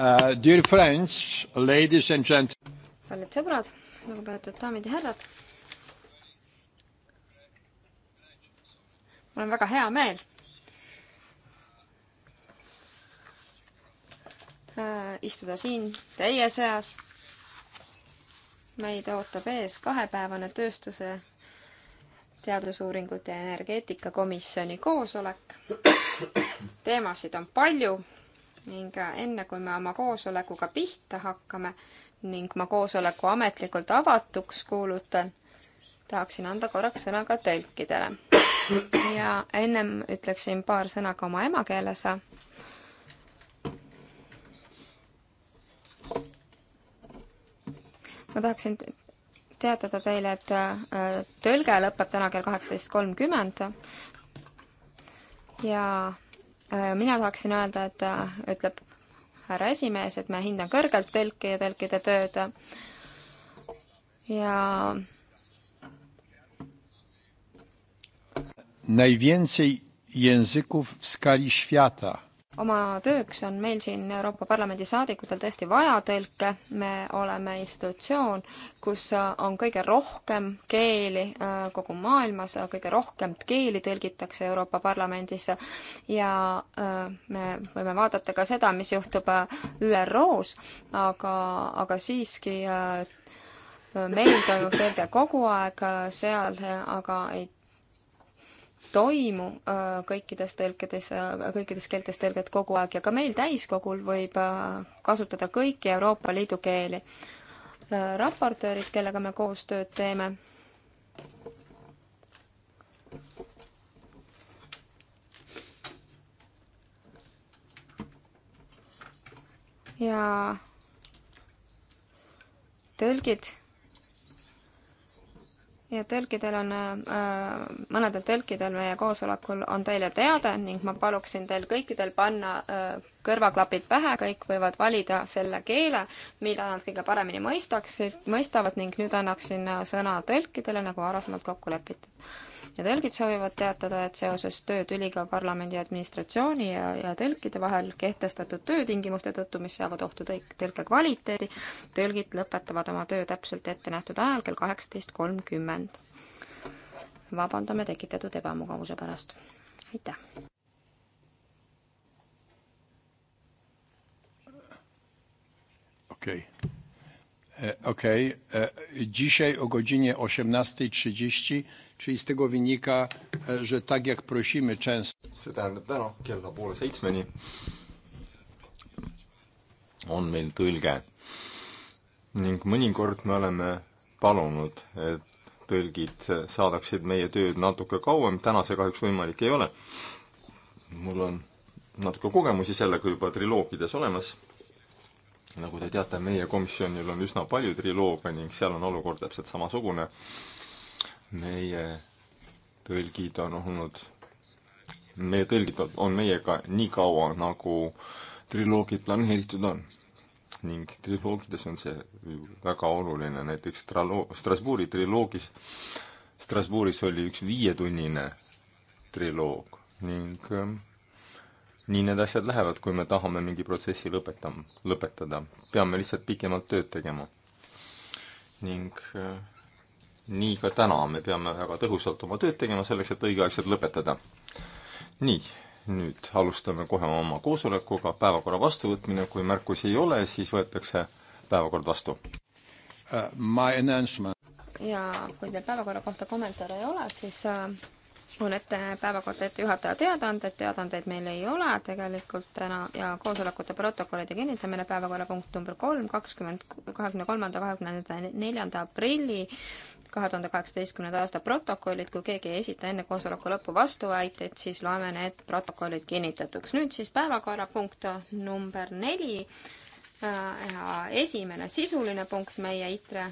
Uh, dear friends, ladies and gentlemen. kallid sõbrad, lugupeetud daamid ja härrad. mul on väga hea meel uh, istuda siin teie seas. meid ootab ees kahepäevane tööstuse, teadusuuringute ja energeetikakomisjoni koosolek. teemasid on palju ning äh, enne, kui me oma koosolekuga pihta hakkame ning ma koosoleku ametlikult avatuks kuulutan, tahaksin anda korraks sõna ka tõlkidele. ja ennem ütleksin paar sõna ka oma emakeeles. ma tahaksin teatada teile, et äh, tõlge lõpeb täna kell kaheksateist kolmkümmend ja Äh, mina tahaksin öelda, et äh, ütleb härra esimees, et ma hindan kõrgelt tõlki ja tõlkide tööd ja Najwięcej języków w skali świata oma tööks on meil siin Euroopa Parlamendi saadikutel tõesti vaja tõlke, me oleme institutsioon, kus on kõige rohkem keeli äh, kogu maailmas, kõige rohkem keeli tõlgitakse Euroopa Parlamendis ja äh, me võime vaadata ka seda, mis juhtub äh, ÜRO-s, aga, aga siiski meil toimub tõlge kogu aeg, seal aga ei toimu äh, kõikides tõlkedes, äh, kõikides keeltes tõlget kogu aeg ja ka meil täiskogul võib äh, kasutada kõiki Euroopa Liidu keeli. raportöörid, kellega me koostööd teeme, ja tõlgid ja tõlkidel on äh,, mõnedel tõlkidel meie koosolekul on teile teada ning ma paluksin teil kõikidel panna äh, kõrvaklapid pähe, kõik võivad valida selle keele, mida nad kõige paremini mõistaksid, mõistavad ning nüüd annaksin äh, sõna tõlkidele, nagu varasemalt kokku lepitud ja tõlgid soovivad teatada, et seoses töötüliga parlamendi administratsiooni ja, ja tõlkide vahel kehtestatud töötingimuste tõttu, mis seavad ohtu tõlk, tõlke kvaliteedi, tõlgid lõpetavad oma töö täpselt ettenähtud ajal kell kaheksateist kolmkümmend. vabandame tekitatud ebamugavuse pärast. aitäh! E, okej. Okay. Okej. Okay. Dzisiaj o godzinie 18.30 Czyli z tego wynika, e, że tak jak prosimy często. see tähendab täna kella poole seitsmeni on meil tõlge ning mõnikord me oleme palunud, et tõlgid saadaksid meie tööd natuke kauem, täna see kahjuks võimalik ei ole. mul on natuke kogemusi sellega juba triloogides olemas. nagu te teate, meie komisjonil on üsna palju triloogia ning seal on olukord täpselt samasugune meie tõlgid on olnud, meie tõlgid on meiega nii kaua, nagu triloogid planeeritud on. ning triloogides on see väga oluline, näiteks tralo-, Strasbourgi triloogis, Strasbourgis oli üks viietunnine triloog ning ähm, nii need asjad lähevad, kui me tahame mingi protsessi lõpetama, lõpetada. peame lihtsalt pikemalt tööd tegema. ning äh, nii ka täna, me peame väga tõhusalt oma tööd tegema selleks, et õigeaegselt lõpetada. nii, nüüd alustame kohe oma koosolekuga, päevakorra vastuvõtmine, kui märkusi ei ole, siis võetakse päevakord vastu uh,. ja kui teil päevakorra kohta kommentaare ei ole, siis uh on ette päevakorda ette juhataja teadaanded, teadaandeid meil ei ole tegelikult täna ja koosolekute protokollide kinnitamine, päevakorrapunkt number kolm, kakskümmend, kahekümne kolmanda, kahekümne neljanda aprilli kahe tuhande kaheksateistkümnenda aasta protokollid, kui keegi ei esita enne koosoleku lõppu vastuväiteid, siis loeme need protokollid kinnitatuks. nüüd siis päevakorrapunkt number neli äh, ja esimene sisuline punkt meie ITRE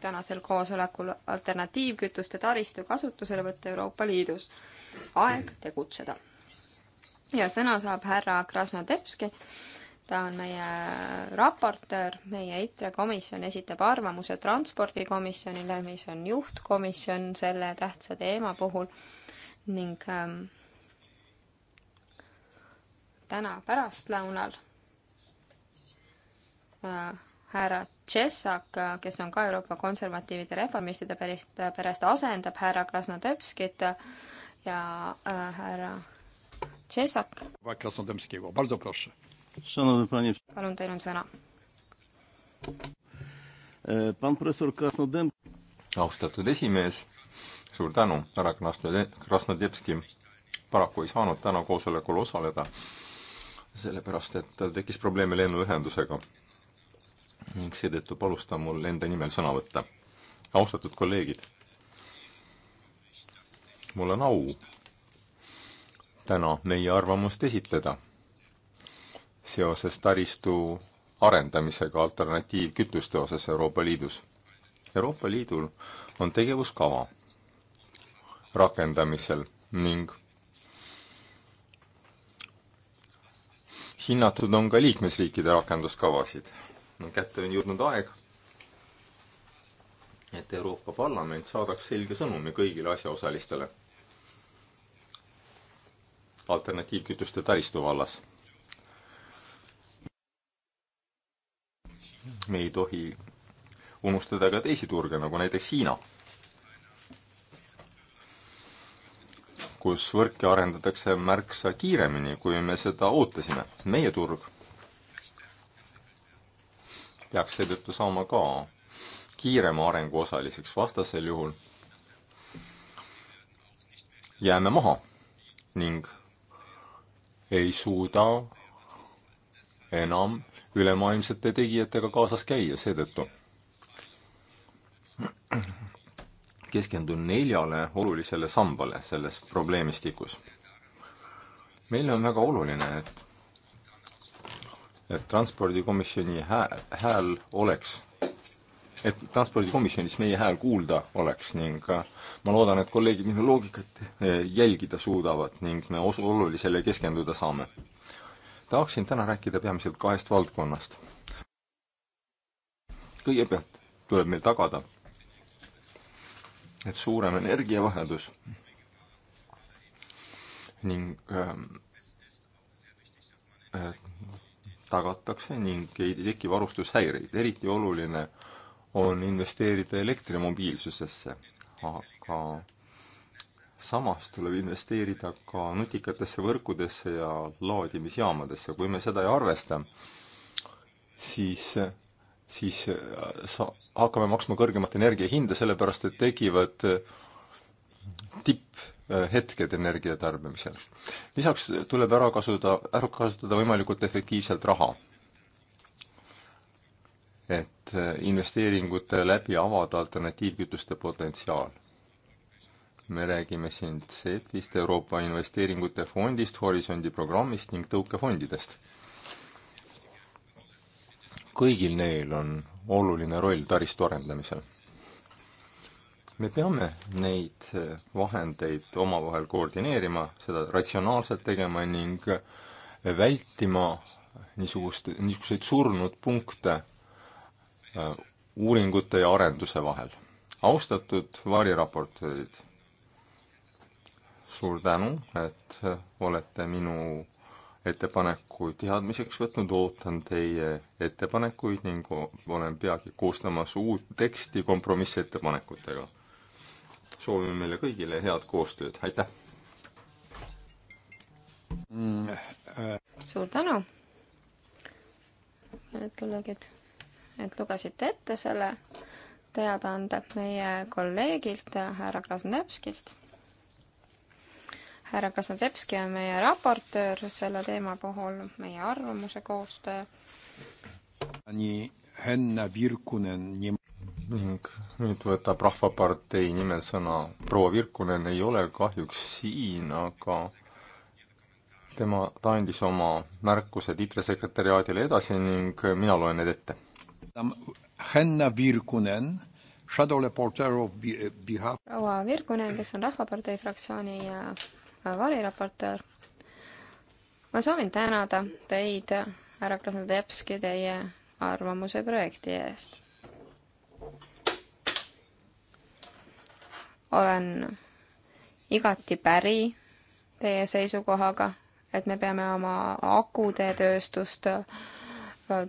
tänasel koosolekul alternatiivkütuste taristu kasutuselevõtt Euroopa Liidus. aeg tegutseda. ja sõna saab härra Krasnodebski. ta on meie raportöör, meie ITRE komisjon esitab arvamuse transpordikomisjonile, mis on juhtkomisjon selle tähtsa teema puhul ning ähm, täna pärastlõunal äh, härra Tšessak, kes on ka Euroopa konservatiivide reformistide perest, perest asendab härra Krasnodebskit ja äh, härra Tšessak. palun, teil on sõna. E, austatud esimees, suur tänu, härra Krasnodebski paraku ei saanud täna koosolekul osaleda, sellepärast et tal tekkis probleeme lennuühendusega ning seetõttu palustan mul enda nimel sõna võtta. austatud kolleegid, mul on au täna meie arvamust esitleda seoses taristu arendamisega alternatiivkütuste osas Euroopa Liidus. Euroopa Liidul on tegevuskava rakendamisel ning hinnatud on ka liikmesriikide rakenduskavasid kätte on jõudnud aeg, et Euroopa Parlament saadaks selge sõnumi kõigile asjaosalistele alternatiivkütuste taristu vallas. me ei tohi unustada ka teisi turge, nagu näiteks Hiina, kus võrke arendatakse märksa kiiremini, kui me seda ootasime. meie turg peaks seetõttu saama ka kiirema arengu osaliseks, vastasel juhul jääme maha ning ei suuda enam ülemaailmsete tegijatega kaasas käia, seetõttu keskendun neljale olulisele sambale selles probleemistikus. meile on väga oluline, et et transpordikomisjoni hääl, hääl oleks, et transpordikomisjonis meie hääl kuulda oleks ning äh, ma loodan, et kolleegid minu loogikat äh, jälgida suudavad ning me osa olulisele keskenduda saame. tahaksin täna rääkida peamiselt kahest valdkonnast. kõigepealt tuleb meil tagada, et suurem energiavahendus ning ähm, et äh, tagatakse ning ei teki varustushäireid. eriti oluline on investeerida elektrimobiilsusesse, aga samas tuleb investeerida ka nutikatesse võrkudesse ja laadimisjaamadesse, kui me seda ei arvesta, siis siis äh, sa-, hakkame maksma kõrgemat energiahinda, sellepärast et tekivad tipp- Äh, hetked energia tarbimisel. lisaks tuleb ära kasutada, ära kasutada võimalikult efektiivselt raha. et äh, investeeringute läbi avada alternatiivkütuste potentsiaal. me räägime siin CEF-ist, Euroopa Investeeringute Fondist, Horisondi programmist ning tõukefondidest. kõigil neil on oluline roll taristu arendamisel me peame neid äh, vahendeid omavahel koordineerima, seda ratsionaalselt tegema ning äh, vältima niisugust, niisuguseid surnud punkte äh, uuringute ja arenduse vahel. austatud variraportöörid, suur tänu, et olete minu ettepaneku teadmiseks võtnud, ootan teie ettepanekuid ning olen peagi koostamas uut teksti kompromissettepanekutega soovime meile kõigile head koostööd, aitäh mm,! Äh. suur tänu, head kolleegid, et lugesite ette selle teadaande meie kolleegilt härra Krasnevskilt. härra Krasnevski on meie raportöör selle teema puhul, meie arvamuse koostaja. nii Henna Virkunen nii ning nüüd võtab Rahvapartei nimel sõna proua Virkunen, ei ole kahjuks siin, aga tema, ta andis oma märkused ITRE sekretäriaadile edasi ning mina loen need ette. Henna Virkunen Shadow Reporter of Bihar. proua Virkunen, kes on Rahvapartei fraktsiooni äh, variraportöör. ma soovin tänada teid, härra Krasnodebski, teie arvamuse projekti eest olen igati päri teie seisukohaga, et me peame oma akude tööstust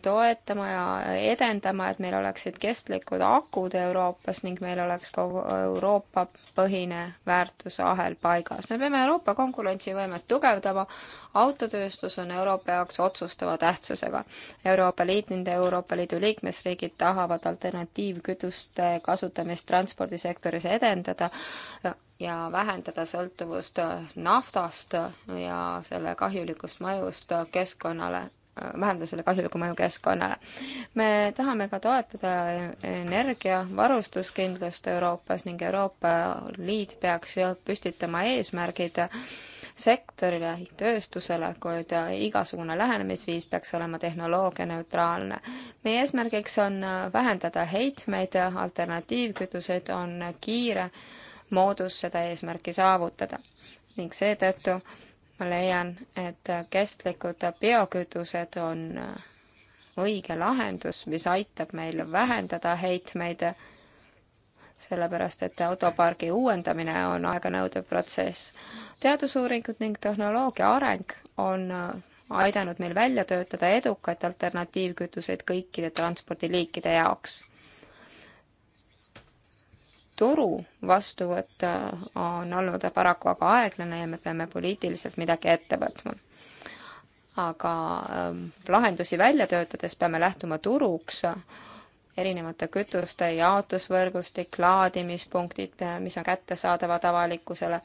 toetama ja edendama, et meil oleksid kestlikud akud Euroopas ning meil oleks kogu Euroopa põhine väärtusahel paigas. me peame Euroopa konkurentsivõimet tugevdama, autotööstus on Euroopa jaoks otsustava tähtsusega. Euroopa Liit, nende Euroopa Liidu liikmesriigid tahavad alternatiivkütuste kasutamist transpordisektoris edendada ja vähendada sõltuvust naftast ja selle kahjulikust mõjust keskkonnale vähendada selle kahjuliku mõju keskkonnale. me tahame ka toetada energiavarustuskindlust Euroopas ning Euroopa Liit peaks püstitama eesmärgid sektorile, tööstusele, kuid igasugune lähenemisviis peaks olema tehnoloogianeutraalne. meie eesmärgiks on vähendada heitmeid, alternatiivkütused on kiire moodus seda eesmärki saavutada ning seetõttu ma leian, et kestlikud biokütused on äh, õige lahendus, mis aitab meil vähendada heitmeid, sellepärast et autopargi uuendamine on aeganõudev protsess. teadusuuringud ning tehnoloogia areng on äh, aidanud meil välja töötada edukaid alternatiivkütuseid kõikide transpordiliikide jaoks turu vastuvõtt on olnud paraku aga aeglane ja me peame poliitiliselt midagi ette võtma. aga ähm, lahendusi välja töötades peame lähtuma turuks, erinevate kütuste jaotusvõrgustik, laadimispunktid, mis on kättesaadavad avalikkusele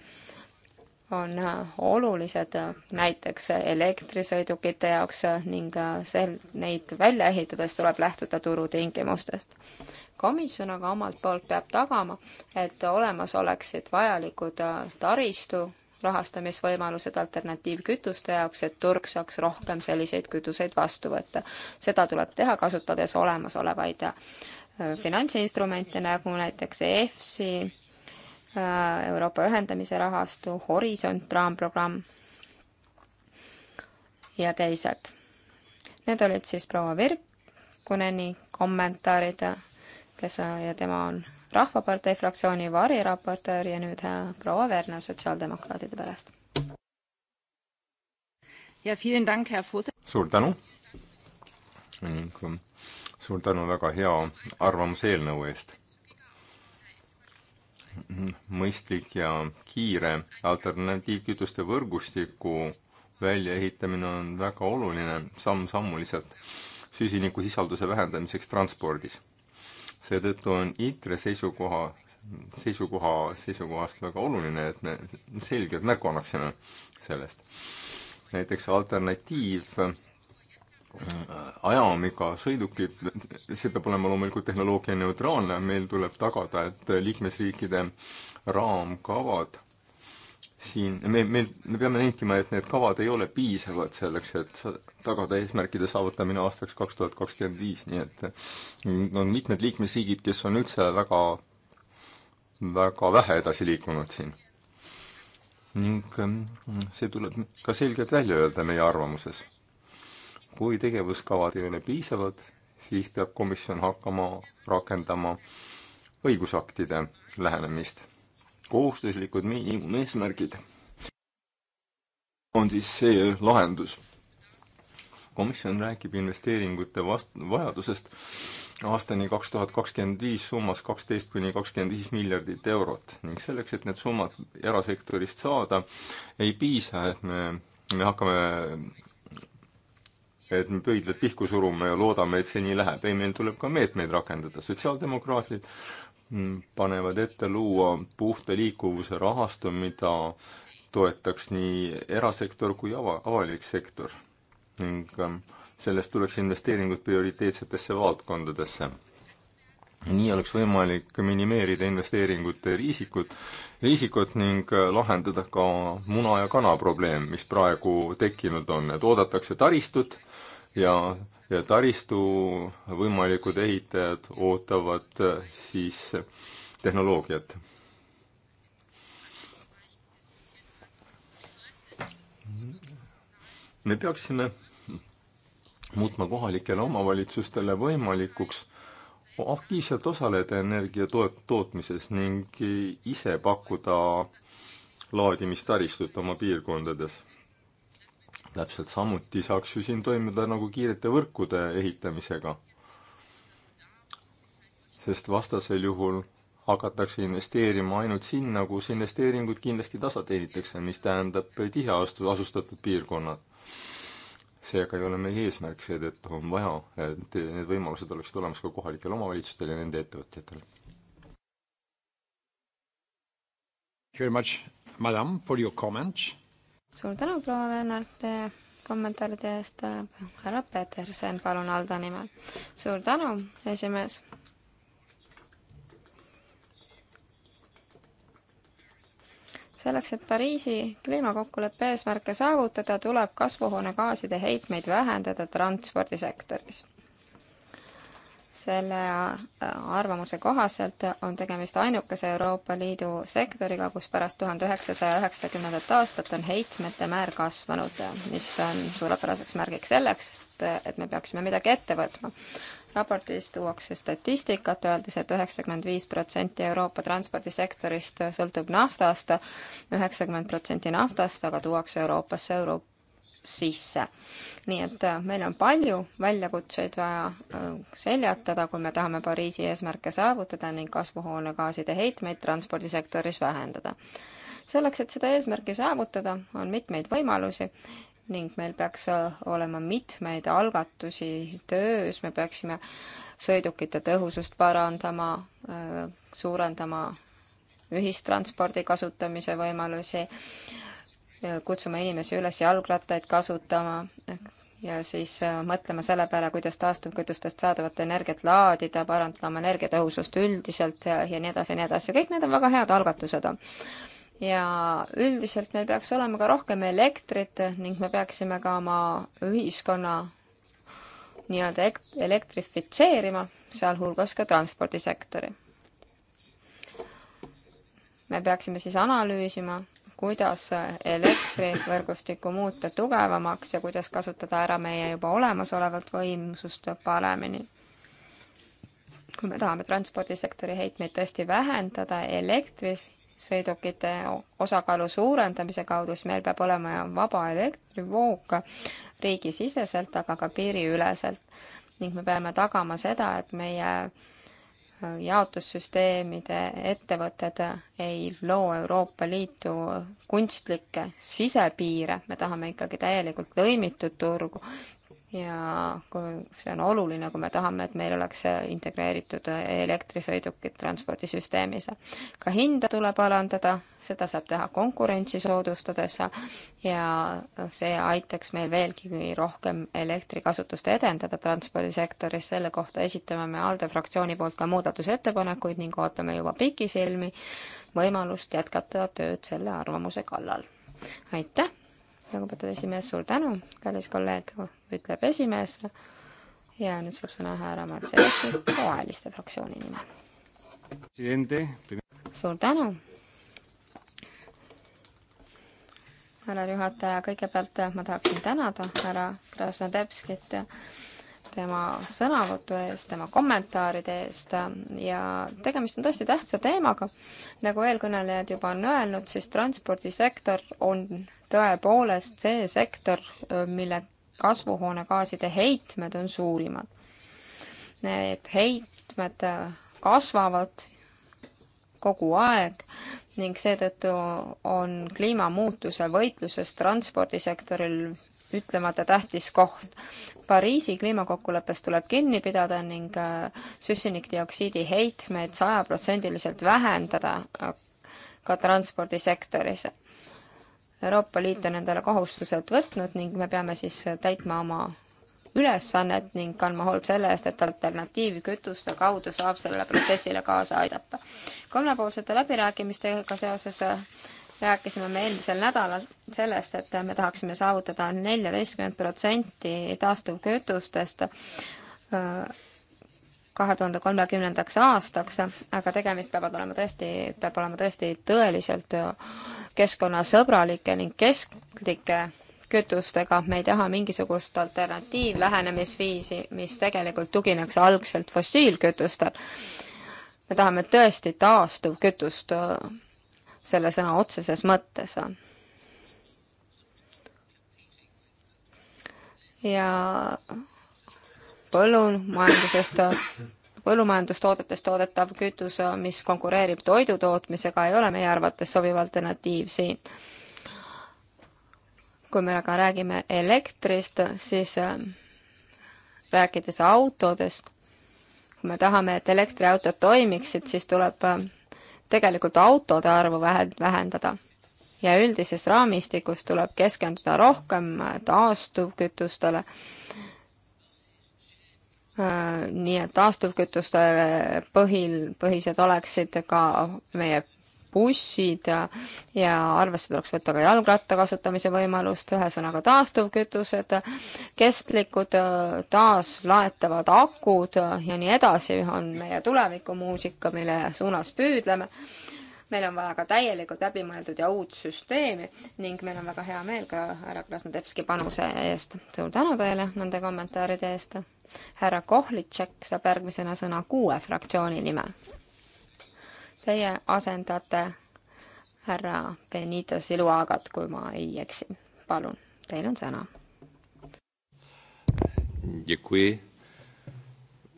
on äh, olulised äh, näiteks elektrisõidukite jaoks äh, ning sel, neid välja ehitades tuleb lähtuda turutingimustest. komisjon aga omalt poolt peab tagama, et olemas oleksid vajalikud taristu rahastamisvõimalused alternatiivkütuste jaoks, et turg saaks rohkem selliseid kütuseid vastu võtta. seda tuleb teha, kasutades olemasolevaid finantsinstrumente, nagu näiteks EFSI, Äh, Euroopa ühendamise rahastu, Horisont raamprogramm ja teised. Need olid siis proua Virkuneni kommentaarid, kes ja tema on Rahvapartei fraktsiooni variraportöör ja nüüd äh, proua Werner sotsiaaldemokraatide pärast. suur tänu ning äh, suur tänu väga hea arvamuse eelnõu eest mõistlik ja kiire alternatiivkütuste võrgustiku väljaehitamine on väga oluline samm-sammuliselt süsinikusisalduse vähendamiseks transpordis. seetõttu on ITRE seisukoha, seisukoha, seisukohast väga oluline, et me selgelt märku annaksime sellest. näiteks alternatiiv Äh, ajamiga sõidukid, see peab olema loomulikult tehnoloogianeutraalne, meil tuleb tagada, et liikmesriikide raamkavad siin, me, me, me peame nentima, et need kavad ei ole piisavad selleks, et tagada eesmärkide saavutamine aastaks kaks tuhat kakskümmend viis, nii et äh, on mitmed liikmesriigid, kes on üldse väga, väga vähe edasi liikunud siin. ning äh, see tuleb ka selgelt välja öelda meie arvamuses kui tegevuskavad ei ole piisavad, siis peab komisjon hakkama rakendama õigusaktide lähenemist. kohustuslikud miinimumeesmärgid on siis see lahendus. komisjon räägib investeeringute vast-, vajadusest aastani kaks tuhat kakskümmend viis summas kaksteist kuni kakskümmend viis miljardit eurot ning selleks, et need summad erasektorist saada, ei piisa, et me, me hakkame et me pöidlad pihku surume ja loodame, et see nii läheb. ei, meil tuleb ka meetmeid rakendada. sotsiaaldemokraadid mm, panevad ette luua puhta liikuvuse rahastu, mida toetaks nii erasektor kui ava, avalik sektor. ning ähm, sellest tuleks investeeringud prioriteetsetesse valdkondadesse. nii oleks võimalik minimeerida investeeringute riisikut, riisikut ning äh, lahendada ka muna ja kana probleem, mis praegu tekkinud on, et oodatakse taristut ja, ja taristu võimalikud ehitajad ootavad eh, siis tehnoloogiat. me peaksime muutma kohalikele omavalitsustele võimalikuks aktiivselt osaleda energia toot-, tootmises ning ise pakkuda laadimistaristut oma piirkondades täpselt samuti saaks ju siin toimida nagu kiirete võrkude ehitamisega. sest vastasel juhul hakatakse investeerima ainult sinna, kus investeeringud kindlasti tasa teenitakse, mis tähendab tiheastu-, asustatud piirkonnad. seega ei ole meie eesmärk, seetõttu on vaja, et need võimalused oleksid olemas ka kohalikel omavalitsustel ja nende ettevõtjatel. Very much, madam, for your comments suur tänu, proua Vennar, teie kommentaaride eest. härra Peterson, palun Aldo nimel. suur tänu, esimees selleks, et Pariisi kliimakokkuleppe eesmärke saavutada, tuleb kasvuhoonegaaside heitmeid vähendada transpordisektoris selle äh, arvamuse kohaselt on tegemist ainukese Euroopa Liidu sektoriga, kus pärast tuhande üheksasaja üheksakümnendat aastat on heitmete määr kasvanud, mis on suurepäraseks märgiks selleks, et me peaksime midagi ette võtma. raportis tuuakse statistikat, öeldes et, et üheksakümmend viis protsenti Euroopa transpordisektorist sõltub naftast, üheksakümmend protsenti naftast aga tuuakse Euroopasse Euroopa sisse. nii et äh, meil on palju väljakutseid vaja äh, seljatada, kui me tahame Pariisi eesmärke saavutada ning kasvuhoonegaaside heitmeid transpordisektoris vähendada. selleks, et seda eesmärki saavutada, on mitmeid võimalusi ning meil peaks äh, olema mitmeid algatusi töös, me peaksime sõidukite tõhusust parandama, suurendama ühistranspordi kasutamise võimalusi, kutsuma inimesi üles jalgrattaid kasutama ja siis äh, mõtlema selle peale, kuidas taastuvkütustest saadavat energiat laadida, parandama energiatõhusust üldiselt ja, ja nii edasi ja nii edasi. kõik need on väga head algatused. ja üldiselt meil peaks olema ka rohkem elektrit ning me peaksime ka oma ühiskonna nii-öelda elektrifitseerima, sealhulgas ka transpordisektori. me peaksime siis analüüsima kuidas elektrivõrgustikku muuta tugevamaks ja kuidas kasutada ära meie juba olemasolevat võimsust paremini. kui me tahame transpordisektori heitmeid tõesti vähendada elektrisõidukite osakaalu suurendamise kaudu, siis meil peab olema vaba elektrivoog riigisiseselt, aga ka piiriüleselt. ning me peame tagama seda, et meie jaotussüsteemide ettevõtted ei loo Euroopa Liitu kunstlikke sisepiire, me tahame ikkagi täielikult lõimitud turgu ja kui see on oluline, kui me tahame, et meil oleks integreeritud elektrisõidukid transpordisüsteemis. ka hinda tuleb alandada, seda saab teha konkurentsi soodustades ja see aitaks meil veelgi rohkem elektrikasutust edendada transpordisektoris, selle kohta esitame me ALDE fraktsiooni poolt ka muudatusettepanekuid ning ootame juba pikisilmi võimalust jätkata tööd selle arvamuse kallal. aitäh! lugupeetud esimees, suur tänu, kallis kolleeg, ütleb esimees. ja nüüd saab sõna härra Martsesi Roheliste fraktsiooni nimel. suur tänu. härra juhataja, kõigepealt ma tahaksin tänada härra Krasnodebskit tema sõnavõtu eest, tema kommentaaride eest ja tegemist on tõesti tähtsa teemaga. nagu eelkõnelejad juba on öelnud, siis transpordisektor on tõepoolest see sektor, mille kasvuhoonegaaside heitmed on suurimad. Need heitmed kasvavad kogu aeg ning seetõttu on kliimamuutuse võitluses transpordisektoril ütlemata tähtis koht. Pariisi kliimakokkuleppest tuleb kinni pidada ning äh, süsinikdioksiidi heitmeid sajaprotsendiliselt vähendada äh, ka transpordisektoris. Euroopa Liit on endale kohustused võtnud ning me peame siis täitma oma ülesannet ning kandma hoolt selle eest, et alternatiivkütuste kaudu saab sellele protsessile kaasa aidata. kolmepoolsete läbirääkimistega seoses äh, rääkisime me eelmisel nädalal sellest, et me tahaksime saavutada neljateistkümmend protsenti taastuvkütustest äh, kahe tuhande kolmekümnendaks aastaks, aga tegemist peavad olema tõesti, peab olema tõesti tõeliselt keskkonnasõbralike ning kesklike kütustega, me ei taha mingisugust alternatiivlähenemisviisi, mis tegelikult tugineks algselt fossiilkütustel. me tahame tõesti taastuvkütust äh, selle sõna otseses mõttes. ja põllumajandusest, põllumajandustoodetest toodetav kütus, mis konkureerib toidutootmisega, ei ole meie arvates sobiv alternatiiv siin. kui me aga räägime elektrist, siis äh, rääkides autodest, kui me tahame, et elektriautod toimiksid, siis tuleb äh, tegelikult autode arvu vähendada ja üldises raamistikus tuleb keskenduda rohkem taastuvkütustele. Äh, nii et taastuvkütuste põhil, põhised oleksid ka meie bussid ja, ja arvesse tuleks võtta ka jalgratta kasutamise võimalust, ühesõnaga taastuvkütused, kestlikud taaslaetavad akud ja nii edasi on meie tulevikumuusika, mille suunas püüdleme meil on vaja ka täielikult läbimõeldud ja uut süsteemi ning meil on väga hea meel ka härra Krasnodebski panuse eest. suur tänu teile nende kommentaaride eest. härra Kohlitšek saab järgmisena sõna kuue fraktsiooni nimel. Teie asendate härra Benito Siluagat, kui ma ei eksi. palun, teil on sõna. Děkuji.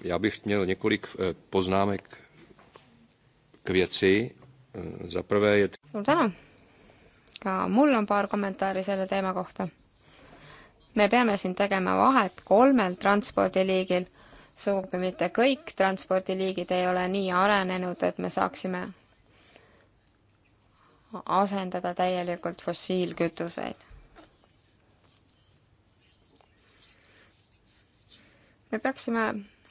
Já bych měl několik eh, poznámek k věci. Eh, za prvé je... Suur tänu. Ka mul on paar kommentaari selle teema kohta. Me peame siin tegema vahet kolmel transpordiliigil sugugi mitte kõik transpordiliigid ei ole nii arenenud, et me saaksime asendada täielikult fossiilkütuseid. me peaksime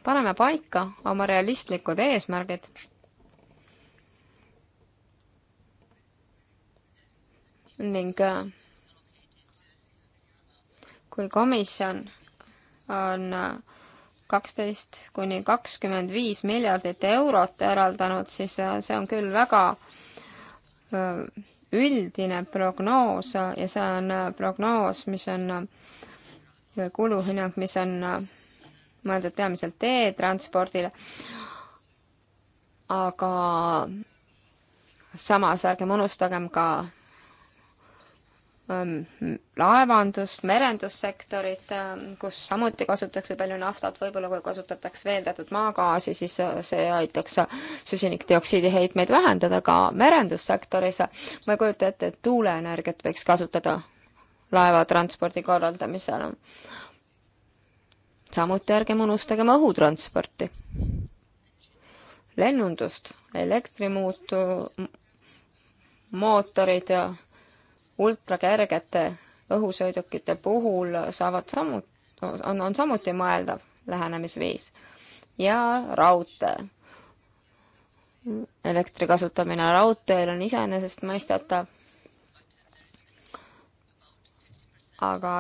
panema paika oma realistlikud eesmärgid. ning äh, kui komisjon on äh, kaksteist kuni kakskümmend viis miljardit eurot eraldanud, siis äh, see on küll väga äh, üldine prognoos ja see on äh, prognoos, mis on kuluhinnang, mis on mõeldud peamiselt teetranspordile. aga samas ärgem unustagem ka Ähm, laevandust, merendussektorit, ähm, kus samuti kasutatakse palju naftat, võib-olla kui kasutatakse veeldatud maagaasi, siis äh, see aitaks süsinikdioksiidi heitmeid vähendada ka merendussektoris. ma ei kujuta ette, et tuuleenergiat võiks kasutada laevatranspordi korraldamisel. samuti ärgem unustagem õhutransporti, lennundust, elektrimuutu, mootorid ja ultrakergete õhusõidukite puhul saavad samu-, on, on samuti mõeldav lähenemisviis. ja raudtee. elektri kasutamine raudteel on iseenesestmõistetav, aga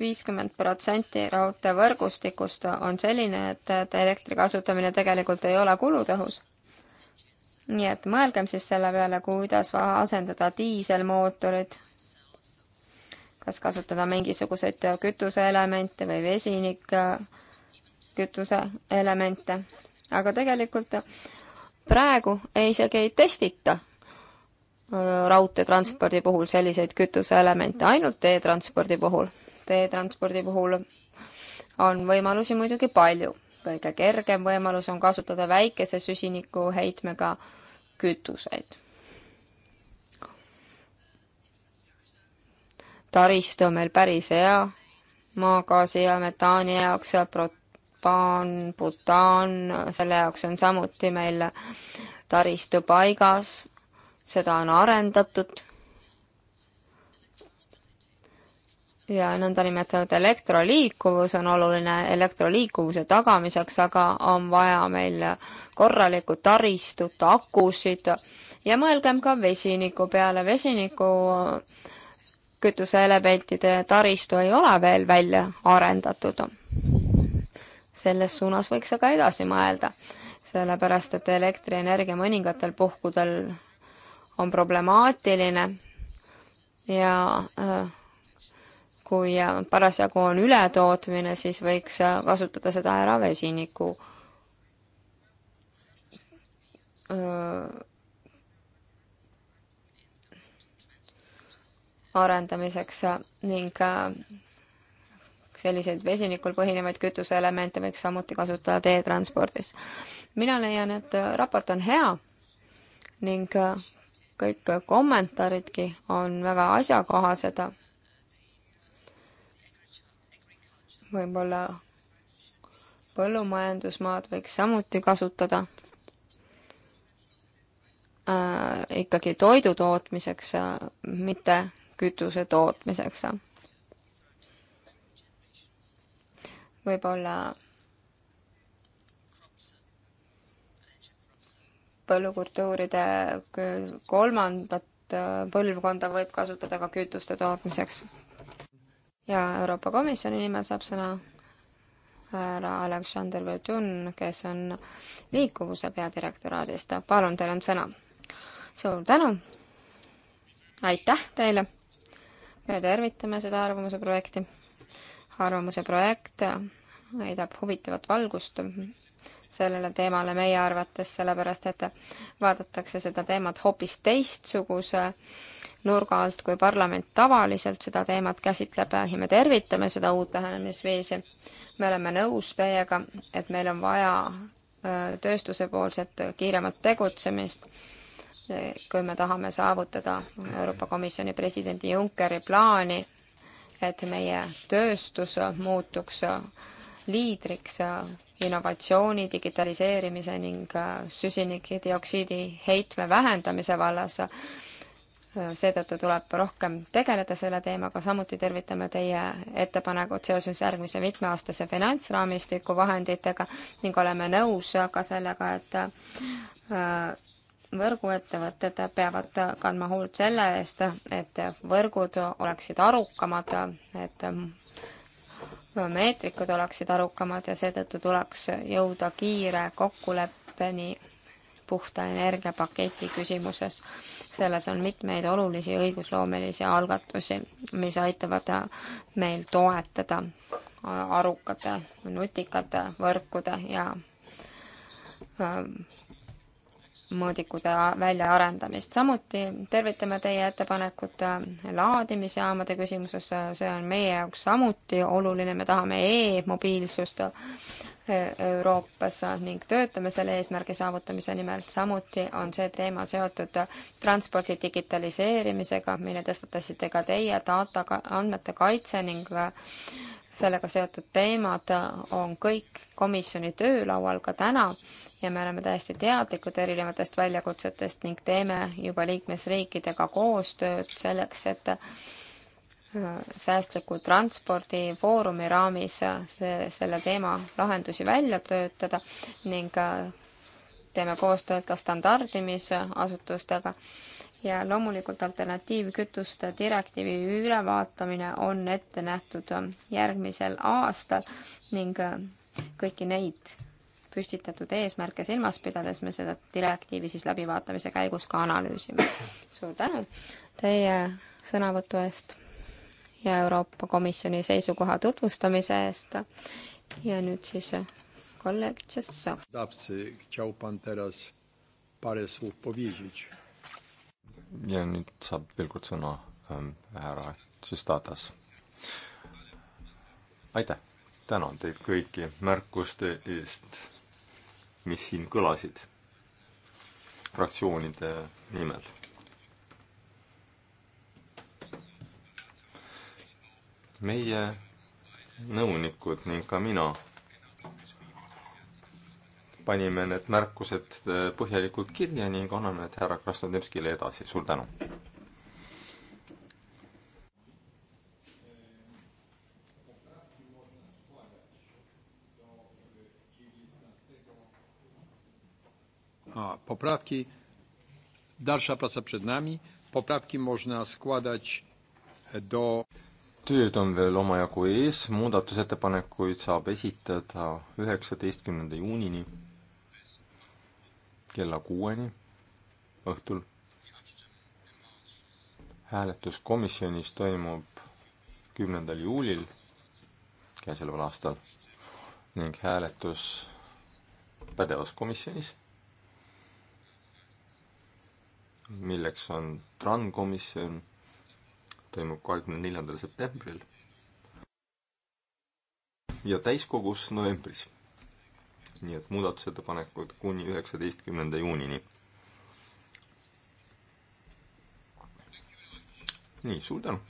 viiskümmend protsenti raudteevõrgustikust on selline, et, et elektri kasutamine tegelikult ei ole kulutõhus nii et mõelgem siis selle peale, kuidas asendada diiselmootorid, kas kasutada mingisuguseid kütuseelemente või vesinikkütuse elemente, aga tegelikult praegu ei isegi ei testita raudteetranspordi puhul selliseid kütuseelemente, ainult teetranspordi puhul. teetranspordi puhul on võimalusi muidugi palju kõige kergem võimalus on kasutada väikese süsinikuheitmega kütuseid. taristu on meil päris hea, maagaasi ja metaani jaoks ja propaan, butaan, selle jaoks on samuti meil taristu paigas, seda on arendatud ja nõndanimetatud elektroliikuvus on oluline elektroliikuvuse tagamiseks, aga on vaja meil korralikku taristut, akusid ja mõelgem ka vesiniku peale, vesiniku kütuseelementide taristu ei ole veel välja arendatud. selles suunas võiks aga edasi mõelda, sellepärast et elektrienergia mõningatel puhkudel on problemaatiline ja äh, kui äh, parasjagu on ületootmine, siis võiks äh, kasutada seda ära vesiniku äh, arendamiseks ning selliseid vesinikul põhinevaid kütuseelemente võiks samuti kasutada teetranspordis. mina leian, et raport on hea ning kõik kommentaaridki on väga asjakohased võib-olla põllumajandusmaad võiks samuti kasutada äh, ikkagi toidu tootmiseks äh,, mitte kütuse tootmiseks. võib-olla põllukultuuride kolmandat äh, põlvkonda võib kasutada ka kütuste tootmiseks ja Euroopa Komisjoni nimel saab sõna härra Aleksander Vertun, kes on liikuvuse peadirektoraadist. palun, teil on sõna. suur tänu. aitäh teile. me tervitame seda arvamuse projekti. arvamuse projekt heidab huvitavat valgust sellele teemale meie arvates, sellepärast et vaadatakse seda teemat hoopis teistsuguse äh, nurga alt, kui parlament tavaliselt seda teemat käsitleb ja me tervitame seda uut lähenemisviisi. me oleme nõus teiega, et meil on vaja tööstuse poolset kiiremat tegutsemist, e, kui me tahame saavutada Euroopa Komisjoni presidendi Junckeri plaani, et meie tööstus muutuks liidriks innovatsiooni, digitaliseerimise ning süsinikdioksiidi heitme vähendamise vallas seetõttu tuleb rohkem tegeleda selle teemaga, samuti tervitame teie ettepanekut seoses järgmise mitmeaastase finantsraamistiku vahenditega ning oleme nõus ka sellega, et äh, võrguettevõtted peavad kandma hoolt selle eest, et võrgud oleksid arukamad, et meetrikud oleksid arukamad ja seetõttu tuleks jõuda kiire kokkuleppeni puhta energiapaketi küsimuses selles on mitmeid olulisi õigusloomelisi algatusi, mis aitavad meil toetada arukate, nutikate võrkude ja ähm, mõõdikute väljaarendamist. samuti tervitame teie ettepanekut äh, laadimisjaamade küsimuses, see on meie jaoks samuti oluline, me tahame e-mobiilsust äh, Euroopas ning töötame selle eesmärgi saavutamise nimel. samuti on see teema seotud transpordi digitaliseerimisega, mille tõstatasite ka teie, data, andmete kaitse ning äh, sellega seotud teemad on kõik komisjoni töölaual ka täna ja me oleme täiesti teadlikud erinevatest väljakutsetest ning teeme juba liikmesriikidega koostööd selleks, et äh, säästliku transpordi foorumi raamis äh, see, selle teema lahendusi välja töötada ning äh, teeme koostööd ka standardimisasutustega ja loomulikult alternatiivkütuste direktiivi ülevaatamine on ette nähtud järgmisel aastal ning kõiki neid püstitatud eesmärke silmas pidades me seda direktiivi siis läbivaatamise käigus ka analüüsime. suur tänu teie sõnavõtu eest ja Euroopa Komisjoni seisukoha tutvustamise eest ja nüüd siis kolleeg Tšessov. ja nüüd saab veel kord sõna ähm, härra Tšestatas. aitäh, tänan teid kõiki märkuste eest mis siin kõlasid fraktsioonide nimel. meie nõunikud ning ka mina panime need märkused põhjalikult kirja ning anname need härra Krasnodebskile edasi, suur tänu! poprawki. Dalsza praca przed nami. Poprawki można składać e, do tööd on veel omajagu ees, muudatusettepanekuid saab esitada üheksateistkümnenda juunini kella kuueni õhtul. hääletus komisjonis toimub kümnendal juulil käesoleval aastal ning hääletus pädevas komisjonis milleks on TRAN komisjon, toimub kahekümne neljandal septembril ja täiskogus novembris. nii et muudatusettepanekud kuni üheksateistkümnenda juunini. nii, suur tänu!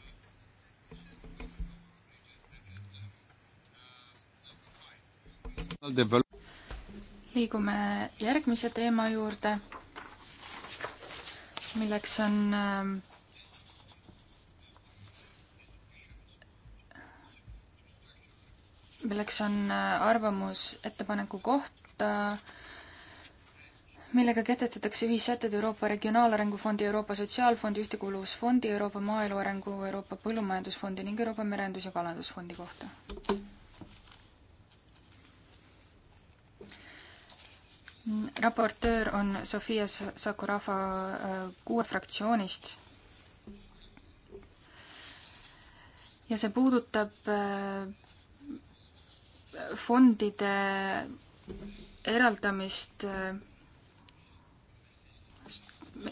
liigume järgmise teema juurde milleks on ähm, milleks on äh, arvamus ettepaneku kohta, millega kehtestatakse ühissätted Euroopa Regionaalarengu Fondi, Euroopa Sotsiaalfondi, Ühtekuuluvusfondi, Euroopa Maaelu Arengu, Euroopa Põllumajandusfondi ning Euroopa Merendus- ja Kalandusfondi kohta. raportöör on Sofia Sakurafa äh, kuue fraktsioonist. ja see puudutab äh, fondide eraldamist äh,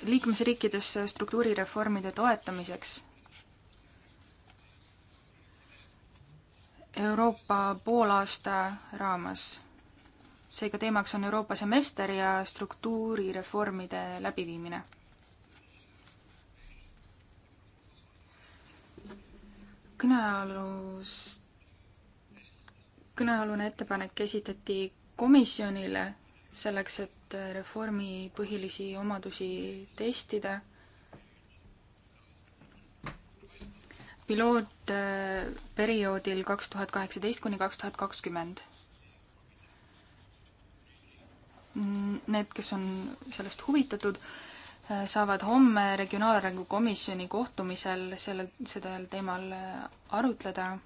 liikmesriikides struktuurireformide toetamiseks Euroopa poolaasta raames seega teemaks on Euroopa semester ja struktuurireformide läbiviimine. kõnealus, kõnealune ettepanek esitati komisjonile selleks, et reformi põhilisi omadusi testida. pilootperioodil kaks tuhat kaheksateist kuni kaks tuhat kakskümmend Mm, need, kes on sellest huvitatud, äh, saavad homme Regionaalarengu Komisjoni kohtumisel selle, sellel teemal äh, arutleda.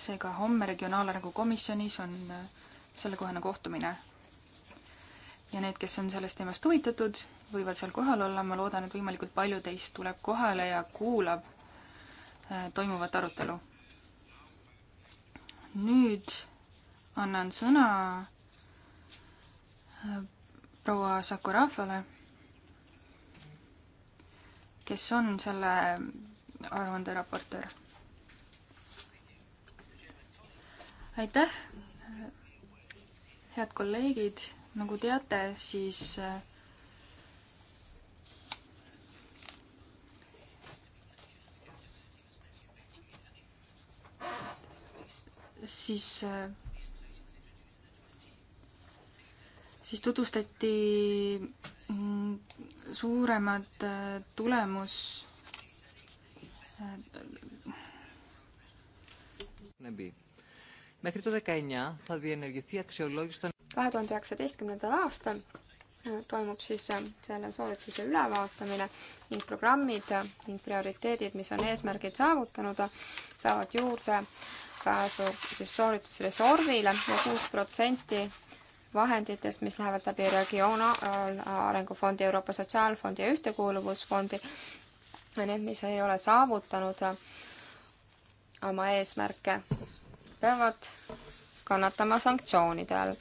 seega homme Regionaalarengu Komisjonis on äh, sellekohane kohtumine. ja need, kes on sellest teemast huvitatud, võivad seal kohal olla, ma loodan, et võimalikult palju teist tuleb kohale ja kuulab toimuvat arutelu. nüüd annan sõna proua Sakurafale, kes on selle aruande raportöör. aitäh, head kolleegid, nagu teate, siis siis siis tutvustati mm, suuremad äh, tulemus kahe tuhande üheksateistkümnendal aastal äh, toimub siis äh, selle soorituse ülevaatamine ning programmid ning prioriteedid, mis on eesmärgid saavutanud, saavad juurde pääsu siis sooritusreservile ja kuus protsenti vahenditest, mis lähevad läbi Regionaalarengufondi, Euroopa Sotsiaalfondi ja Ühtekuuluvusfondi. Need, mis ei ole saavutanud äh, oma eesmärke, peavad kannatama sanktsioonide all.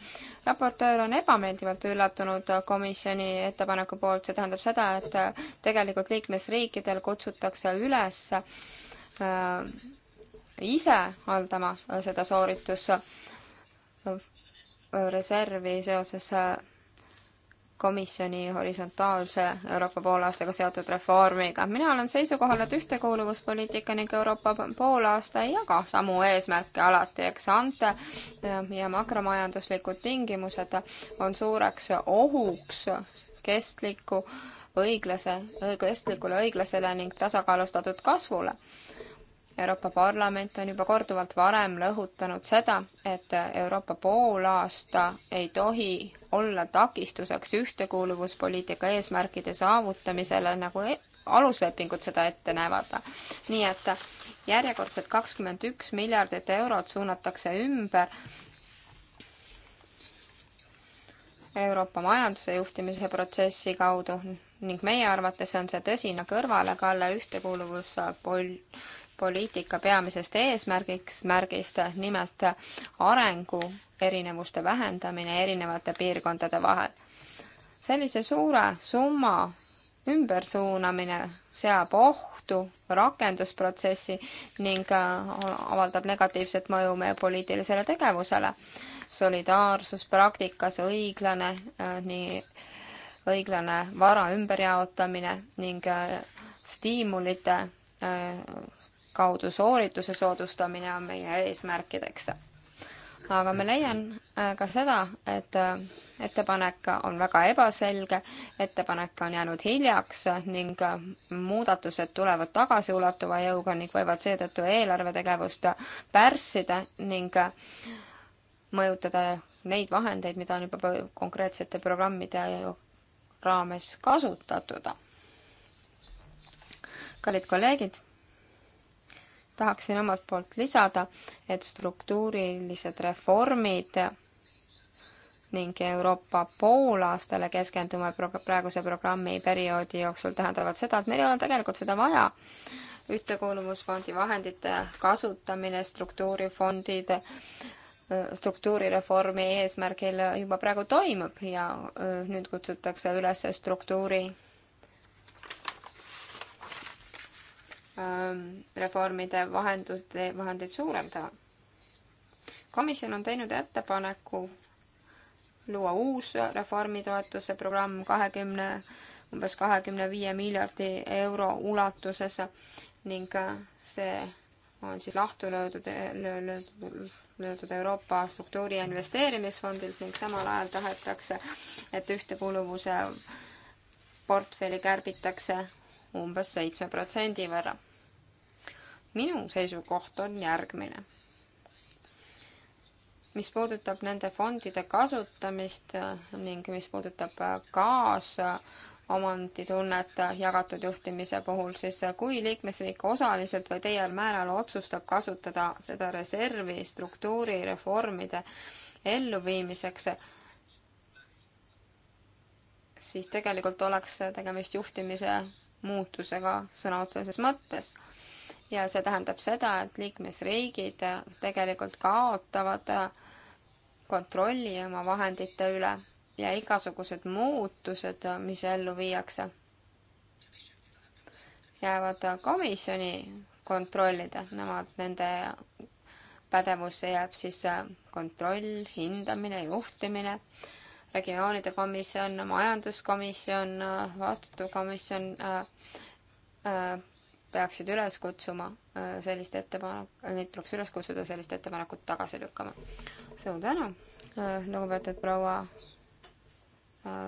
raportöör on ebameeldivalt üllatunud komisjoni ettepaneku poolt, see tähendab seda, et äh, tegelikult liikmesriikidel kutsutakse üles äh, ise haldama äh, seda sooritus reservi seoses äh, komisjoni horisontaalse Euroopa poolaastaga seotud reformiga. mina olen seisukohal, et ühtekuuluvuspoliitika ning Euroopa poolaasta ei jaga samu eesmärke alati, eks ante äh, ja makromajanduslikud tingimused on suureks ohuks kestliku õiglase, kestlikule õiglasele ning tasakaalustatud kasvule Euroopa Parlament on juba korduvalt varem rõhutanud seda, et Euroopa poolaasta ei tohi olla takistuseks ühtekuuluvuspoliitika eesmärkide saavutamisele, nagu e-, aluslepingud seda ette näevad. nii et järjekordselt kakskümmend üks miljardit eurot suunatakse ümber Euroopa majanduse juhtimise protsessi kaudu ning meie arvates on see tõsine kõrvalekalle ühtekuuluvus pol-, poliitika peamisest eesmärgiks, märgist nimelt arengu erinevuste vähendamine erinevate piirkondade vahel. sellise suure summa ümbersuunamine seab ohtu rakendusprotsessi ning äh, avaldab negatiivset mõju meie poliitilisele tegevusele. solidaarsus praktikas, õiglane, äh, nii õiglane vara ümberjaotamine ning äh, stiimulite kaudu soorituse soodustamine on meie eesmärkideks. aga ma leian äh, ka seda, et äh, ettepanek on väga ebaselge, ettepanek on jäänud hiljaks ning äh, muudatused tulevad tagasiulatuva jõuga ning võivad seetõttu eelarvetegevust pärssida ning mõjutada neid vahendeid, mida on juba konkreetsete programmide raames kasutatud. kallid kolleegid tahaksin omalt poolt lisada, et struktuurilised reformid ning Euroopa poolaastale keskendume praeguse programmi perioodi jooksul tähendavad seda, et meil ei ole tegelikult seda vaja. ühtekuuluvusfondi vahendite kasutamine struktuurifondide struktuurireformi eesmärgil juba praegu toimub ja nüüd kutsutakse üles struktuuri Ähm, reformide vahendid, vahendeid suurendada. komisjon on teinud ettepaneku luua uus reformitoetuse programm kahekümne, umbes kahekümne viie miljardi euro ulatuses ning äh, see on siis lahtu löödud, löödud, löödud Euroopa struktuuri ja investeerimisfondilt ning samal ajal tahetakse, et ühtekuuluvuse portfelli kärbitakse umbes seitsme protsendi võrra. minu seisukoht on järgmine. mis puudutab nende fondide kasutamist ning mis puudutab kaasa omanditunnet jagatud juhtimise puhul, siis kui liikmesriik osaliselt või teiel määral otsustab kasutada seda reservi struktuurireformide elluviimiseks, siis tegelikult oleks tegemist juhtimise muutusega sõna otseses mõttes. ja see tähendab seda, et liikmesriigid tegelikult kaotavad kontrolli oma vahendite üle ja igasugused muutused, mis ellu viiakse, jäävad komisjoni kontrollida, nemad, nende pädevusse jääb siis kontroll, hindamine, juhtimine regioonide komisjon, majanduskomisjon, äh, vastutav komisjon äh, äh, peaksid üles kutsuma sellist ettepanek, neid tuleks üles kutsuda sellist ettepanekut tagasi lükkama. suur tänu, lugupeetud proua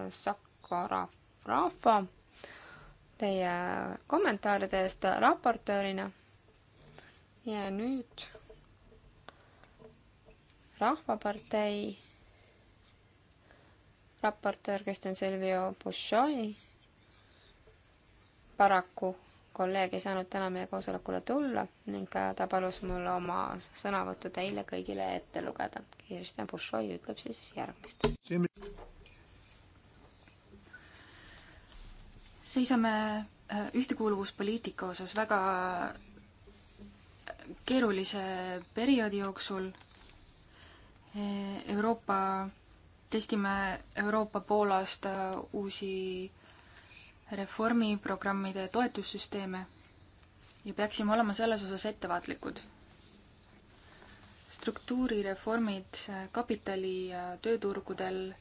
Sakora Rahva, teie kommentaaride eest raportöörina. ja nüüd Rahvapartei raportöör, kes on Silvio Bushoi. paraku kolleeg ei saanud täna meie koosolekule tulla ning ta palus mul oma sõnavõttu teile kõigile ette lugeda. Kirsten Bushoi ütleb siis järgmist. seisame äh, ühtekuuluvuspoliitika osas väga äh, keerulise perioodi jooksul äh, Euroopa testime Euroopa poolaasta äh, uusi reformiprogrammide toetussüsteeme ja peaksime olema selles osas ettevaatlikud. struktuurireformid äh, kapitali ja tööturgudel,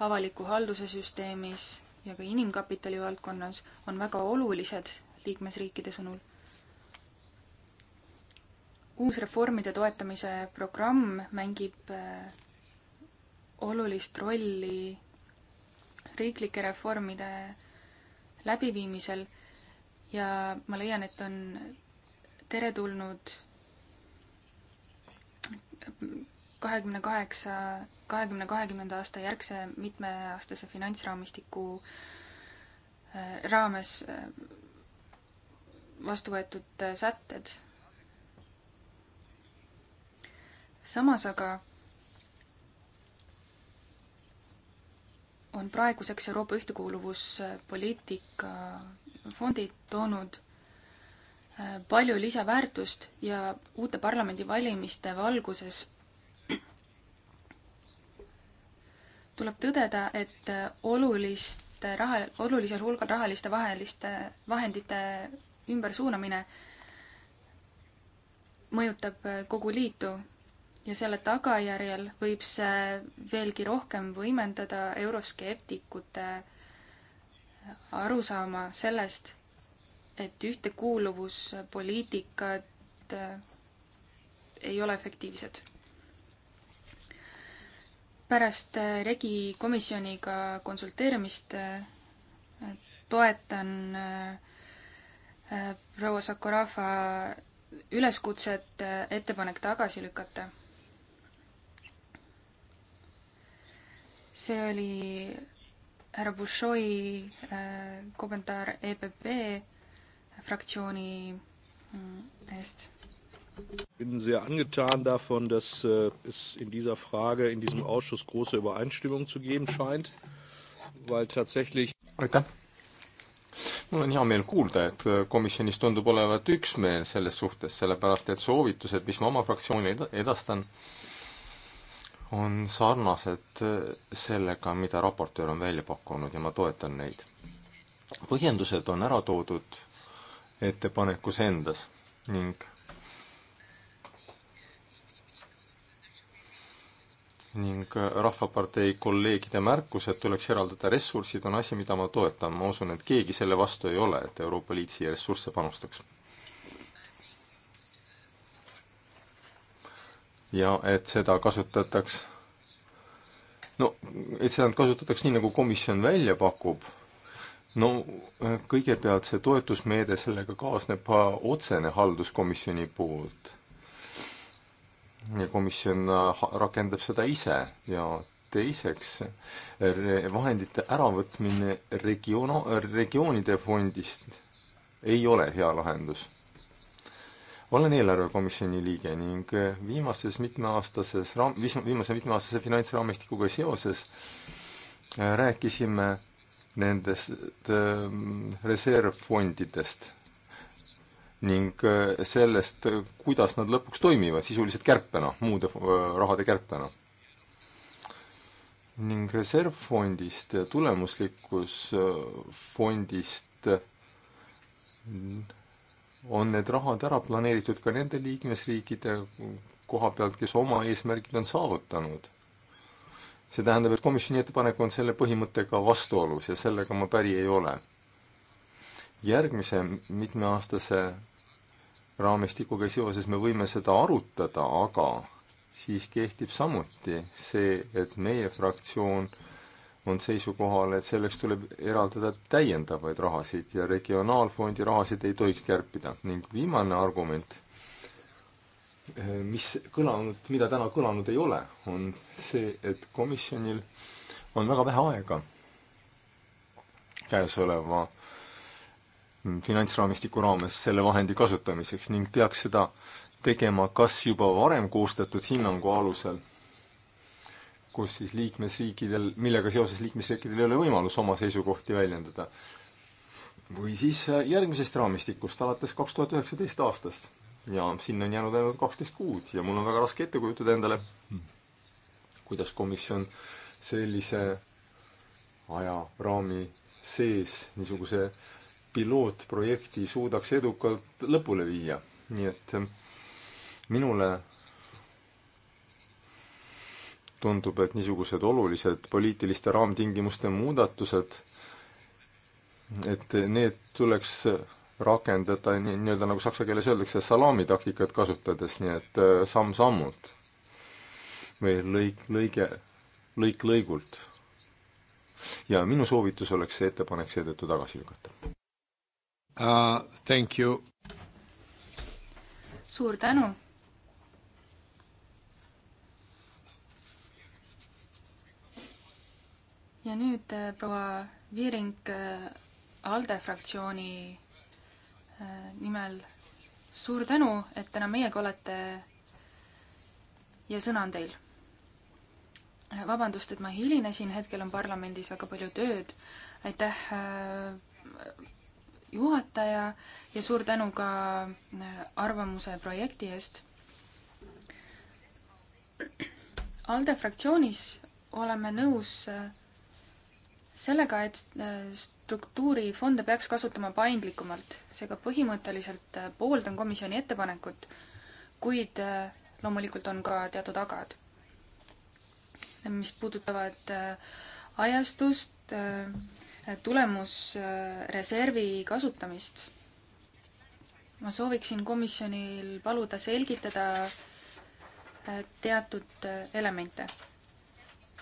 avaliku halduse süsteemis ja ka inimkapitali valdkonnas on väga olulised liikmesriikide sõnul. uus reformide toetamise programm mängib äh, olulist rolli riiklike reformide läbiviimisel ja ma leian, et on teretulnud kahekümne kaheksa, kahekümne kahekümnenda aasta järgse mitmeaastase finantsraamistiku äh, raames äh, vastu võetud äh, sätted. samas aga on praeguseks Euroopa ühtekuuluvuspoliitika fondid toonud äh, palju lisaväärtust ja uute parlamendivalimiste valguses tuleb tõdeda, et äh, oluliste raha, olulisel hulgal rahaliste vaheliste, vahendite ümbersuunamine mõjutab äh, kogu liitu ja selle tagajärjel võib see veelgi rohkem võimendada euroskeptikute arusaama sellest, et ühtekuuluvuspoliitikad äh, ei ole efektiivsed. pärast äh, regi komisjoniga konsulteerimist äh, toetan proua Sakurafa üleskutset ettepanek tagasi lükata see oli härra Bushoi äh, kommentaar EPP fraktsiooni mm, eest. bin sehr angetan davon, dass äh, es in dieser Frage in diesem Ausschuss große Übereinstimmung zu geben scheint, weil tatsächlich aitäh! mul on hea meel kuulda, et äh, komisjonis tundub olevat üksmeel selles suhtes, sellepärast et soovitused, mis ma oma fraktsiooni edastan, on sarnased eh, sellega, mida raportöör on välja pakkunud ja ma toetan neid. põhjendused on ära toodud ettepanekus endas ning ning eh, Rahvapartei kolleegide märkused tuleks eraldada, ressursid on asi, mida ma toetan, ma usun, et keegi selle vastu ei ole, et Euroopa Liit siia ressursse panustaks ja et seda kasutataks, no et seda kasutataks nii, nagu komisjon välja pakub, no äh, kõigepealt see toetusmeede, sellega kaasneb otsene halduskomisjoni poolt. ja komisjon äh, rakendab seda ise ja teiseks, vahendite äravõtmine regioon, regioonide fondist ei ole hea lahendus ma olen eelarvekomisjoni liige ning eh, viimases mitmeaastases raam-, viimase mitmeaastase finantsraamistikuga seoses eh, rääkisime nendest eh, reservfondidest ning sellest, kuidas nad lõpuks toimivad sisuliselt kärpena, muude rahade kärpena. ning reservfondist ja tulemuslikkusfondist mm, on need rahad ära planeeritud ka nende liikmesriikide koha pealt, kes oma eesmärgid on saavutanud. see tähendab, et komisjoni ettepanek on selle põhimõttega vastuolus ja sellega ma päri ei ole. järgmise mitmeaastase raamistikuga seoses me võime seda arutada, aga siis kehtib samuti see, et meie fraktsioon on seisukohal, et selleks tuleb eraldada täiendavaid rahasid ja regionaalfondi rahasid ei tohiks kärpida. ning viimane argument, eh, mis kõlanud, mida täna kõlanud ei ole, on see, et komisjonil on väga vähe aega käesoleva finantsraamistiku raames selle vahendi kasutamiseks ning peaks seda tegema kas juba varem koostatud hinnangu alusel kus siis liikmesriikidel, millega seoses liikmesriikidel ei ole võimalus oma seisukohti väljendada. või siis äh, järgmisest raamistikust alates kaks tuhat üheksateist aastast. ja sinna on jäänud ainult kaksteist kuud ja mul on väga raske ette kujutada endale, kuidas komisjon sellise ajaraami sees niisuguse pilootprojekti suudaks edukalt lõpule viia. nii et äh, minule tundub, et niisugused olulised poliitiliste raamtingimuste muudatused, et need tuleks rakendada nii-öelda nii nagu saksa keeles öeldakse, salamitaktikat kasutades, nii et äh, samm-sammult või lõik, lõige, lõik lõigult. ja minu soovitus oleks see ettepanek seetõttu tagasi lükata uh,. Thank you. suur tänu ja nüüd äh, proua Viiring äh, ALDE fraktsiooni äh, nimel suur tänu, et täna meiega olete ja sõna on teil. vabandust, et ma hilinesin, hetkel on parlamendis väga palju tööd. aitäh juhataja ja suur tänu ka arvamuse projekti eest. ALDE fraktsioonis oleme nõus sellega, et äh, struktuurifonde peaks kasutama paindlikumalt, seega põhimõtteliselt äh, pooldan komisjoni ettepanekut, kuid äh, loomulikult on ka teatud agad, mis puudutavad ajastust, tulemusreservi kasutamist. ma sooviksin komisjonil paluda selgitada teatud elemente,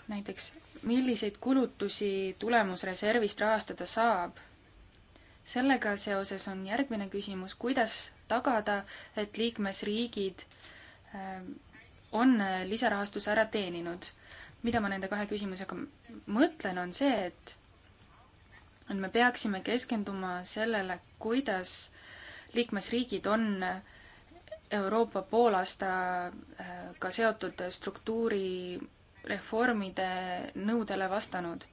näiteks milliseid kulutusi tulemusreservist rahastada saab? sellega seoses on järgmine küsimus, kuidas tagada, et liikmesriigid ähm, on äh, lisarahastuse ära teeninud? mida ma nende kahe küsimusega mõtlen, on see, et et me peaksime keskenduma sellele, kuidas liikmesriigid on äh, Euroopa poolastaga äh, seotud struktuuri reformide nõudele vastanud.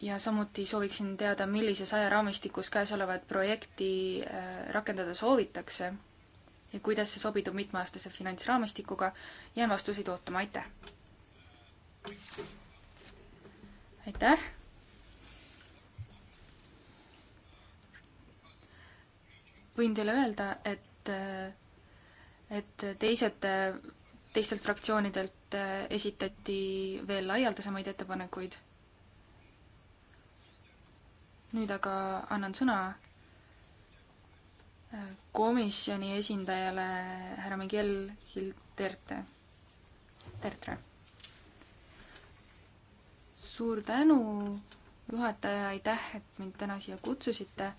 ja samuti sooviksin teada, millises ajaraamistikus käesolevat projekti äh, rakendada soovitakse ja kuidas see sobitub mitmeaastase finantsraamistikuga. jään vastuseid ootama, aitäh! aitäh! võin teile öelda, et, äh, et teised äh, teistelt fraktsioonidelt äh, esitati veel laialdasemaid ettepanekuid. nüüd aga annan sõna äh, komisjoni esindajale härra Miguel Hilderte, Tertre. suur tänu, juhataja, aitäh, et mind täna siia kutsusite.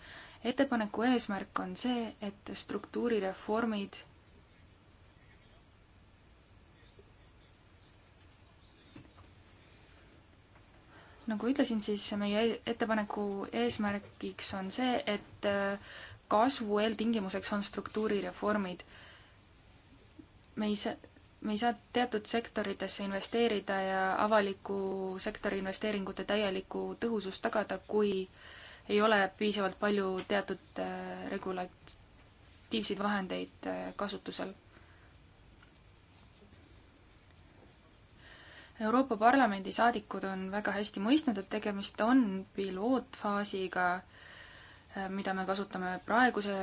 ettepaneku eesmärk on see, et struktuurireformid nagu ütlesin, siis meie e-, ettepaneku eesmärgiks on see, et äh, kasvu eeltingimuseks on struktuurireformid. me ei saa, me ei saa teatud sektoritesse investeerida ja avaliku sektori investeeringute täielikku tõhusust tagada, kui ei ole piisavalt palju teatud äh, regulatiivseid vahendeid äh, kasutusel Euroopa Parlamendi saadikud on väga hästi mõistnud, et tegemist on pilootfaasiga, eh, mida me kasutame praeguse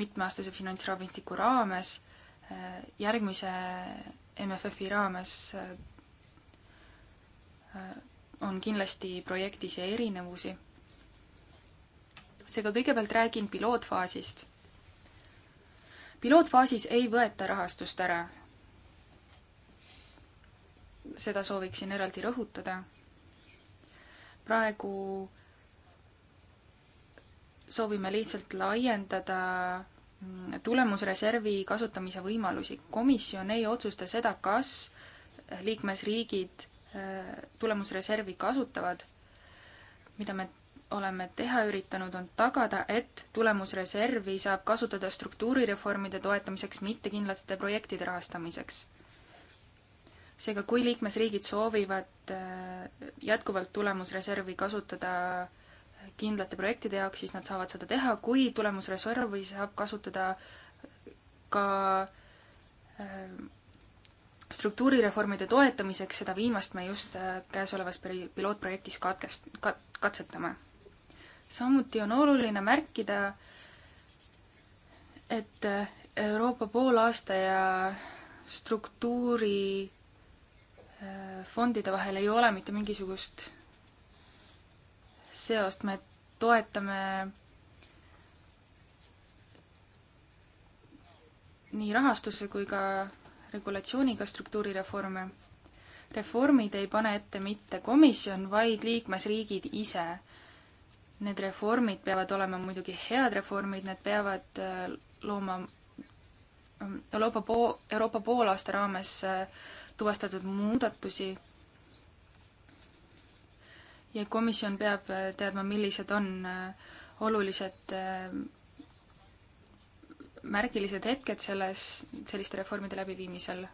mitmeaastase finantsraamistiku raames, eh, järgmise MFF-i raames eh, on kindlasti projektis erinevusi. seega kõigepealt räägin pilootfaasist. pilootfaasis ei võeta rahastust ära, seda sooviksin eraldi rõhutada. praegu soovime lihtsalt laiendada mm, tulemusreservi kasutamise võimalusi. komisjon ei otsusta seda, kas liikmesriigid äh, tulemusreservi kasutavad. mida me oleme teha üritanud, on tagada, et tulemusreservi saab kasutada struktuurireformide toetamiseks, mitte kindlate projektide rahastamiseks seega, kui liikmesriigid soovivad äh, jätkuvalt tulemusreservi kasutada äh, kindlate projektide jaoks, siis nad saavad seda teha, kui tulemusreservi saab kasutada äh, ka struktuurireformide toetamiseks, seda viimast me just käesolevas peri-, pilootprojektis katkest-, kat-, katsetame. samuti on oluline märkida, et Euroopa poolaasta ja struktuuri Äh, fondide vahel ei ole mitte mingisugust seost, me toetame nii rahastuse kui ka regulatsiooniga struktuurireforme. reformid ei pane ette mitte komisjon, vaid liikmesriigid ise. Need reformid peavad olema muidugi head reformid, need peavad äh, looma äh, Euroopa pool, Euroopa poolaasta raames äh, tuvastatud muudatusi. ja komisjon peab äh, teadma, millised on äh, olulised äh, märgilised hetked selles, selliste reformide läbiviimisel.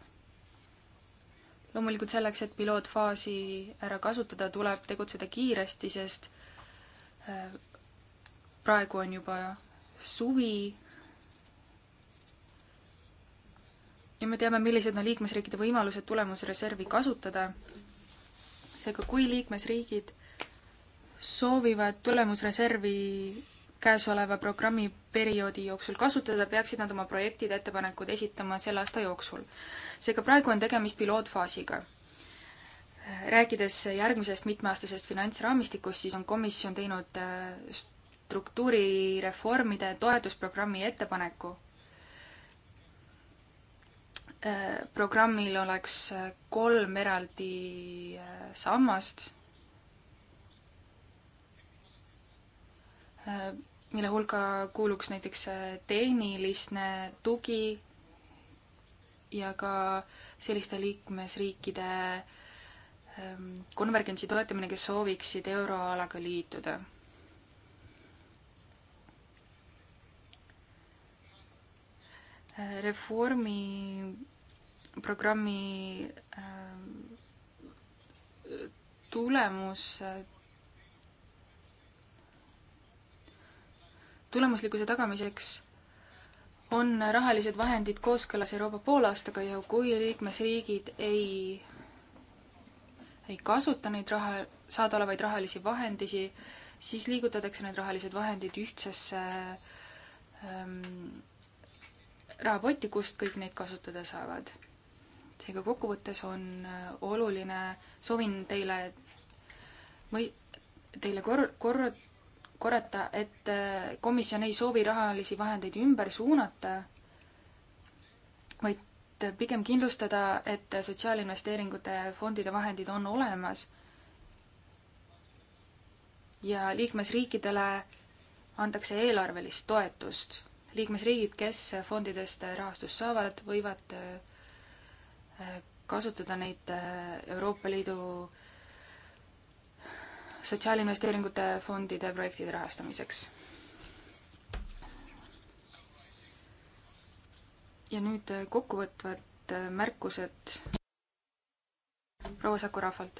loomulikult selleks, et pilootfaasi ära kasutada, tuleb tegutseda kiiresti, sest praegu on juba suvi ja me teame, millised on liikmesriikide võimalused tulemusreservi kasutada. seega, kui liikmesriigid soovivad tulemusreservi käesoleva programmi perioodi jooksul kasutada, peaksid nad oma projektide ettepanekud esitama selle aasta jooksul. seega praegu on tegemist pilootfaasiga. rääkides järgmisest mitmeaastasest finantsraamistikust, siis on komisjon teinud äh, struktuurireformide toetusprogrammi ettepaneku programmil oleks kolm eraldi äh, sammast, äh, mille hulka kuuluks näiteks äh, tehniline tugi ja ka selliste liikmesriikide ähm, konvergentsi toetamine, kes sooviksid euroalaga liituda reformi programmi ähm, tulemus, tulemuslikkuse tagamiseks on rahalised vahendid kooskõlas Euroopa poolaastaga ja kui liikmesriigid ei, ei kasuta neid raha, saadaolevaid rahalisi vahendisi, siis liigutatakse need rahalised vahendid ühtsesse ähm, rahapotti, kust kõik neid kasutada saavad seega kokkuvõttes on äh, oluline, soovin teile või teile kor-, kor-, korrata, et äh, komisjon ei soovi rahalisi vahendeid ümber suunata, vaid äh, pigem kindlustada, et sotsiaalinvesteeringute fondide vahendid on olemas ja liikmesriikidele antakse eelarvelist toetust. liikmesriigid, kes fondidest rahastust saavad, võivad kasutada neid äh, Euroopa Liidu sotsiaalinvesteeringute fondide projektide rahastamiseks. ja nüüd äh, kokkuvõtvad äh, märkused proua Sakurahvalt.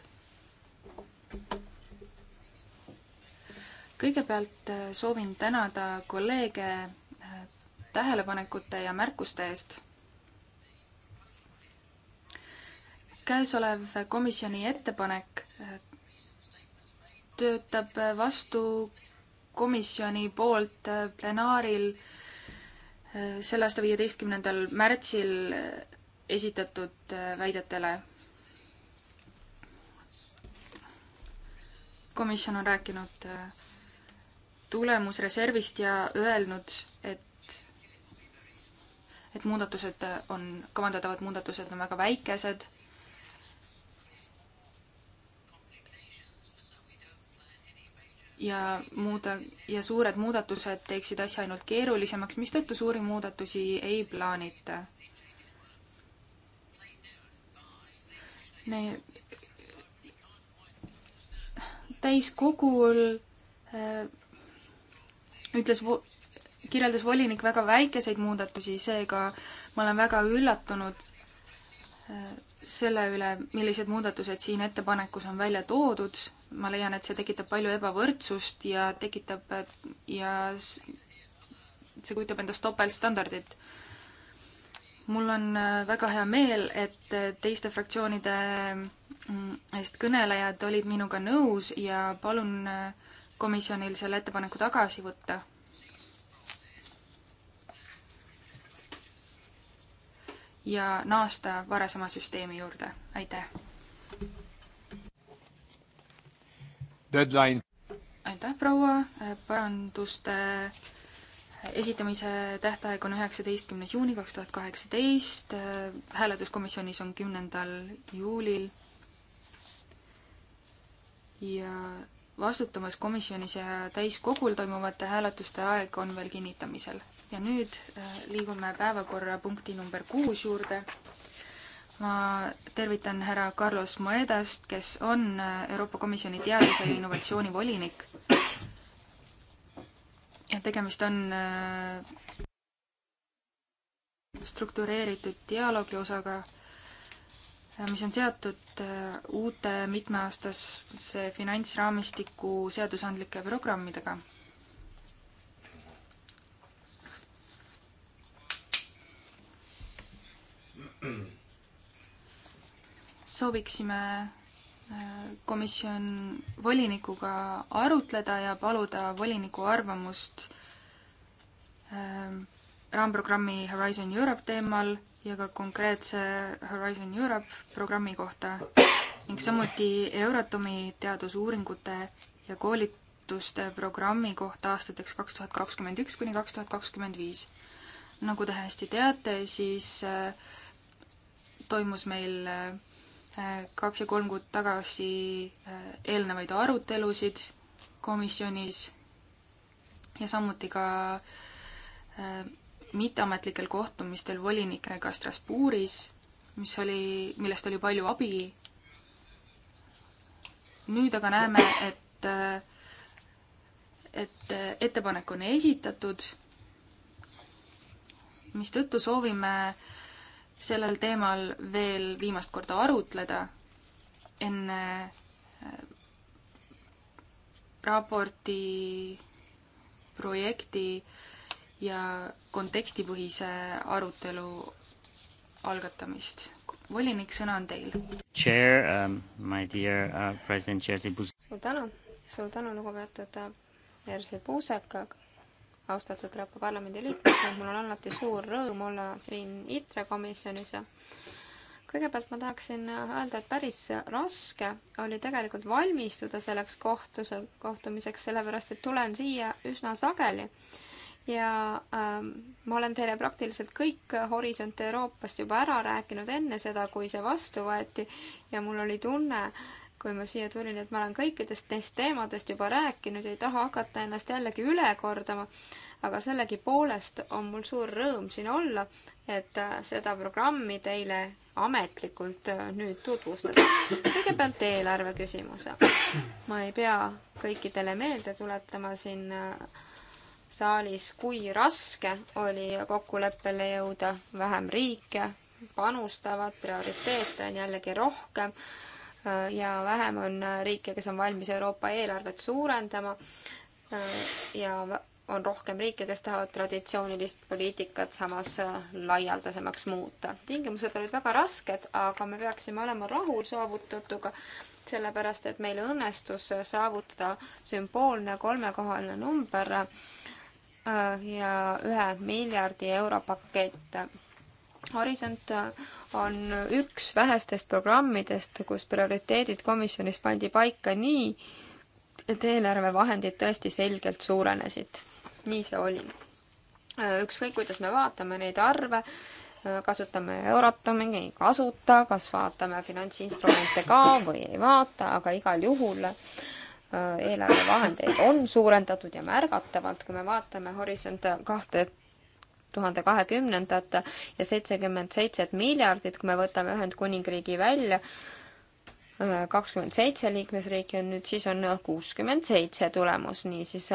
kõigepealt soovin tänada kolleege tähelepanekute ja märkuste eest käesolev komisjoni ettepanek äh, töötab vastu komisjoni poolt äh, plenaaril äh, selle aasta viieteistkümnendal märtsil esitatud väidetele. komisjon on rääkinud tulemusreservist ja öelnud, et, et muudatused on, kavandatavad muudatused on väga väikesed ja muuda, ja suured muudatused teeksid asja ainult keerulisemaks, mistõttu suuri muudatusi ei plaanita. täiskogul äh, ütles vo-, kirjeldas volinik väga väikeseid muudatusi, seega ma olen väga üllatunud äh, selle üle, millised muudatused siin ettepanekus on välja toodud ma leian, et see tekitab palju ebavõrdsust ja tekitab ja see kujutab endast topeltstandardit. mul on äh, väga hea meel, et äh, teiste fraktsioonide mm, eest kõnelejad olid minuga nõus ja palun äh, komisjonil selle ettepaneku tagasi võtta. ja naasta varasema süsteemi juurde, aitäh! Deadline. aitäh, proua, paranduste esitamise tähtaeg on üheksateistkümnes juuni kaks tuhat kaheksateist, hääletuskomisjonis on kümnendal juulil ja vastutamas komisjonis ja täiskogul toimuvate hääletuste aeg on veel kinnitamisel. ja nüüd äh, liigume päevakorrapunkti number kuus juurde ma tervitan härra Carlos Moedast, kes on äh, Euroopa Komisjoni teaduse ja innovatsiooni volinik. ja tegemist on äh, struktureeritud dialoogi osaga, äh, mis on seotud uute mitmeaastase finantsraamistiku seadusandlike programmidega sooviksime äh, komisjon volinikuga arutleda ja paluda voliniku arvamust äh, raamprogrammi Horizon Europe teemal ja ka konkreetse Horizon Europe programmi kohta ning samuti Euratomi teadusuuringute ja koolituste programmi kohta aastateks kaks tuhat kakskümmend üks kuni kaks tuhat kakskümmend viis. nagu te hästi teate, siis äh, toimus meil Äh, kaks ja kolm kuud tagasi äh, eelnevaid arutelusid komisjonis ja samuti ka äh, mitteametlikel kohtumistel volinikega Strasbourgis, mis oli, millest oli palju abi. nüüd aga näeme, et, et ettepanek on esitatud, mistõttu soovime äh, sellel teemal veel viimast korda arutleda enne äh, raporti projekti ja kontekstipõhise arutelu algatamist. volinik, sõna on teil. Chair um,, my dear uh, president Jerzy Buzek. suur tänu, suur tänu, lugupeetud uh, Jerzy Buzek, aga austatud Euroopa Parlamendi liikmed, mul on alati suur rõõm olla siin ITRE komisjonis kõigepealt ma tahaksin öelda, et päris raske oli tegelikult valmistuda selleks kohtuse, kohtumiseks, sellepärast et tulen siia üsna sageli. ja ähm, ma olen teile praktiliselt kõik Horisont Euroopast juba ära rääkinud enne seda, kui see vastu võeti ja mul oli tunne, kui ma siia tulin, et ma olen kõikidest neist teemadest juba rääkinud ja ei taha hakata ennast jällegi üle kordama, aga sellegipoolest on mul suur rõõm siin olla, et äh, seda programmi teile ametlikult äh, nüüd tutvustada. kõigepealt eelarve küsimus. ma ei pea kõikidele meelde tuletama siin äh, saalis, kui raske oli kokkuleppele jõuda, vähem riike panustavad, prioriteete on jällegi rohkem Äh, ja vähem on äh, riike, kes on valmis Euroopa eelarvet suurendama äh, ja on rohkem riike, kes tahavad traditsioonilist poliitikat samas laialdasemaks muuta. tingimused olid väga rasked, aga me peaksime olema rahul saavutatuga, sellepärast et meil õnnestus saavutada sümboolne kolmekohaline number ja ühe miljardi euro pakett Horisont äh, on üks vähestest programmidest, kus prioriteedid komisjonis pandi paika nii, et eelarvevahendid tõesti selgelt suurenesid. nii see oli. Äh, ükskõik, kuidas me vaatame neid arve, äh, kasutame Euratomi, ei kasuta, kas vaatame finantsinstrumente ka või ei vaata, aga igal juhul eelarvevahendeid on suurendatud ja märgatavalt, kui me vaatame Horisont kahte tuhande kahekümnendat ja seitsekümmend seitset miljardit, kui me võtame Ühendkuningriigi välja, kakskümmend seitse liikmesriiki on nüüd, siis on kuuskümmend seitse tulemus, niisiis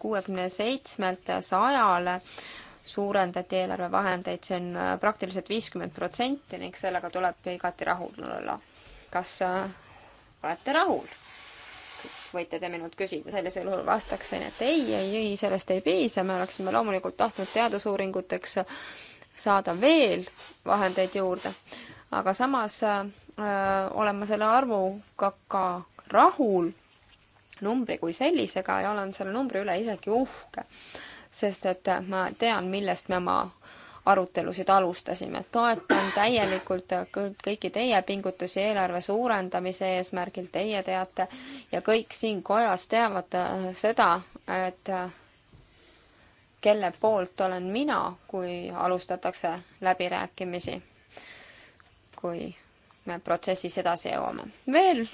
kuuekümne seitsmelt sajale suurendati eelarvevahendeid, see on praktiliselt viiskümmend protsenti ning sellega tuleb igati rahul olla. kas äh, olete rahul? võite te minult küsida, sellisel juhul vastaksin, et ei, ei, ei, sellest ei piisa, me oleksime loomulikult tahtnud teadusuuringuteks saada veel vahendeid juurde, aga samas öö, äh, olen ma selle arvuga ka rahul, numbri kui sellisega, ja olen selle numbri üle isegi uhke. sest et ma tean, millest me oma arutelusid alustasime. toetan täielikult kõiki teie pingutusi eelarve suurendamise eesmärgil, teie teate ja kõik siin kojas teavad äh, seda, et äh, kelle poolt olen mina, kui alustatakse läbirääkimisi, kui me protsessis edasi jõuame. veel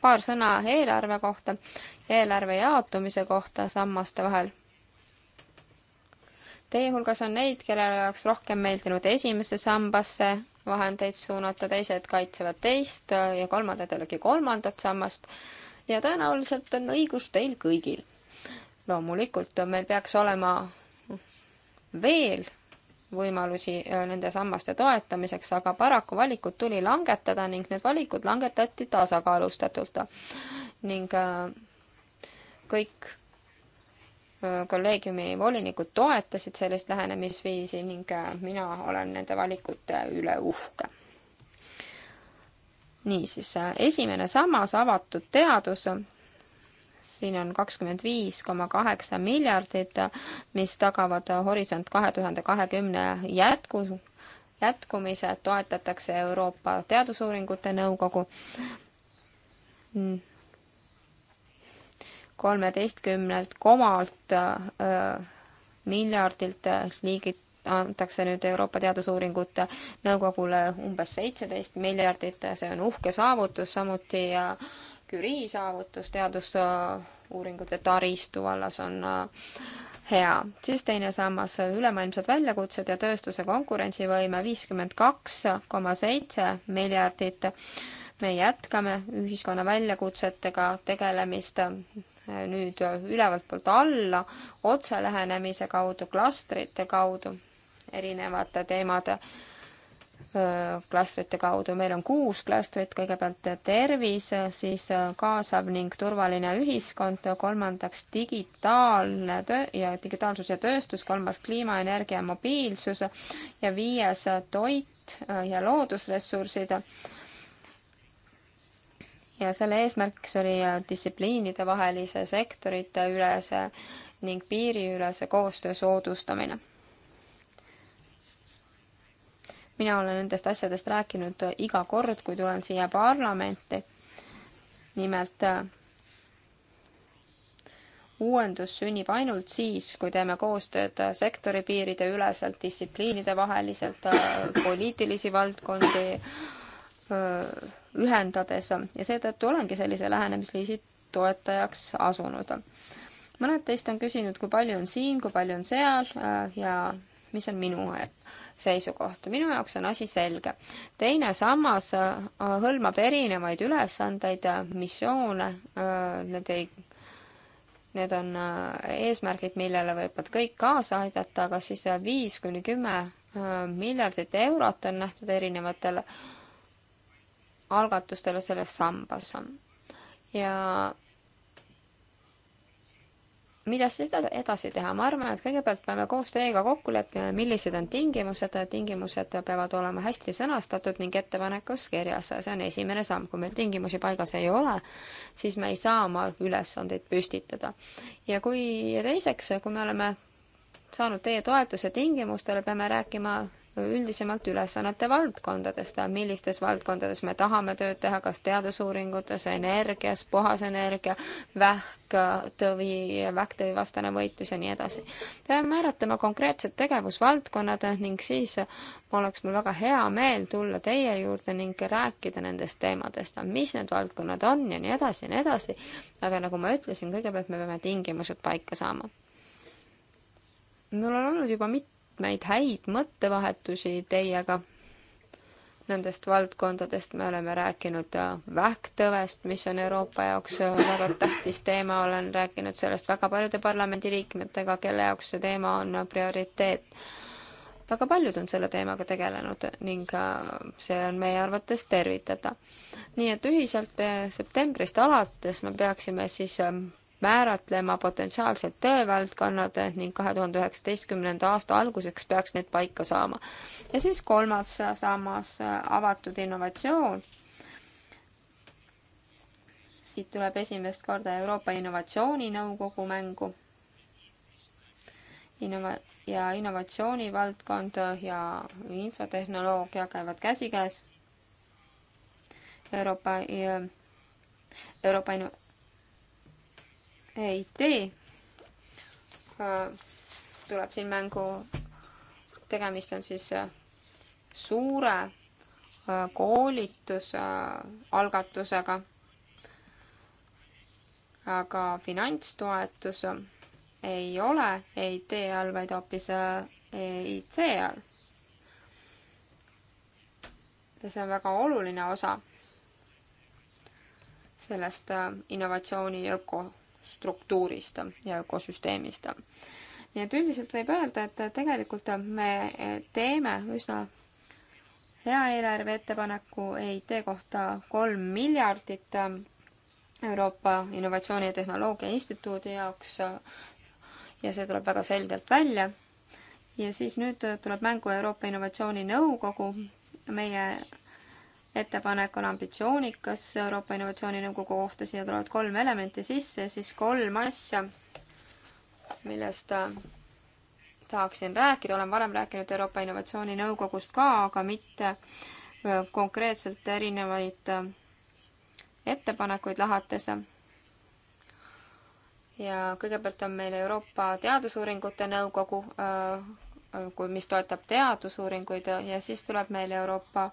paar sõna eelarve kohta, eelarve jaotumise kohta sammaste vahel Teie hulgas on neid, kellele oleks rohkem meeldinud esimesse sambasse vahendeid suunata, teised kaitsevad teist ja kolmandad jällegi kolmandat sammast. ja tõenäoliselt on õigus teil kõigil. loomulikult meil peaks olema veel võimalusi äh, nende sammaste toetamiseks, aga paraku valikud tuli langetada ning need valikud langetati tasakaalustatult. ning äh, kõik kolleegiumi volinikud toetasid sellist lähenemisviisi ning äh, mina olen nende valikute üle uhke. niisiis, äh, esimene sammas, avatud teadus, siin on kakskümmend viis koma kaheksa miljardit, mis tagavad Horisont kahe tuhande kahekümne jätku, jätkumise, toetatakse Euroopa Teadusuuringute Nõukogu kolmeteistkümnelt komalt äh, miljardilt äh, liigit-, antakse nüüd Euroopa Teadusuuringute Nõukogule umbes seitseteist miljardit, see on uhke saavutus, samuti Curie saavutus teadusuuringute taristu vallas on äh, hea. siis teine sammas, ülemaailmsed väljakutsed ja tööstuse konkurentsivõime, viiskümmend kaks koma seitse miljardit. me jätkame ühiskonna väljakutsetega tegelemist nüüd äh, ülevalt poolt alla otselähenemise kaudu, klastrite kaudu, erinevate teemade äh, klastrite kaudu, meil on kuus klastrit, kõigepealt tervis, äh, siis kaasav ning turvaline ühiskond, kolmandaks digitaalne töö ja digitaalsus ja tööstus, kolmas kliima, energia, mobiilsus ja viies toit ja loodusressursid ja selle eesmärgiks oli äh, distsipliinide vahelise sektorite ülese ning piiriülese koostöö soodustamine. mina olen nendest asjadest rääkinud äh, iga kord, kui tulen siia parlamenti. nimelt äh, uuendus sünnib ainult siis, kui teeme koostööd sektori piiride üleselt, distsipliinide vaheliselt, poliitilisi valdkondi öö, ühendades ja seetõttu olengi sellise lähenemisviisi toetajaks asunud. mõned teist on küsinud, kui palju on siin, kui palju on seal äh, ja mis on minu seisukoht. minu jaoks on asi selge. teine sammas äh, hõlmab erinevaid ülesandeid ja missioone, äh, need ei Need on eesmärgid, millele võivad kõik kaasa aidata, aga siis viis kuni kümme miljardit eurot on nähtud erinevatele äh, algatustele selles sambas. ja mida siis edasi teha, ma arvan, et kõigepealt peame koos teiega kokku leppima, millised on tingimused, tingimused peavad olema hästi sõnastatud ning ettepanekus kirjas, see on esimene samm, kui meil tingimusi paigas ei ole, siis me ei saa oma ülesandeid püstitada. ja kui, ja teiseks, kui me oleme saanud teie toetuse tingimustele, peame rääkima üldisemalt ülesannete valdkondadest, millistes valdkondades me tahame tööd teha, kas teadusuuringutes, energias, puhas energia, vähktõvi, vähktõvi vastane võitlus ja nii edasi. peame määratlema konkreetsed tegevusvaldkonnad ning siis oleks mul väga hea meel tulla teie juurde ning rääkida nendest teemadest, mis need valdkonnad on ja nii edasi ja nii edasi, aga nagu ma ütlesin, kõigepealt me peame tingimused paika saama mul on olnud juba mit-, mitmeid häid mõttevahetusi teiega nendest valdkondadest me oleme rääkinud äh, vähktõvest, mis on Euroopa jaoks äh, väga tähtis teema, olen rääkinud sellest väga paljude parlamendiliikmetega, kelle jaoks see teema on äh, prioriteet. väga paljud on selle teemaga tegelenud ning see on meie arvates tervitada. nii et ühiselt septembrist alates me peaksime siis ähm, määratlema potentsiaalsed tõevaldkonnad ning kahe tuhande üheksateistkümnenda aasta alguseks peaks need paika saama. ja siis kolmas sammas, avatud innovatsioon. siit tuleb esimest korda Euroopa Innovatsiooninõukogu mängu. Innova- ja innovatsioonivaldkond ja infotehnoloogia käivad käsikäes. Euroopa, Euroopa Inno-, ei tee. tuleb siin mängu, tegemist on siis äh, suure äh, koolitusalgatusega, äh, aga finantstoetus ei ole EIT all, vaid hoopis EIC all. ja see on väga oluline osa sellest innovatsiooni öko struktuurist ja ökosüsteemist. nii et üldiselt võib öelda, et tegelikult me teeme üsna hea eelarve ettepaneku EIT kohta kolm miljardit Euroopa Innovatsiooni ja Tehnoloogia Instituudi jaoks ja see tuleb väga selgelt välja. ja siis nüüd tuleb mängu Euroopa Innovatsiooninõukogu, meie ettepanek on ambitsioonikas Euroopa Innovatsiooninõukogu kohta, siia tulevad kolm elementi sisse, siis kolm asja, millest äh, tahaksin rääkida, olen varem rääkinud Euroopa Innovatsiooninõukogust ka, aga mitte äh, konkreetselt erinevaid äh, ettepanekuid lahates. ja kõigepealt on meil Euroopa Teadusuuringute Nõukogu, mis toetab teadusuuringuid ja siis tuleb meil Euroopa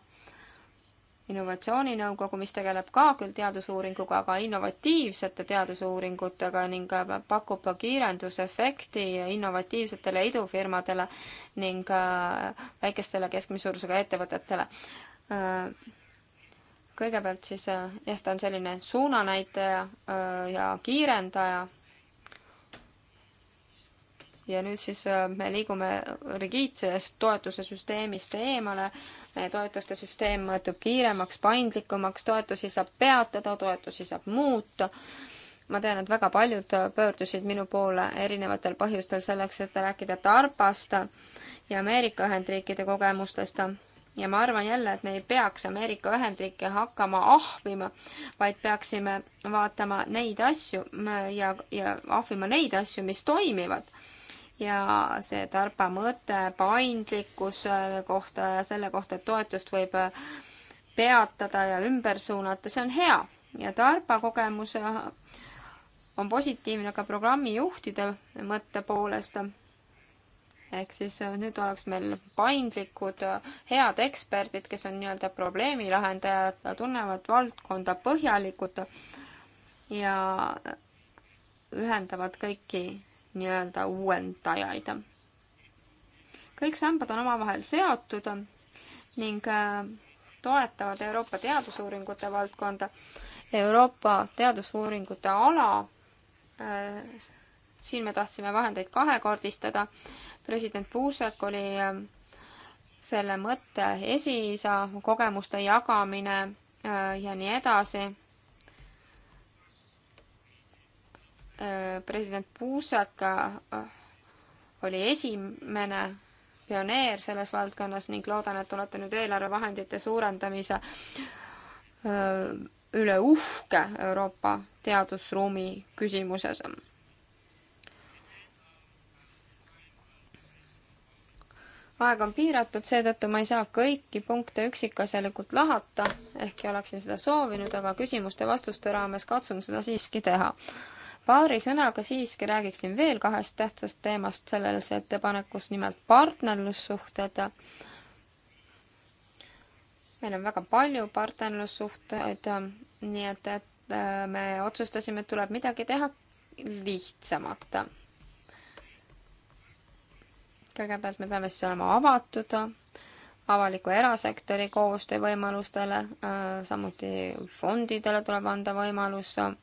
innovatsiooninõukogu, mis tegeleb ka küll teadusuuringuga, aga innovatiivsete teadusuuringutega ning pakub kiirendusefekti innovatiivsetele idufirmadele ning äh, väikestele keskmise suurusega ettevõtetele. Äh, kõigepealt siis äh, jah, ta on selline suunanäitaja ja kiirendaja ja nüüd siis me liigume rigiidsest toetuse süsteemist eemale toetuste süsteem muutub kiiremaks, paindlikumaks, toetusi saab peatada, toetusi saab muuta. ma tean, et väga paljud pöördusid minu poole erinevatel põhjustel selleks, et rääkida Tarbast ja Ameerika Ühendriikide kogemustest ja ma arvan jälle, et me ei peaks Ameerika Ühendriike hakkama ahvima, vaid peaksime vaatama neid asju ja, ja ahvima neid asju, mis toimivad ja see tarba mõte paindlikkuse kohta ja selle kohta, et toetust võib äh, peatada ja ümber suunata, see on hea ja tarba kogemus on positiivne ka programmi juhtide mõtte poolest. ehk siis äh, nüüd oleks meil paindlikud, äh, head eksperdid, kes on nii-öelda probleemi lahendajad, tunnevad valdkonda põhjalikult ja ühendavad kõiki nii-öelda uuendajaid. kõik sambad on omavahel seotud ning äh, toetavad Euroopa teadusuuringute valdkonda. Euroopa teadusuuringute ala, äh, siin me tahtsime vahendeid kahekordistada. president Puusek oli äh, selle mõtte esiisa, kogemuste jagamine ja nii edasi Äh, president Puusaka äh, oli esimene pioneer selles valdkonnas ning loodan, et olete nüüd eelarvevahendite suurendamise äh, üle uhke Euroopa teadusruumi küsimuses. aeg on piiratud, seetõttu ma ei saa kõiki punkte üksikasjalikult lahata, ehkki oleksin seda soovinud, aga küsimuste-vastuste raames katsun seda siiski teha paari sõnaga siiski räägiksin veel kahest tähtsast teemast selles ettepanekus, nimelt partnerlussuhted. meil on väga palju partnerlussuhteid, nii et, et äh, me otsustasime, et tuleb midagi teha lihtsamat. kõigepealt me peame siis olema avatud avaliku erasektori koostöövõimalustele, äh, samuti fondidele tuleb anda võimalus äh,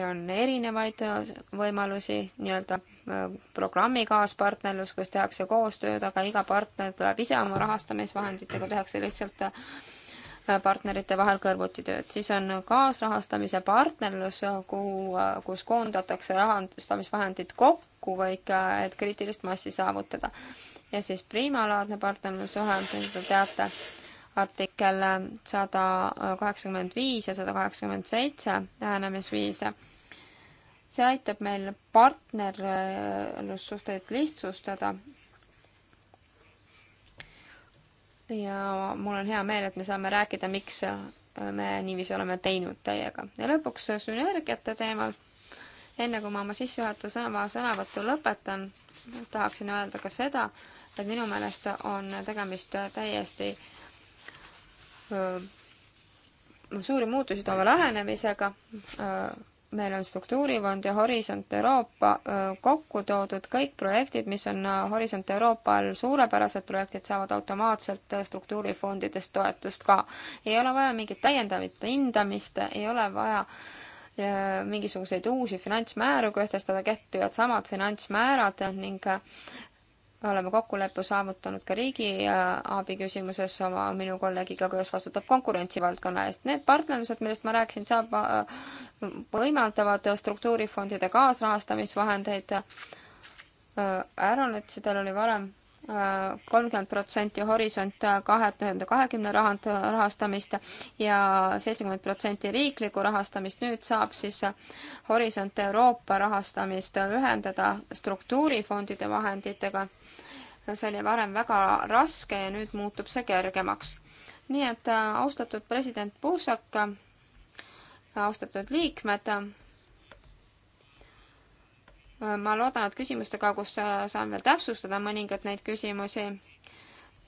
on erinevaid äh, võimalusi nii-öelda äh, programmi kaaspartnerlus, kus tehakse koostööd, aga iga partner tuleb ise oma rahastamisvahenditega, tehakse lihtsalt äh, partnerite vahel kõrvuti tööd. siis on kaasrahastamise partnerlus, kuhu, kus koondatakse rahastamisvahendid kokku või ikka, et kriitilist massi saavutada. ja siis priimalaadne partnerlussuhe, mida te teate artikkel sada kaheksakümmend viis ja sada kaheksakümmend seitse lähenemisviise. see aitab meil partnerlussuhteid lihtsustada. ja mul on hea meel, et me saame rääkida, miks me niiviisi oleme teinud teiega. ja lõpuks sünergiate teemal. enne kui ma oma sissejuhatuse sõna, sõnavõttu lõpetan, tahaksin öelda ka seda, et minu meelest on tegemist täiesti äh, Äh, suuri muutusi toome lähenemisega. Äh, meil on struktuurifond ja Horisont Euroopa äh, kokku toodud kõik projektid, mis on Horisont Euroopa all suurepärased projektid, saavad automaatselt struktuurifondidest toetust ka. ei ole vaja mingit täiendavat hindamist, ei ole vaja mingisuguseid uusi finantsmääru kehtestada, kehtivad samad finantsmäärad ning oleme kokkuleppe saavutanud ka riigiabi äh, küsimuses oma minu kolleegiga, kes vastutab konkurentsivaldkonna eest. Need partnerlused, millest ma rääkisin, saab, äh, võimaldavad struktuurifondide kaasrahastamisvahendeid. Äh, Aeronetsidel oli varem kolmkümmend protsenti Horisont kahe tuhande kahekümne rahand, rahastamist ja seitsekümmend protsenti riiklikku rahastamist. nüüd saab siis Horisont Euroopa rahastamist ühendada struktuurifondide vahenditega. see oli varem väga raske ja nüüd muutub see kergemaks. nii et äh, austatud president Puusak, äh, austatud liikmed, Äh, ma loodan, et küsimuste kaugus saan veel täpsustada mõningaid neid küsimusi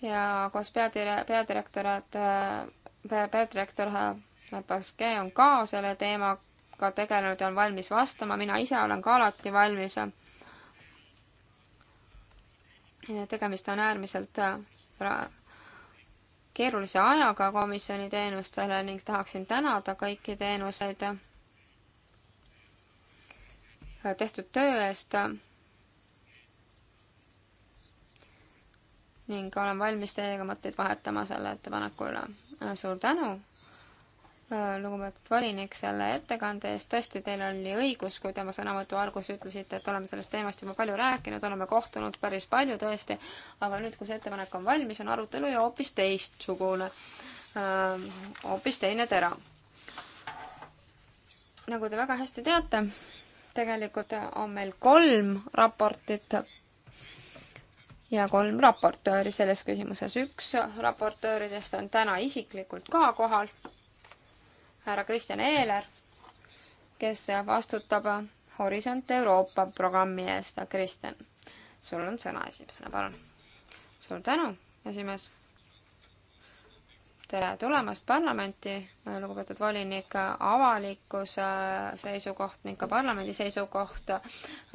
ja koos peadire-, peadirektorat, äh, peadirektor Paske on ka selle teemaga tegelenud ja on valmis vastama, mina ise olen ka alati valmis. tegemist on äärmiselt äh, keerulise ajaga komisjoni teenustele ning tahaksin tänada kõiki teenuseid tehtud töö eest ning olen valmis teiega mõtteid vahetama selle ettepaneku üle. suur tänu, äh, lugupeetud volinik, selle ettekande eest. tõesti, teil oli õigus, kui te oma sõnavõtu alguses ütlesite, et oleme sellest teemast juba palju rääkinud, oleme kohtunud päris palju tõesti, aga nüüd, kui see ettepanek on valmis, on arutelu ju hoopis teistsugune, äh, hoopis teine tera. nagu te väga hästi teate, tegelikult on meil kolm raportit ja kolm raportööri selles küsimuses. üks raportööridest on täna isiklikult ka kohal, härra Kristjan Eeler, kes vastutab Horisont Euroopa programmi eest. Kristjan, sul on sõna esimesena, palun. suur tänu, esimees tere tulemast parlamenti, lugupeetud volinik, avalikkuse seisukoht ning ka parlamendi seisukoht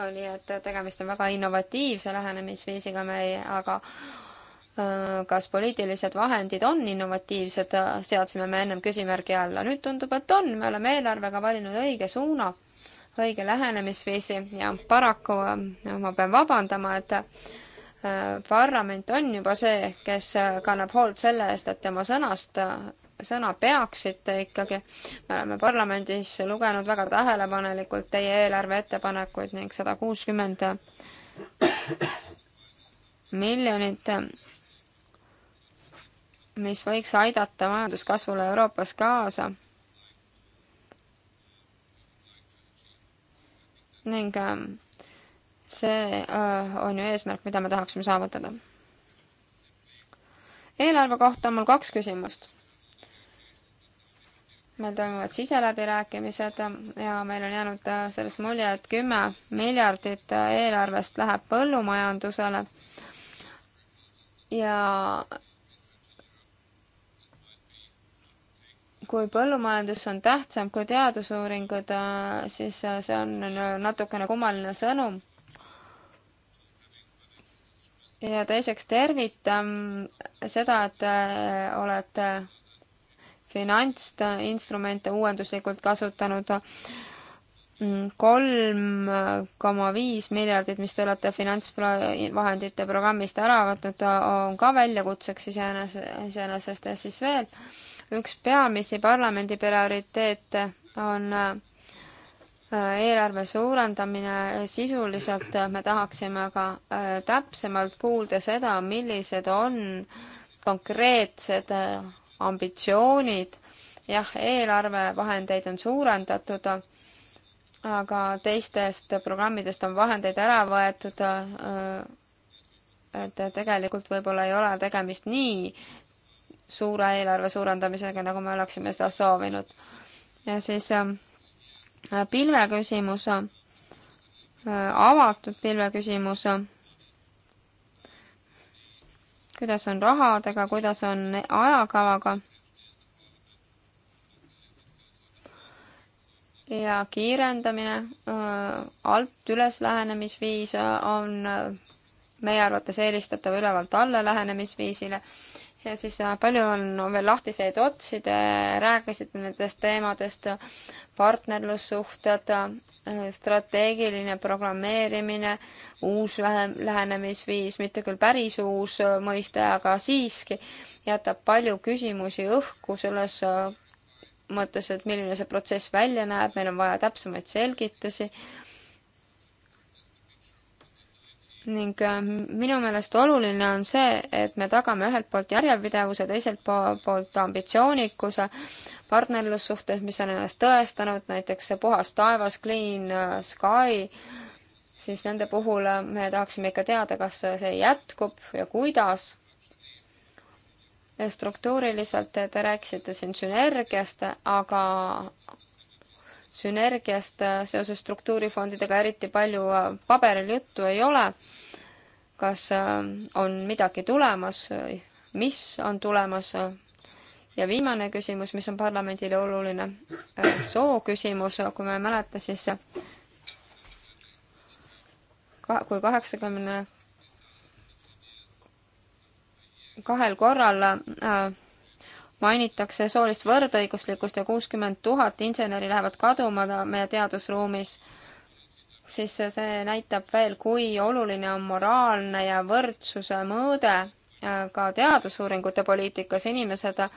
oli, et tegemist on väga innovatiivse lähenemisviisiga meie, aga äh, kas poliitilised vahendid on innovatiivsed, seadsime me ennem küsimärgi alla, nüüd tundub, et on, me oleme eelarvega valinud õige suuna, õige lähenemisviisi ja paraku äh, ma pean vabandama, et Äh, parlament on juba see, kes äh, kannab hoolt selle eest, et tema sõnast, äh, sõna peaksite ikkagi. me oleme parlamendis lugenud väga tähelepanelikult teie eelarve ettepanekuid ning sada kuuskümmend miljonit, mis võiks aidata majanduskasvule Euroopas kaasa. ning ähm, see äh, on ju eesmärk, mida me tahaksime saavutada. eelarve kohta on mul kaks küsimust. meil toimuvad siseläbirääkimised ja meil on jäänud äh, sellest mulje, et kümme miljardit äh, eelarvest läheb põllumajandusele ja kui põllumajandus on tähtsam kui teadusuuringud, siis see on natukene kummaline sõnum ja teiseks tervitan seda, et äh, olete äh, finantsinstrumente uuenduslikult kasutanud. Mm, kolm koma viis miljardit, mis te olete finantsvahendite programmist ära võtnud, äh, on ka väljakutseks iseenese, iseenesest ja siis veel üks peamisi parlamendi prioriteete on Äh, eelarve suurendamine, äh, sisuliselt äh, me tahaksime aga täpsemalt kuulda seda, millised on konkreetsed ambitsioonid. jah, eelarvevahendeid on suurendatud, aga teistest programmidest on vahendeid ära võetud. et tegelikult võib-olla ei ole tegemist nii suure eelarve suurendamisega, nagu me oleksime seda soovinud. ja siis ähm, pilveküsimus, äh, avatud pilveküsimus, kuidas on rahadega, kuidas on ajakavaga ja kiirendamine, äh, alt üles lähenemisviis äh, on meie arvates eelistatav ülevalt alla lähenemisviisile ja siis äh, palju on veel lahtiseid otsi, te rääkisite nendest teemadest, partnerlussuhted, äh, strateegiline programmeerimine, uus lähenemisviis, mitte küll päris uus äh, mõiste, aga siiski jätab palju küsimusi õhku selles mõttes, et milline see protsess välja näeb, meil on vaja täpsemaid selgitusi ning äh, minu meelest oluline on see, et me tagame ühelt poolt järjepidevuse, teiselt poolt ambitsioonikuse, partnerlussuhted, mis on ennast tõestanud, näiteks see puhas taevas, clean äh, sky, siis nende puhul äh, me tahaksime ikka teada, kas see jätkub ja kuidas. struktuuriliselt te rääkisite siin sünergiast, aga sünergiast äh, seoses struktuurifondidega eriti palju äh, paberil juttu ei ole. kas äh, on midagi tulemas, mis on tulemas? ja viimane küsimus, mis on parlamendile oluline, soo küsimus, kui ma ei mäleta, siis kui kaheksakümne kahel korral äh, mainitakse soolist võrdõiguslikkust ja kuuskümmend tuhat inseneri lähevad kaduma meie teadusruumis, siis see näitab veel, kui oluline on moraalne ja võrdsuse mõõde ka teadusuuringute poliitikas. inimesed, äh,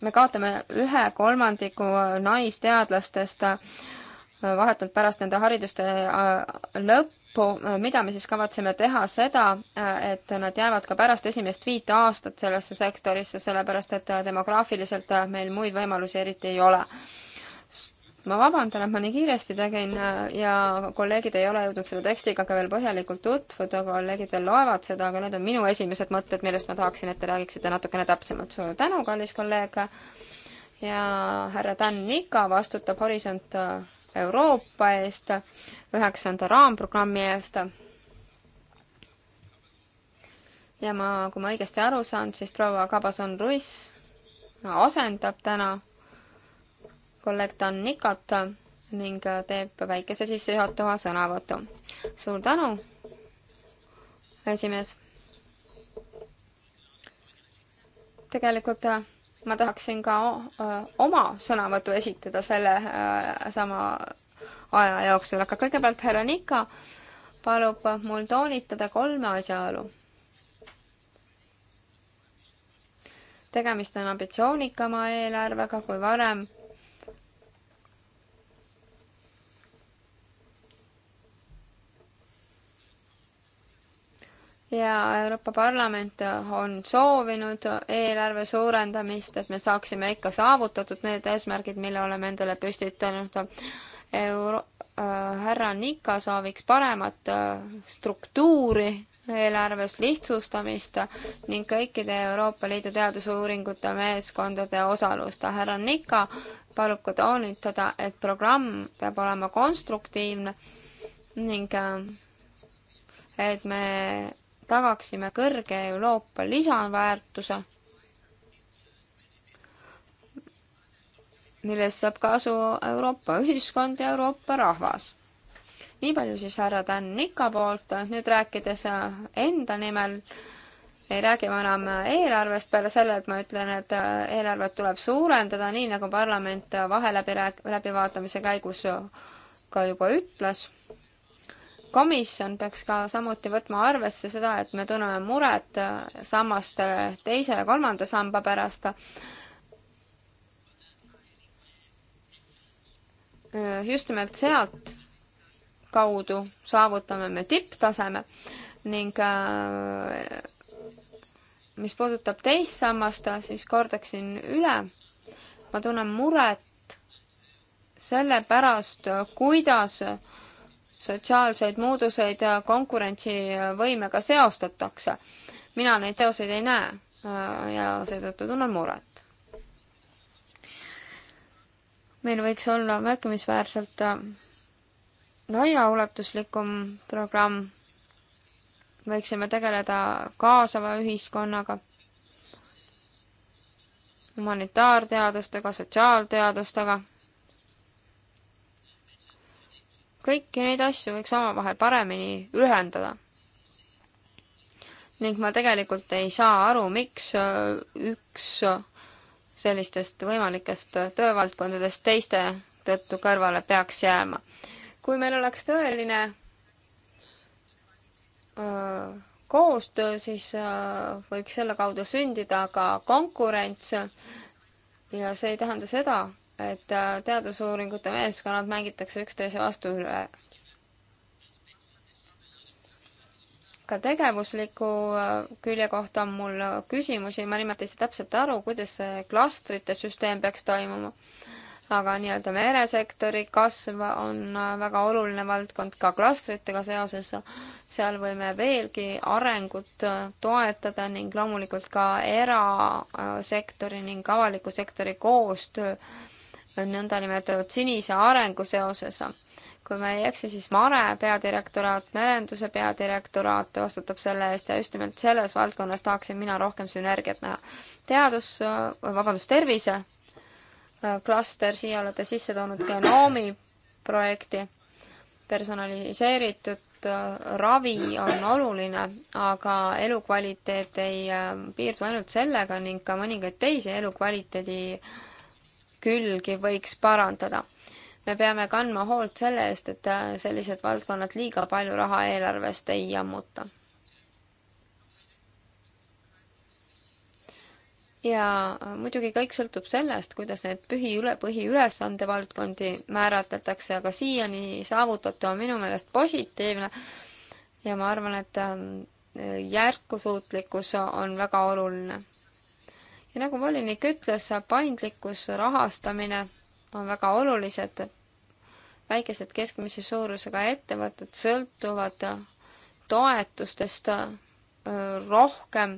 me kaotame ühe kolmandiku naisteadlastest äh, vahetult pärast nende hariduste äh, lõppu, mida me siis kavatseme teha, seda, et nad jäävad ka pärast esimest viit aastat sellesse sektorisse, sellepärast et demograafiliselt meil muid võimalusi eriti ei ole. ma vabandan, et ma nii kiiresti tegin ja kolleegid ei ole jõudnud selle tekstiga ka veel põhjalikult tutvuda, kolleegid veel loevad seda, aga need on minu esimesed mõtted, millest ma tahaksin, et te räägiksite natukene täpsemalt. suur tänu, kallis kolleeg! ja härra Dan Nika vastutab Horisont Euroopa eest, üheksanda raamprogrammi eest. ja ma, kui ma õigesti aru saan, siis proua Kabason-Ruiss asendab täna kolleeg Dan Nikot ning teeb väikese sissejuhatava sõnavõtu. suur tänu, esimees. tegelikult ma tahaksin ka äh, oma sõnavõtu esitada selle äh, sama aja jooksul, aga kõigepealt härra Nika palub mul toonitada kolme asjaolu. tegemist on ambitsioonikama eelarvega kui varem ja Euroopa Parlament on soovinud eelarve suurendamist, et me saaksime ikka saavutatud need eesmärgid, mille oleme endale püstitanud. Euro- äh,, härra Nika sooviks paremat äh, struktuuri eelarves lihtsustamist ning kõikide Euroopa Liidu teadusuuringute meeskondade osalust. härra Nika palub ka toonitada, et programm peab olema konstruktiivne ning äh, et me tagaksime kõrge Euroopa lisaväärtuse, millest saab kasu Euroopa ühiskond ja Euroopa rahvas. nii palju siis härra Dan Nika poolt, nüüd rääkides enda nimel, ei räägi ma enam eelarvest peale selle, et ma ütlen, et eelarvet tuleb suurendada, nii nagu parlament vaheläbi rääk-, läbivaatamise käigus ka juba ütles komisjon peaks ka samuti võtma arvesse seda, et me tunneme muret äh, sammaste teise ja kolmanda samba pärast. Äh, just nimelt sealt kaudu saavutame me tipptaseme ning äh, mis puudutab teist sammast, siis kordaksin üle. ma tunnen muret selle pärast, kuidas äh, sotsiaalseid muuduseid ja konkurentsivõimega seostatakse. mina neid seoseid ei näe äh, ja seetõttu tunnen muret. meil võiks olla märkimisväärselt äh, laiaulatuslikum programm, võiksime tegeleda kaasava ühiskonnaga, humanitaarteadustega, sotsiaalteadustega kõiki neid asju võiks omavahel paremini ühendada. ning ma tegelikult ei saa aru, miks äh, üks äh, sellistest võimalikest äh, töövaldkondadest teiste tõttu kõrvale peaks jääma. kui meil oleks tõeline öö, koostöö, siis öö, võiks selle kaudu sündida ka konkurents ja see ei tähenda seda, et äh, teadusuuringute meeskonnad mängitakse üksteise vastu üle. ka tegevusliku äh, külje kohta on mul äh, küsimusi, ma nimelt ei saa täpselt aru, kuidas see klastrite süsteem peaks toimuma. aga nii-öelda meresektori kasv on väga oluline valdkond ka klastritega seoses. seal võime veelgi arengut toetada ning loomulikult ka erasektori ning avaliku sektori koostöö nõndanimetatud sinise arengu seoses. kui ma ei eksi, siis Mare peadirektoraat, merenduse peadirektoraat vastutab selle eest ja just nimelt selles valdkonnas tahaksin mina rohkem sünergiat näha. teadus, vabandust, tervise äh, klaster, siia olete sisse toonud genoomi projekti, personaliseeritud äh, ravi on oluline, aga elukvaliteet ei äh, piirdu ainult sellega ning ka mõningaid teisi elukvaliteedi äh, külgi võiks parandada. me peame kandma hoolt selle eest, et äh, sellised valdkonnad liiga palju raha eelarvest ei ammuta. ja äh, muidugi kõik sõltub sellest, kuidas need pühi üle, põhiülesande valdkondi määratletakse, aga siiani saavutatu on minu meelest positiivne ja ma arvan, et ähm, äh, jätkusuutlikkus on väga oluline ja nagu volinik ütles, paindlikkus, rahastamine on väga olulised. väikesed keskmise suurusega ettevõtted sõltuvad toetustest äh, rohkem,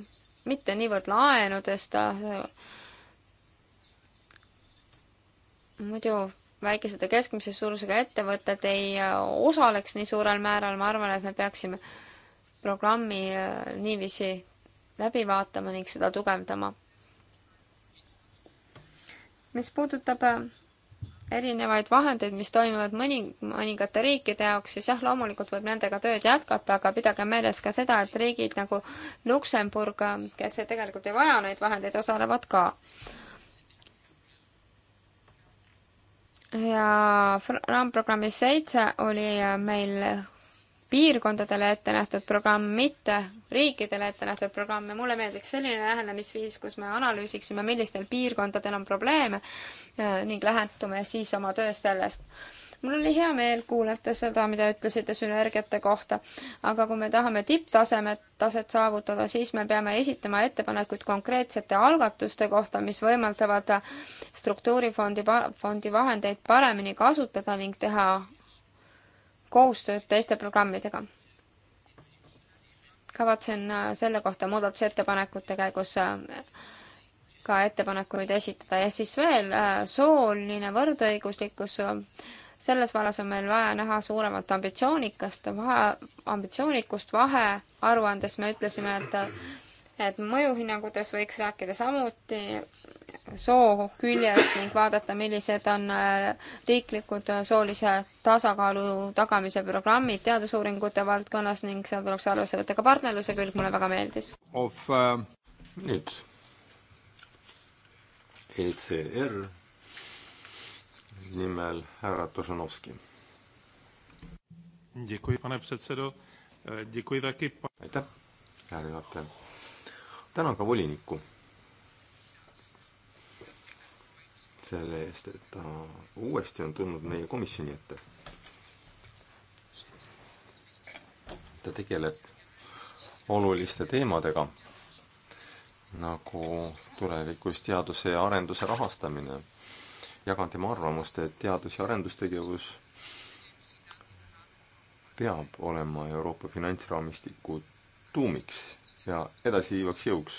mitte niivõrd laenudest. Äh, muidu väikesed ja keskmise suurusega ettevõtted ei äh, osaleks nii suurel määral, ma arvan, et me peaksime programmi niiviisi läbi vaatama ning seda tugevdama mis puudutab äh, erinevaid vahendeid, mis toimivad mõni, mõningate riikide jaoks, siis jah, loomulikult võib nendega tööd jätkata, aga pidage meeles ka seda, et riigid nagu Luksemburg, äh, kes tegelikult ei vaja neid vahendeid, osalevad ka. ja raamprogrammis seitse oli äh, meil piirkondadele ette nähtud programm, mitte riikidele ette nähtud programm ja mulle meeldiks selline lähenemisviis, kus me analüüsiksime, millistel piirkondadel on probleeme äh, ning lähendume siis oma töös sellest. mul oli hea meel kuulata seda, mida ütlesite sünergiate kohta, aga kui me tahame tipptasemet, taset saavutada, siis me peame esitama ettepanekuid konkreetsete algatuste kohta, mis võimaldavad struktuurifondi, fondi vahendeid paremini kasutada ning teha koostööd teiste programmidega. kavatsen äh, selle kohta muudatusettepanekute käigus äh, ka ettepanekuid esitada ja siis veel äh, sooline võrdõiguslikkus. selles vallas on meil vaja näha suuremat ambitsioonikast, vahe, ambitsioonikust vahearuandes me ütlesime, et et mõjuhinnangutes võiks rääkida samuti soo küljest ning vaadata, millised on äh, riiklikud äh, soolise tasakaalu tagamise programmid teadusuuringute valdkonnas ning seal tuleks arvesse võtta ka partnerluse külg, mulle väga meeldis. of uh, nüüd ECR nimel härra Tošanovski. aitäh, härra juhataja tänan ka volinikku selle eest, et ta uuesti on tulnud meie komisjoni ette. ta tegeleb oluliste teemadega, nagu tulevikus teaduse ja arenduse rahastamine. jagan tema arvamust, et teadus- ja arendustegevus peab olema Euroopa finantsraamistikud tuumiks ja edasiviivaks jõuks.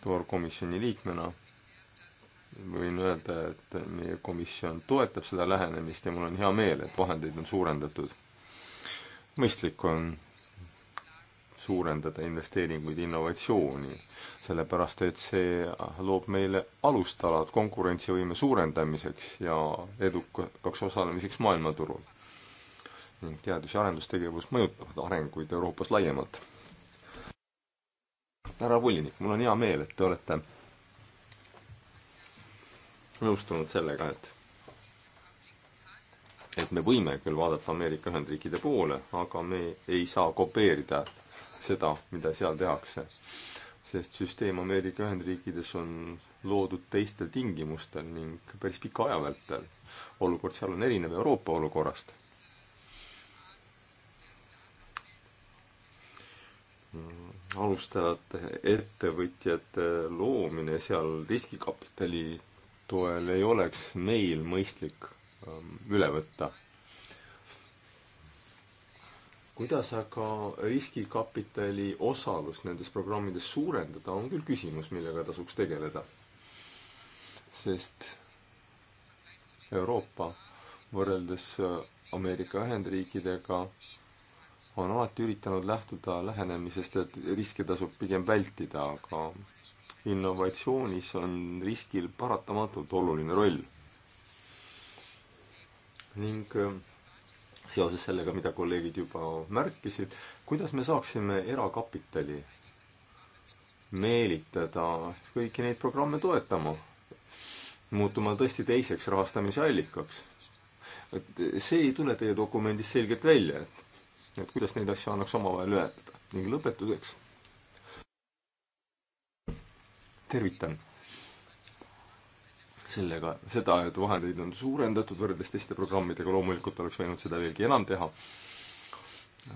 toorkomisjoni liikmena võin öelda, et meie komisjon toetab seda lähenemist ja mul on hea meel, et vahendeid on suurendatud. mõistlik on suurendada investeeringuid innovatsiooni, sellepärast et see loob meile alustalad konkurentsivõime suurendamiseks ja edukaks osalemiseks maailmaturul ning teadus- ja arendustegevus mõjutavad arenguid Euroopas laiemalt. härra volinik, mul on hea meel, et te olete nõustunud sellega, et et me võime küll vaadata Ameerika Ühendriikide poole, aga me ei saa kopeerida seda, mida seal tehakse. sest süsteem Ameerika Ühendriikides on loodud teistel tingimustel ning päris pika aja vältel. olukord seal on erinev Euroopa olukorrast alustavate ettevõtjate loomine seal riskikapitali toel ei oleks meil mõistlik ähm, üle võtta. kuidas aga riskikapitali osalust nendes programmides suurendada, on küll küsimus, millega tasuks tegeleda. sest Euroopa võrreldes äh, Ameerika Ühendriikidega on alati üritanud lähtuda lähenemisest, et riske tasub pigem vältida, aga innovatsioonis on riskil paratamatult oluline roll. ning äh, seoses sellega, mida kolleegid juba märkisid, kuidas me saaksime erakapitali meelitada kõiki neid programme toetama, muutuma tõesti teiseks rahastamise allikaks. et see ei tule teie dokumendist selgelt välja, et et kuidas neid asju annaks omavahel ühendada. ning lõpetuseks tervitan sellega seda, et vahendeid on suurendatud võrreldes teiste programmidega, loomulikult oleks võinud seda veelgi enam teha,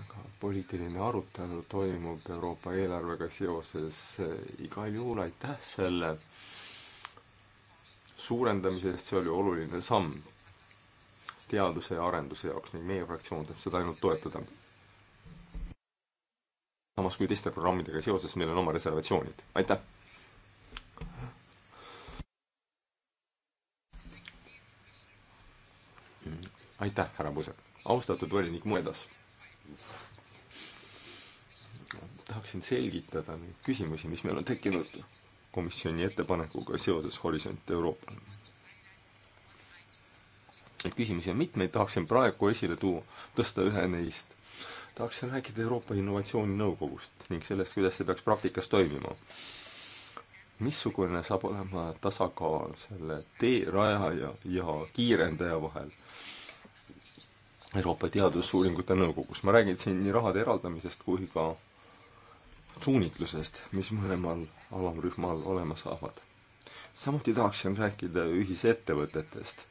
aga poliitiline arutelu toimub Euroopa eelarvega seoses eh, igal juhul aitäh selle suurendamise eest, see oli oluline samm teaduse ja arenduse jaoks ning meie fraktsioon saab seda ainult toetada samas kui teiste programmidega seoses meil on oma reservatsioonid. aitäh! aitäh, härra Pusek. austatud volinik Moedas. tahaksin selgitada neid küsimusi, mis meil on tekkinud komisjoni ettepanekuga seoses Horisont Euroopa. Neid küsimusi on mitmeid, tahaksin praegu esile tuua, tõsta ühe neist tahaksin rääkida Euroopa Innovatsiooninõukogust ning sellest, kuidas see peaks praktikas toimima. missugune saab olema tasakaal selle teerajaja ja kiirendaja vahel Euroopa Teadusuuringute Nõukogus? ma räägin siin nii rahade eraldamisest kui ka suunitlusest, mis mõlemal alamrühmal olema saavad samuti tahaksin rääkida ühisettevõtetest,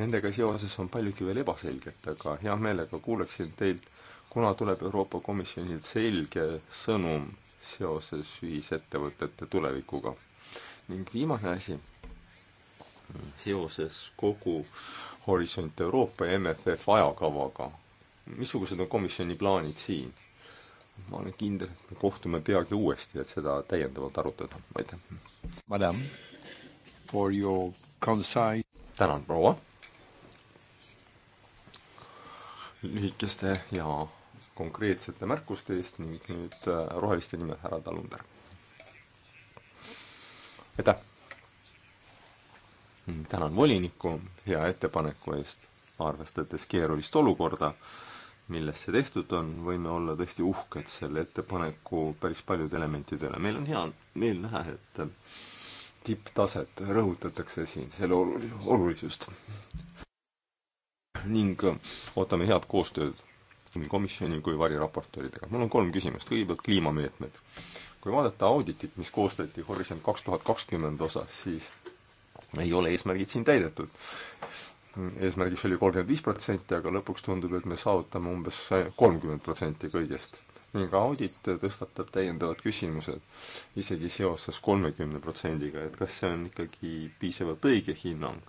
nendega seoses on paljugi veel ebaselget, aga hea meelega kuuleksin teilt, kuna tuleb Euroopa Komisjonilt selge sõnum seoses ühisettevõtete tulevikuga. ning viimane asi, seoses kogu Horisont Euroopa ja MFF ajakavaga, missugused on komisjoni plaanid siin? ma olen kindel, et me kohtume peagi uuesti, et seda täiendavalt arutada, aitäh! Madam, for your concise tänan, proua! lühikeste ja konkreetsete märkuste eest ning nüüd äh, Roheliste nimel härra Talunder. aitäh! tänan volinikku hea ettepaneku eest, arvestades keerulist olukorda, milles see tehtud on, võime olla tõesti uhked selle ettepaneku päris paljude elementide üle. meil on hea meel näha, et äh, tipptaset rõhutatakse siin, selle olulisust ning äh, ootame head koostööd nii komisjoni kui variraportööridega. mul on kolm küsimust, kõigepealt kliimameetmed. kui vaadata auditit, mis koostati Horisont kaks tuhat kakskümmend osas, siis ei ole eesmärgid siin täidetud. eesmärgiks oli kolmkümmend viis protsenti, aga lõpuks tundub, et me saavutame umbes kolmkümmend protsenti kõigest ning audit tõstatab täiendavad küsimused, isegi seoses kolmekümne protsendiga, et kas see on ikkagi piisavalt õige hinnang.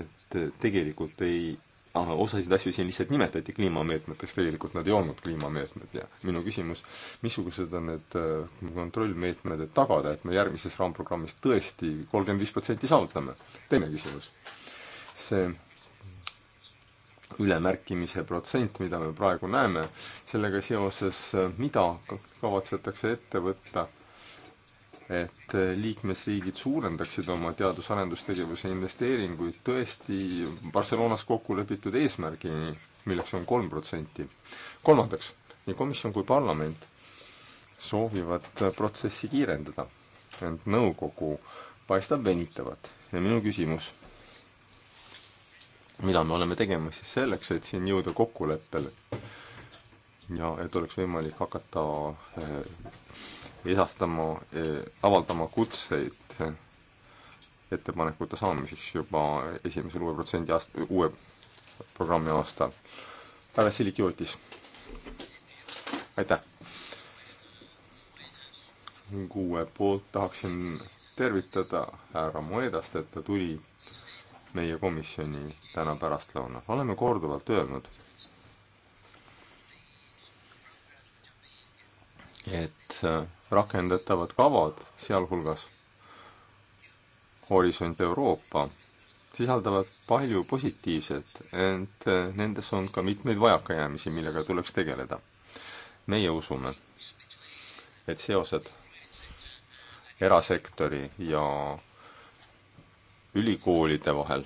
et et tegelikult ei, ah, osasid asju siin lihtsalt nimetati kliimameetmeteks, tegelikult nad ei olnud kliimameetmed ja minu küsimus, missugused on need äh, kontrollmeetmed, et tagada, et me järgmises raamprogrammis tõesti kolmkümmend viis protsenti saavutame? teine küsimus, see ülemärkimise protsent, mida me praegu näeme, sellega seoses, äh, mida kavatsetakse ette võtta et äh, liikmesriigid suurendaksid oma teadus-arendustegevuse investeeringuid tõesti Barcelonas kokku lepitud eesmärgini, milleks on kolm protsenti. kolmandaks, nii komisjon kui parlament soovivad äh, protsessi kiirendada, ent nõukogu paistab venitavat ja minu küsimus, mida me oleme tegemas siis selleks, et siin jõuda kokkuleppele ja et oleks võimalik hakata äh, edastama, eh, avaldama kutseid ettepanekute saamiseks juba esimesel uue protsendi aast-, uue programmi aastal. härra Silikiotis, aitäh! kuue poolt tahaksin tervitada härra Moedast, et ta tuli meie komisjoni täna pärastlõunal. oleme korduvalt öelnud, et rakendatavad kavad, sealhulgas Horisont Euroopa, sisaldavad palju positiivset, ent nendes on ka mitmeid vajakajäämisi, millega tuleks tegeleda. meie usume, et seosed erasektori ja ülikoolide vahel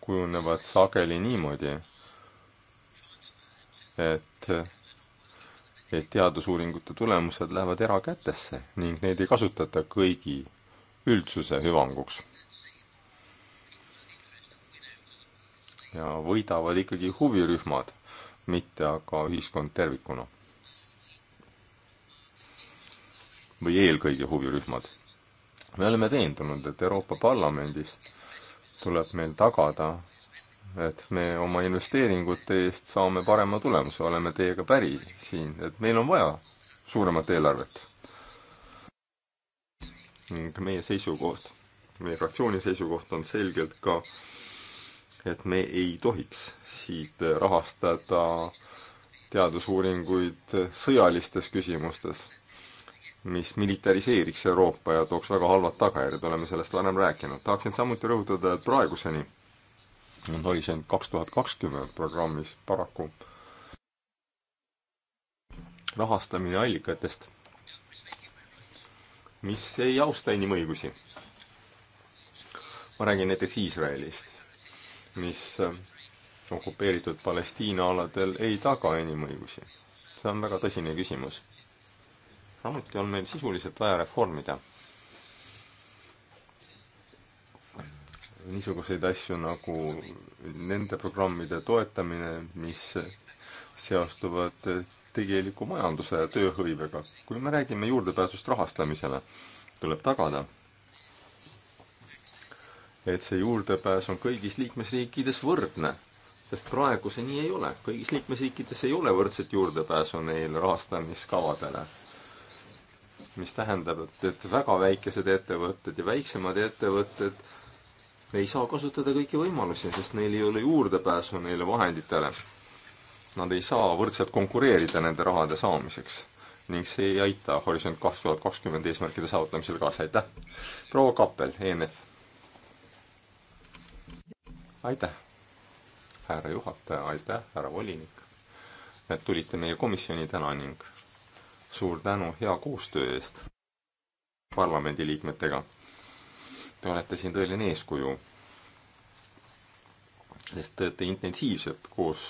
kujunevad sageli niimoodi, et et teadusuuringute tulemused lähevad erakätesse ning neid ei kasutata kõigi üldsuse hüvanguks. ja võidavad ikkagi huvirühmad, mitte aga ühiskond tervikuna. või eelkõige huvirühmad. me oleme veendunud, et Euroopa Parlamendis tuleb meil tagada et me oma investeeringute eest saame parema tulemuse, oleme teiega päri siin, et meil on vaja suuremat eelarvet. ning meie seisukoht, meie fraktsiooni seisukoht on selgelt ka, et me ei tohiks siit rahastada teadusuuringuid sõjalistes küsimustes, mis militariseeriks Euroopa ja tooks väga halvad tagajärjed, oleme sellest varem rääkinud. tahaksin samuti rõhutada, et praeguseni on Horisont kaks tuhat kakskümmend programmis paraku rahastamine allikatest, mis ei austa inimõigusi. ma räägin näiteks Iisraelist, mis äh, okupeeritud Palestiina aladel ei taga inimõigusi. see on väga tõsine küsimus. samuti on meil sisuliselt vaja reformida niisuguseid asju nagu nende programmide toetamine, mis seostuvad tegeliku majanduse ja tööhõivega. kui me räägime juurdepääsust rahastamisele, tuleb tagada, et see juurdepääs on kõigis liikmesriikides võrdne, sest praegu see nii ei ole. kõigis liikmesriikides ei ole võrdset juurdepääsu neil rahastamiskavadele mis tähendab, et, et väga väikesed ettevõtted ja väiksemad ettevõtted ei saa kasutada kõiki võimalusi, sest neil ei ole juurdepääsu neile vahenditele. Nad ei saa võrdselt konkureerida nende rahade saamiseks ning see ei aita Horisont kaks tuhat kakskümmend eesmärkide saavutamisel kaasa, aitäh! proua Kappel, ENF. aitäh, härra juhataja, aitäh, härra volinik, et tulite meie komisjoni täna ning suur tänu hea koostöö eest parlamendiliikmetega Te olete siin tõeline eeskuju. sest te teete intensiivset koos,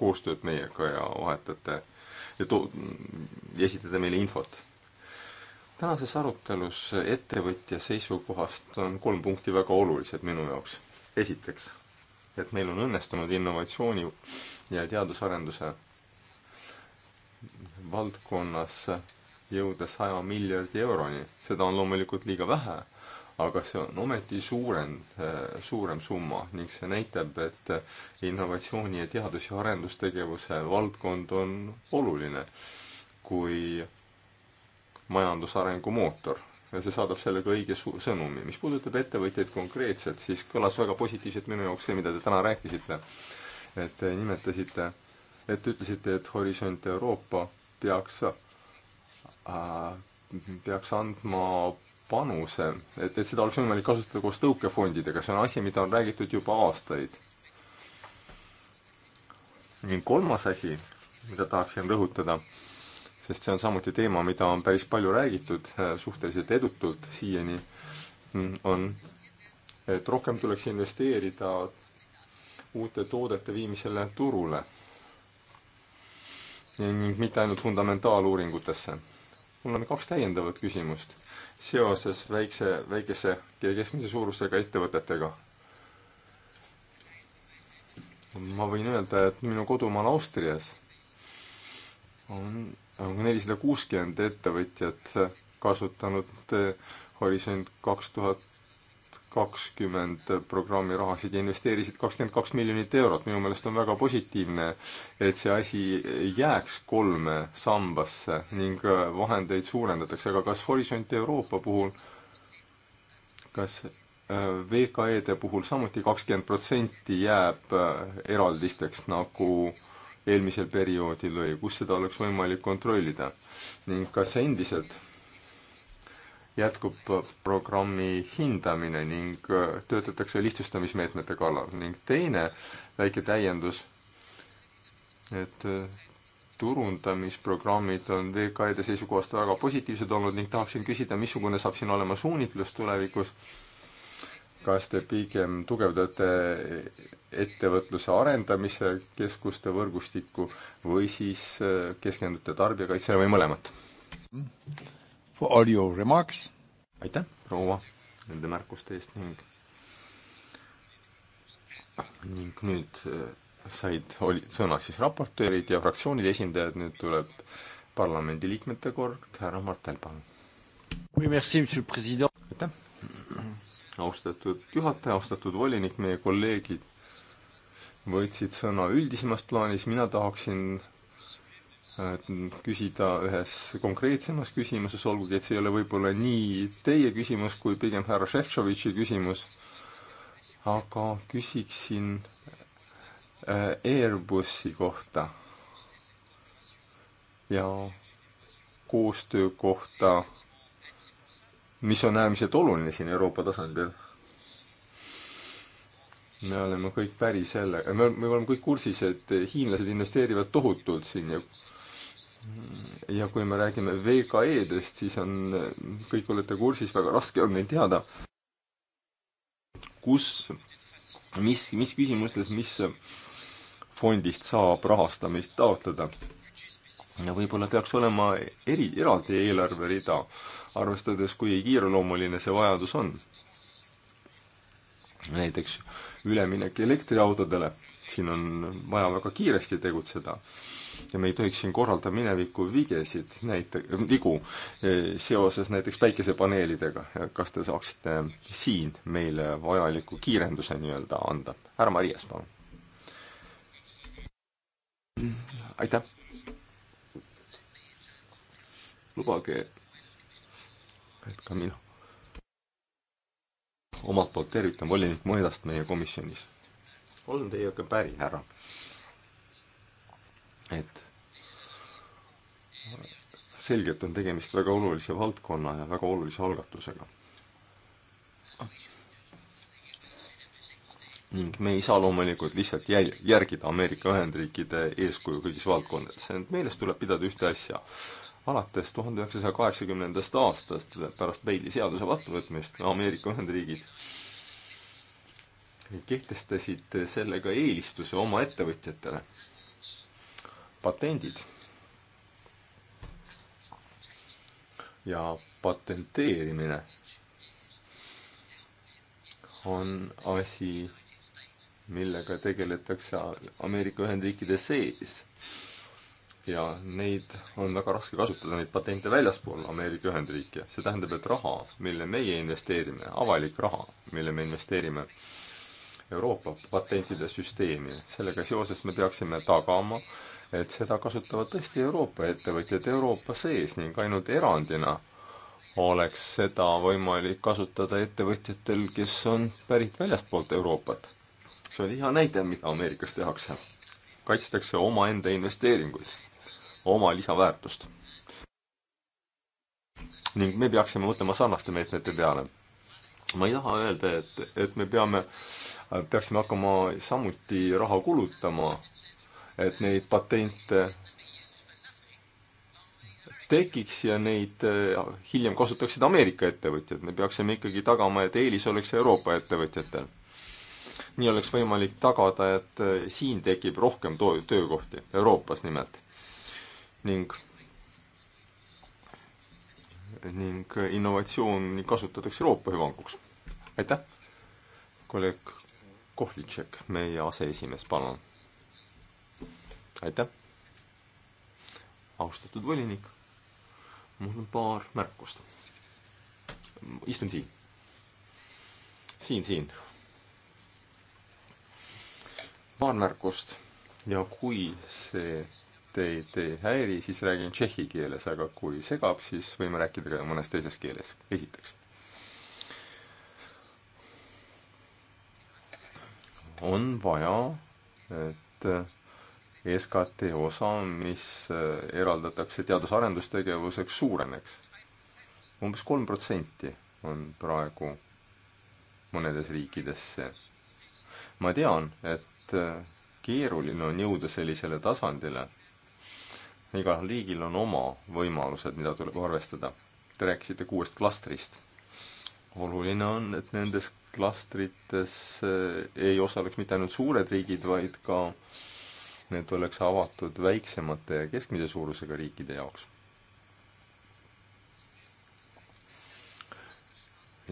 koostööd meiega ja vahetate ja to-, esitate meile infot. tänases arutelus ettevõtja seisukohast on kolm punkti väga olulised minu jaoks. esiteks, et meil on õnnestunud innovatsiooni ja teadusarenduse valdkonnas jõuda saja miljardi euroni. seda on loomulikult liiga vähe, aga see on ometi suurem, suurem summa ning see näitab, et innovatsiooni ja teadus- ja arendustegevuse valdkond on oluline kui majandusarengu mootor ja see saadab sellega õige sõnumi. mis puudutab ettevõtjaid konkreetselt, siis kõlas väga positiivselt minu jaoks see, mida te täna rääkisite. et te nimetasite, et te ütlesite, et Horisont Euroopa peaks äh,, peaks andma panuse, et, et seda oleks võimalik kasutada koos tõukefondidega, see on asi, mida on räägitud juba aastaid. ning kolmas asi, mida tahaksin rõhutada, sest see on samuti teema, mida on päris palju räägitud, äh, suhteliselt edutult siiani, on, et rohkem tuleks investeerida uute toodete viimisele turule. ning mitte ainult fundamentaaluuringutesse. mul on kaks täiendavat küsimust seoses väikse, väikese ja keskmise suurusega ettevõtetega. ma võin öelda, et minu kodumaal Austrias on nelisada kuuskümmend ettevõtjat kasutanud eh, Horisont kaks tuhat kakskümmend programmi rahasid ja investeerisid kakskümmend kaks miljonit eurot. minu meelest on väga positiivne, et see asi jääks kolme sambasse ning äh, vahendeid suurendatakse, aga kas Horisont Euroopa puhul, kas äh, VKE-de puhul samuti kakskümmend protsenti jääb äh, eraldisteks, nagu eelmisel perioodil oli, kus seda oleks võimalik kontrollida ning kas endiselt jätkub programmi hindamine ning äh, töötatakse lihtsustamismeetmete kallal ning teine väike täiendus, et äh, turundamisprogrammid on VKE-de seisukohast väga positiivsed olnud ning tahaksin küsida, missugune saab siin olema suunitlus tulevikus. kas te pigem tugevdate ettevõtluse arendamise keskuste võrgustikku või siis äh, keskendute tarbijakaitsele või mõlemat? Mm for all your remarks. aitäh, proua, nende märkuste eest ning ning nüüd äh, said, oli sõna siis raportöörid ja fraktsioonide esindajad, nüüd tuleb parlamendiliikmete kord, härra Martel, palun. aitäh, austatud juhataja, austatud volinik, meie kolleegid võtsid sõna üldisemas plaanis, mina tahaksin küsida ühes konkreetsemas küsimuses, olgugi et see ei ole võib-olla nii teie küsimus, kui pigem härra Šefčovitši küsimus, aga küsiksin äh, Airbusi kohta ja koostöö kohta, mis on äärmiselt oluline siin Euroopa tasandil. me oleme kõik päri sellega, me oleme kõik kursis, et hiinlased investeerivad tohutult siin ja ja kui me räägime VKE-dest, siis on, kõik olete kursis, väga raske on neil teada, kus, mis, mis küsimustes, mis fondist saab rahastamist taotleda. ja võib-olla peaks olema eri, eraldi eelarverida, arvestades, kui kiireloomuline see vajadus on. näiteks üleminek elektriautodele, siin on vaja väga kiiresti tegutseda ja me ei tohiks siin korraldada mineviku vigesid, näite-, vigu e, seoses näiteks päikesepaneelidega. kas te saaksite siin meile vajaliku kiirenduse nii-öelda anda? härra Marias, palun. aitäh. lubage, et ka mina omalt poolt tervitan volinik Mõõdast meie komisjonis. olen teiega päri, härra et selgelt on tegemist väga olulise valdkonna ja väga olulise algatusega. ning me ei saa loomulikult lihtsalt jäl-, järgida Ameerika Ühendriikide eeskuju kõigis valdkondades, ent meeles tuleb pidada ühte asja. alates tuhande üheksasaja kaheksakümnendast aastast, pärast Bailey seaduse vastuvõtmist, Ameerika Ühendriigid kehtestasid sellega eelistuse oma ettevõtjatele patendid ja patenteerimine on asi, millega tegeletakse Ameerika Ühendriikide sees. ja neid on väga raske kasutada, neid patente väljaspool Ameerika Ühendriike. see tähendab, et raha, mille meie investeerime, avalik raha, mille me investeerime Euroopa patentide süsteemi, sellega seoses me peaksime tagama äh, et seda kasutavad tõesti Euroopa ettevõtjad Euroopa sees ning ainult erandina oleks seda võimalik kasutada ettevõtjatel, kes on pärit väljastpoolt Euroopat. see oli hea näide, mida Ameerikas tehakse. kaitstakse omaenda investeeringuid, oma lisaväärtust. ning me peaksime mõtlema sarnaste meetmete peale. ma ei taha öelda, et, et me peame, peaksime hakkama samuti raha kulutama et neid patente tekiks ja neid eh, hiljem kasutaksid Ameerika ettevõtjad. me peaksime ikkagi tagama, et eelis oleks Euroopa ettevõtjatel. nii oleks võimalik tagada, et eh, siin tekib rohkem to-, töökohti, Euroopas nimelt. ning ning innovatsiooni kasutatakse Euroopa hüvanguks. aitäh! kolleeg Kohlitšek, meie aseesimees, palun aitäh! austatud volinik, mul on paar märkust. istun siin. siin, siin. paar märkust ja kui see teid ei häiri, siis räägin tšehhi keeles, aga kui segab, siis võime rääkida ka mõnes teises keeles, esiteks. on vaja, et SKT osa, mis äh, eraldatakse teadus-arendustegevuseks, suureneks. umbes kolm protsenti on praegu mõnedes riikides see. ma tean, et äh, keeruline on jõuda sellisele tasandile. igal riigil on oma võimalused, mida tuleb arvestada. Te rääkisite kuuest klastrist. oluline on, et nendes klastrites äh, ei osaleks mitte ainult suured riigid, vaid ka äh, need oleks avatud väiksemate ja keskmise suurusega riikide jaoks.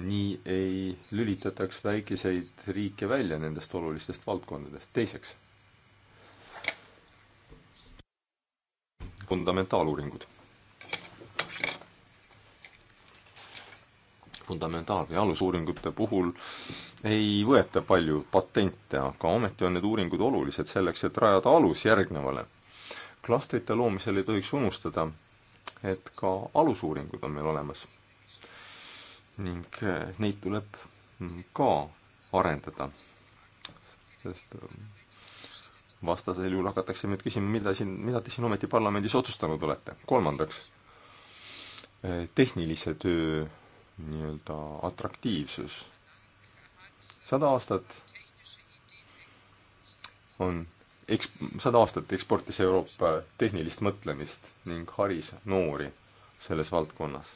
nii ei lülitataks väikeseid riike välja nendest olulistest valdkondadest. teiseks, fundamentaaluuringud. fundamentaal- ja alusuuringute puhul ei võeta palju patente, aga ometi on need uuringud olulised selleks, et rajada alus järgnevale. klastrite loomisel ei tohiks unustada, et ka alusuuringud on meil olemas. ning eh, neid tuleb ka arendada. sest eh, vastasel juhul hakatakse meid küsima, mida siin, mida te siin ometi parlamendis otsustanud olete. kolmandaks, eh, tehnilise töö nii-öelda atraktiivsus sada aastat on eks-, sada aastat eksportis Euroopa tehnilist mõtlemist ning haris noori selles valdkonnas.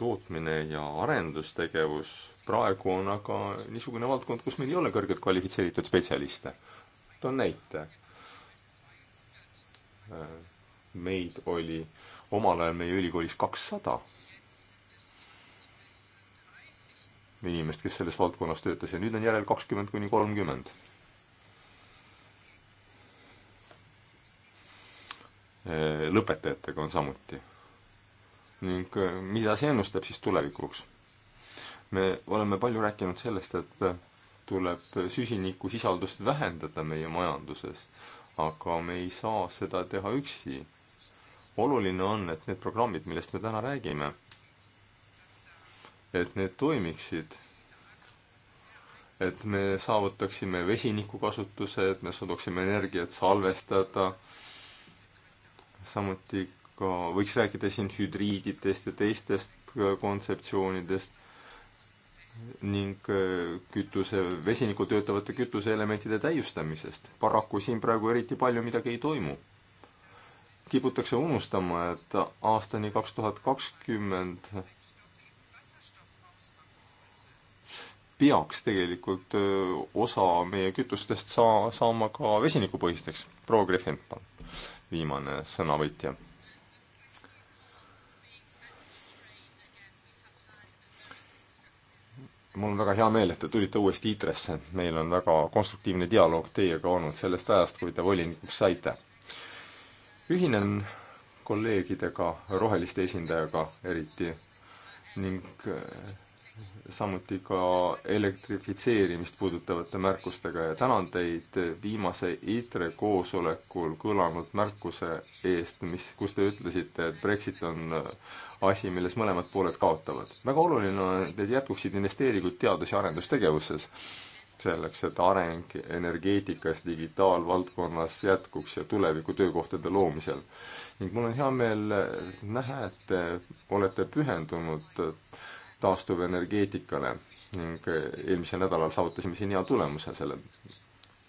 tootmine ja arendustegevus praegu on aga niisugune valdkond, kus meil ei ole kõrgelt kvalifitseeritud spetsialiste. toon näite. meid oli omal ajal meie ülikoolis kakssada inimest, kes selles valdkonnas töötas ja nüüd on järel kakskümmend kuni kolmkümmend. lõpetajatega on samuti. ning äh, mida see ennustab siis tulevikuks? me oleme palju rääkinud sellest, et tuleb süsinikusisaldust vähendada meie majanduses, aga me ei saa seda teha üksi. oluline on, et need programmid, millest me täna räägime, et need toimiksid, et me saavutaksime vesinikukasutuse, et me suudaksime energiat salvestada, samuti ka võiks rääkida siin hüdriididest ja teistest kontseptsioonidest ning äh, kütuse, vesiniku töötavate kütuseelementide täiustamisest. paraku siin praegu eriti palju midagi ei toimu. kiputakse unustama, et aastani kaks tuhat kakskümmend peaks tegelikult osa meie kütustest saa, saama ka vesinikupõhisteks. proua Griffin, palun, viimane sõnavõtja. mul on väga hea meel, et te tulite uuesti ITRE-sse, meil on väga konstruktiivne dialoog teiega olnud sellest ajast, kui te volinikuks saite. ühinen kolleegidega, roheliste esindajaga eriti, ning samuti ka elektrifitseerimist puudutavate märkustega ja tänan teid viimase ITRE koosolekul kõlanud märkuse eest, mis, kus te ütlesite, et Brexit on asi, milles mõlemad pooled kaotavad. väga oluline on, et jätkuksid investeeringud teadus- ja arendustegevuses, selleks et areng energeetikas, digitaalvaldkonnas jätkuks ja tuleviku töökohtade loomisel. ning mul on hea meel näha, et te olete pühendunud taastuvenergeetikale ning eelmisel nädalal saavutasime siin hea tulemuse selle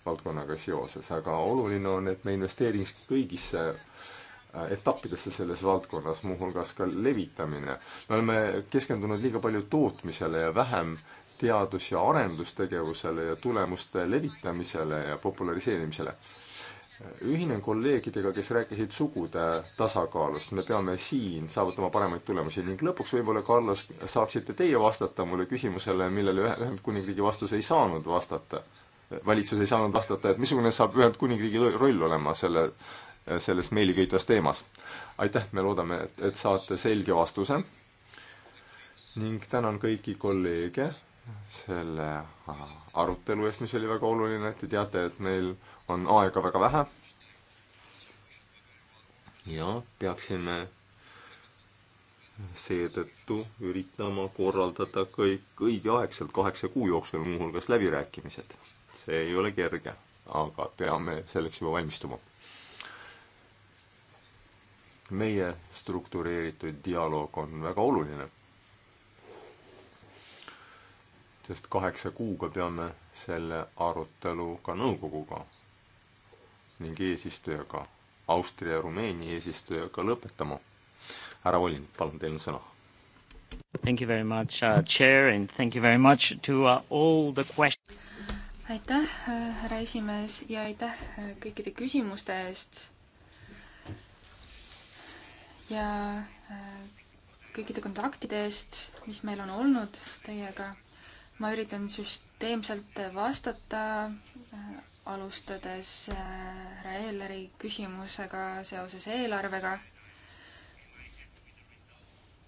valdkonnaga seoses, aga oluline on, et me investeeriks kõigisse äh, etappidesse selles valdkonnas, muuhulgas ka levitamine. me oleme keskendunud liiga palju tootmisele ja vähem teadus- ja arendustegevusele ja tulemuste levitamisele ja populariseerimisele ühinen kolleegidega, kes rääkisid sugude tasakaalust, me peame siin saavutama paremaid tulemusi ning lõpuks võib-olla, Carlos, saaksite teie vastata mulle küsimusele, millele Ühendkuningriigi vastus ei saanud vastata, valitsus ei saanud vastata, et missugune saab Ühendkuningriigi roll olema selle, selles meeliköitvas teemas. aitäh, me loodame, et, et saate selge vastuse ning tänan kõiki kolleege selle äh, arutelu eest, mis oli väga oluline, te teate, et meil on aega väga vähe. ja peaksime seetõttu üritama korraldada kõik õigeaegselt kaheksa kuu jooksul, muuhulgas läbirääkimised. see ei ole kerge, aga peame selleks juba valmistuma. meie struktureeritud dialoog on väga oluline sest kaheksa kuuga peame selle arutelu ka nõukoguga ning eesistujaga, Austria ja Rumeenia eesistujaga lõpetama. härra Volin, palun, teil on sõna. Thank you very much uh,, chair and thank you very much to uh, all the questions. aitäh, äh, härra esimees ja aitäh äh, kõikide küsimuste eest. ja äh, kõikide kontaktide eest, mis meil on olnud teiega ma üritan süsteemselt vastata, äh, alustades äh, härra Eelleri küsimusega seoses eelarvega.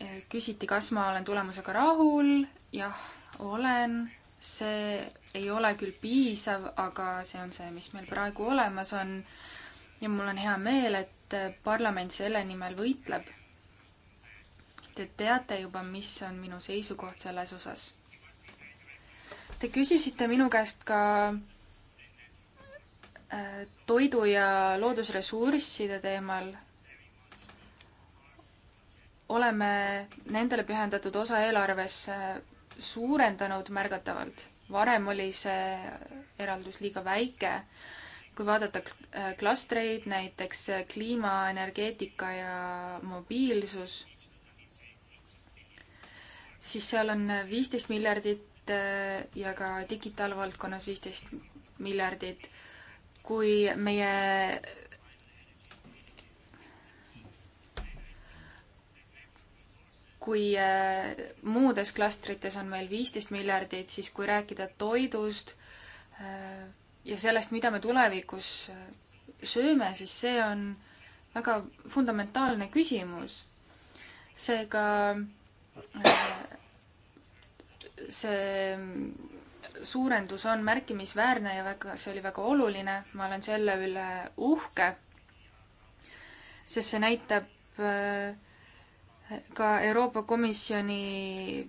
Äh, küsiti, kas ma olen tulemusega rahul. jah, olen. see ei ole küll piisav, aga see on see, mis meil praegu olemas on. ja mul on hea meel, et parlament selle nimel võitleb. Te teate juba, mis on minu seisukoht selles osas Te küsisite minu käest ka äh, toidu ja loodusressursside teemal. oleme nendele pühendatud osa eelarves äh, suurendanud märgatavalt. varem oli see eraldus liiga väike. kui vaadata äh, klastreid, näiteks kliima, energeetika ja mobiilsus, siis seal on viisteist miljardit Äh, ja ka digitaalvaldkonnas viisteist miljardit. kui meie kui äh, muudes klastrites on meil viisteist miljardit, siis kui rääkida toidust äh, ja sellest, mida me tulevikus sööme, siis see on väga fundamentaalne küsimus. seega see mm, suurendus on märkimisväärne ja väga, see oli väga oluline, ma olen selle üle uhke, sest see näitab äh, ka Euroopa Komisjoni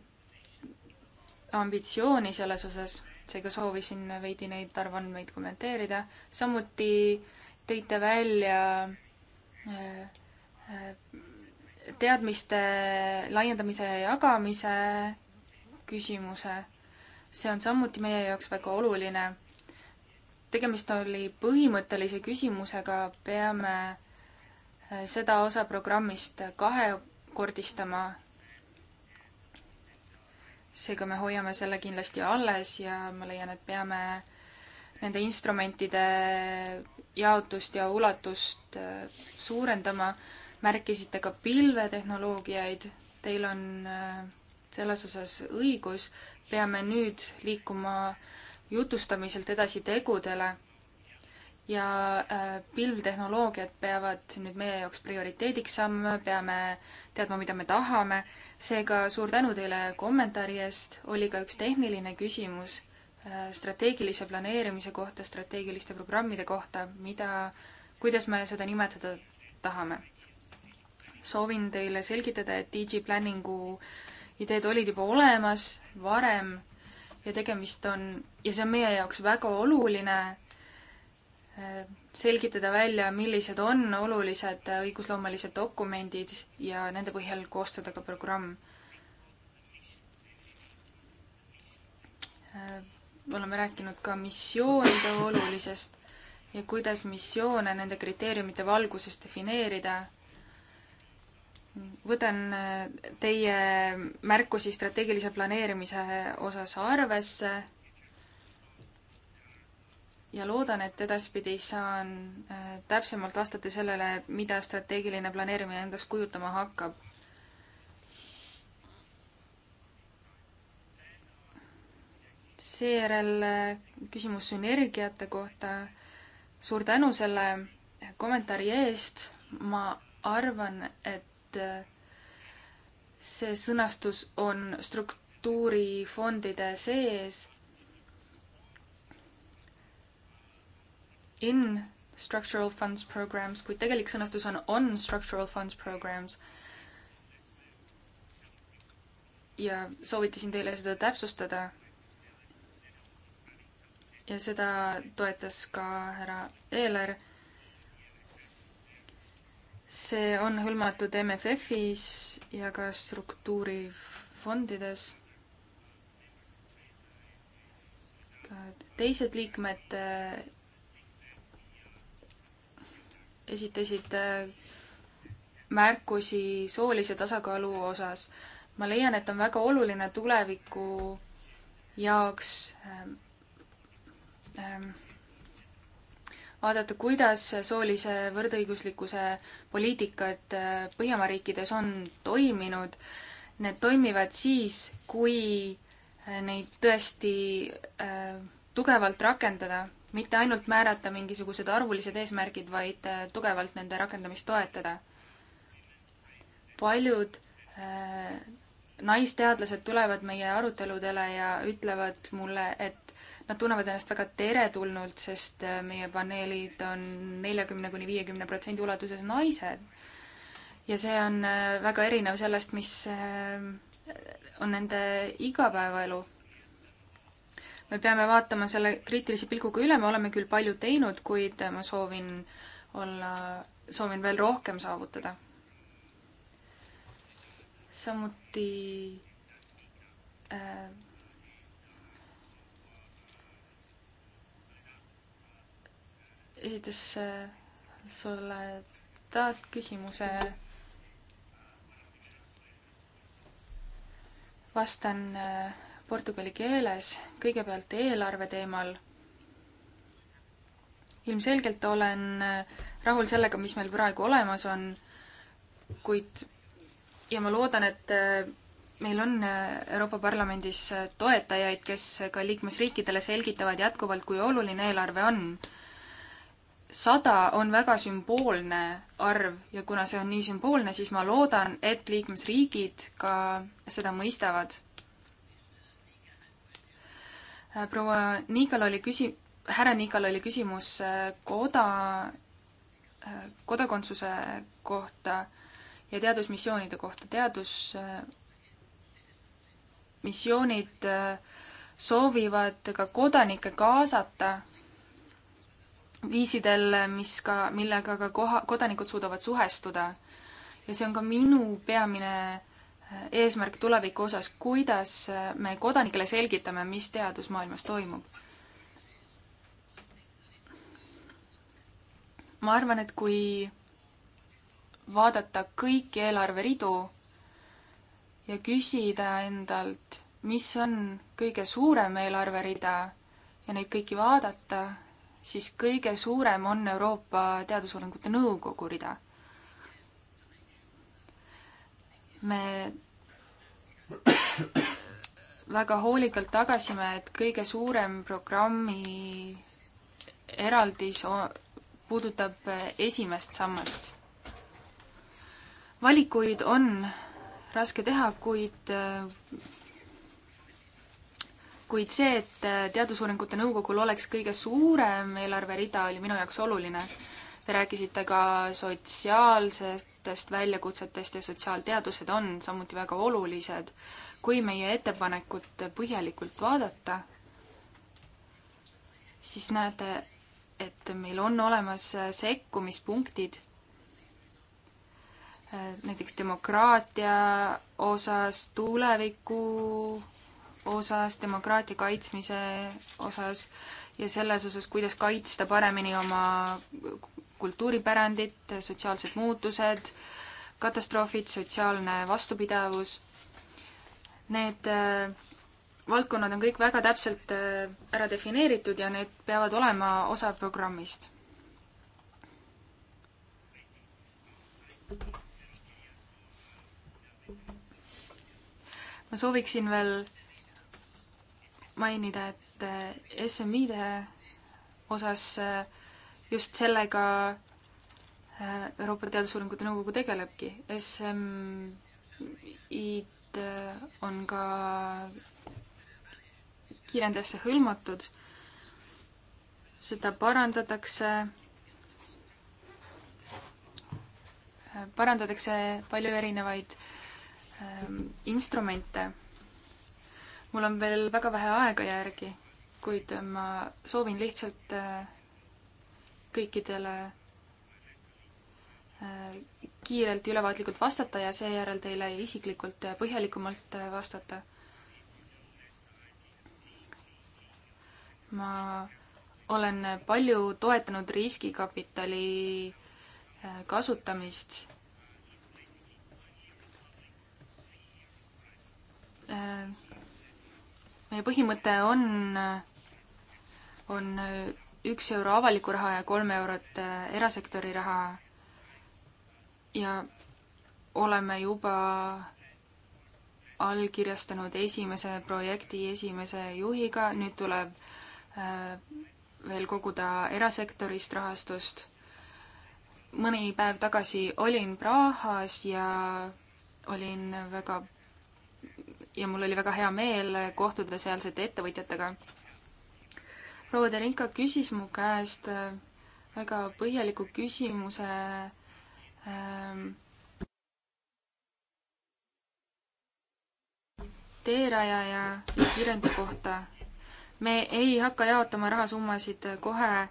ambitsiooni selles osas, seega soovisin veidi neid arvandmeid kommenteerida, samuti tõite välja äh, äh, teadmiste laiendamise ja jagamise küsimuse. see on samuti meie jaoks väga oluline. tegemist oli põhimõttelise küsimusega, peame eh, seda osa programmist kahekordistama. seega me hoiame selle kindlasti alles ja ma leian, et peame nende instrumentide jaotust ja ulatust eh, suurendama. märkisite ka pilvetehnoloogiaid, teil on äh, selles osas õigus, peame nüüd liikuma jutustamiselt edasi tegudele ja äh, pilvtehnoloogiad peavad nüüd meie jaoks prioriteediks saama, peame teadma, mida me tahame. seega suur tänu teile kommentaari eest, oli ka üks tehniline küsimus äh, strateegilise planeerimise kohta, strateegiliste programmide kohta, mida, kuidas me seda nimetada tahame. soovin teile selgitada, et DigiPlanningu äh, ideed olid juba olemas varem ja tegemist on, ja see on meie jaoks väga oluline, äh, selgitada välja, millised on olulised äh, õigusloomelised dokumendid ja nende põhjal koostada ka programm. Äh, oleme rääkinud ka missioonide olulisest ja kuidas missioone nende kriteeriumite valguses defineerida võtan äh, teie märkusi strateegilise planeerimise osas arvesse ja loodan, et edaspidi saan äh, täpsemalt vastata sellele, mida strateegiline planeerimine endast kujutama hakkab. seejärel äh, küsimus sünergiate kohta. suur tänu selle kommentaari eest. ma arvan, et Äh, see sõnastus on struktuurifondide sees. In structural funds programs, kuid tegelik sõnastus on on structural funds programs. ja soovitasin teile seda täpsustada. ja seda toetas ka härra Eeler see on hõlmatud MFF-is ja ka struktuurifondides. ka teised liikmed eh, esitasid eh, märkusi soolise tasakaalu osas. ma leian, et on väga oluline tuleviku jaoks ähm, ähm, vaadata, kuidas soolise võrdõiguslikkuse poliitikad äh, Põhjamaa riikides on toiminud. Need toimivad siis, kui äh, neid tõesti äh, tugevalt rakendada, mitte ainult määrata mingisugused arvulised eesmärgid, vaid äh, tugevalt nende rakendamist toetada. paljud äh, naisteadlased tulevad meie aruteludele ja ütlevad mulle, et Nad tunnevad ennast väga teretulnult, sest äh, meie paneelid on neljakümne kuni viiekümne protsendi ulatuses naised. ja see on äh, väga erinev sellest, mis äh, on nende igapäevaelu. me peame vaatama selle kriitilise pilguga üle, me oleme küll palju teinud, kuid ma soovin olla, soovin veel rohkem saavutada. samuti äh, esitas äh, sulle taat küsimuse. vastan äh, portugali keeles, kõigepealt eelarve teemal. ilmselgelt olen äh, rahul sellega, mis meil praegu olemas on, kuid ja ma loodan, et meil on Euroopa Parlamendis toetajaid, kes ka liikmesriikidele selgitavad jätkuvalt, kui oluline eelarve on sada on väga sümboolne arv ja kuna see on nii sümboolne, siis ma loodan, et liikmesriigid ka seda mõistavad. proua Niikal oli küsi-, härra Niikal oli küsimus äh, koda, äh, kodakondsuse kohta ja teadusmissioonide kohta. teadusmissioonid äh, soovivad ka kodanikke kaasata viisidel, mis ka, millega ka koha, kodanikud suudavad suhestuda. ja see on ka minu peamine eh, eesmärk tuleviku osas, kuidas eh, me kodanikele selgitame, mis teadusmaailmas toimub. ma arvan, et kui vaadata kõiki eelarveridu ja küsida endalt, mis on kõige suurem eelarverida ja neid kõiki vaadata, siis kõige suurem on Euroopa Teadusuuringute Nõukogu rida. me väga hoolikalt tagasime, et kõige suurem programmi eraldis puudutab esimest sammast. valikuid on raske teha, kuid kuid see, et äh, Teadusuuringute Nõukogul oleks kõige suurem eelarverida, oli minu jaoks oluline. Te rääkisite ka sotsiaalsetest väljakutsetest ja sotsiaalteadused on samuti väga olulised. kui meie ettepanekut põhjalikult vaadata, siis näete, et meil on olemas äh, sekkumispunktid, äh, näiteks demokraatia osas, tuleviku osas, demokraatia kaitsmise osas ja selles osas, kuidas kaitsta paremini oma kultuuripärandit, sotsiaalsed muutused, katastroofid, sotsiaalne vastupidavus. Need äh, valdkonnad on kõik väga täpselt äh, ära defineeritud ja need peavad olema osa programmist. ma sooviksin veel mainida, et SMI-de osas äh, just sellega äh, Euroopa Teadusuuringute Nõukogu tegelebki. SMI-d äh, on ka kiirendajasse hõlmatud, seda parandatakse, parandatakse palju erinevaid instrumente mul on veel väga vähe aega järgi, kuid ma soovin lihtsalt äh, kõikidele äh, kiirelt ja ülevaatlikult vastata ja seejärel teile isiklikult põhjalikumalt äh, vastata. ma olen palju toetanud riskikapitali kasutamist. Uh meie põhimõte on, on üks euro avalikku raha ja kolm eurot eh, erasektori raha. ja oleme juba allkirjastanud esimese projekti esimese juhiga, nüüd tuleb eh, veel koguda erasektorist rahastust. mõni päev tagasi olin Prahas ja olin väga ja mul oli väga hea meel kohtuda sealsete ettevõtjatega. proua Derinka küsis mu käest äh, väga põhjaliku küsimuse ähm, teeraja ja kiirendi kohta. me ei hakka jaotama rahasummasid kohe,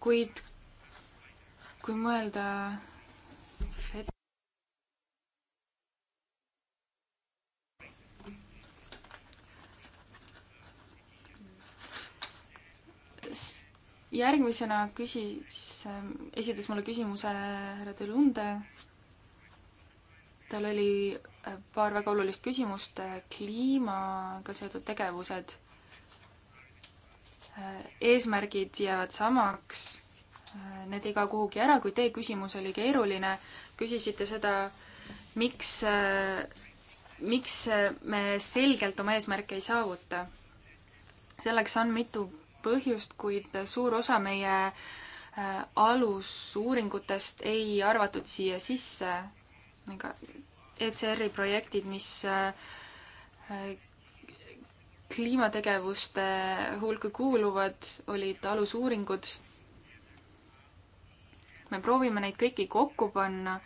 kuid kui mõelda järgmisena küsis, äh, esitas mulle küsimuse härra Delunde. tal oli äh, paar väga olulist küsimust, äh, kliimaga seotud tegevused, eesmärgid jäävad samaks, need ei kao kuhugi ära, kui teie küsimus oli keeruline, küsisite seda, miks, miks me selgelt oma eesmärke ei saavuta. selleks on mitu põhjust, kuid suur osa meie äh, alusuuringutest ei arvatud siia sisse, ega ECR-i projektid, mis äh, äh, kliimategevuste hulka kuuluvad, olid alusuuringud. me proovime neid kõiki kokku panna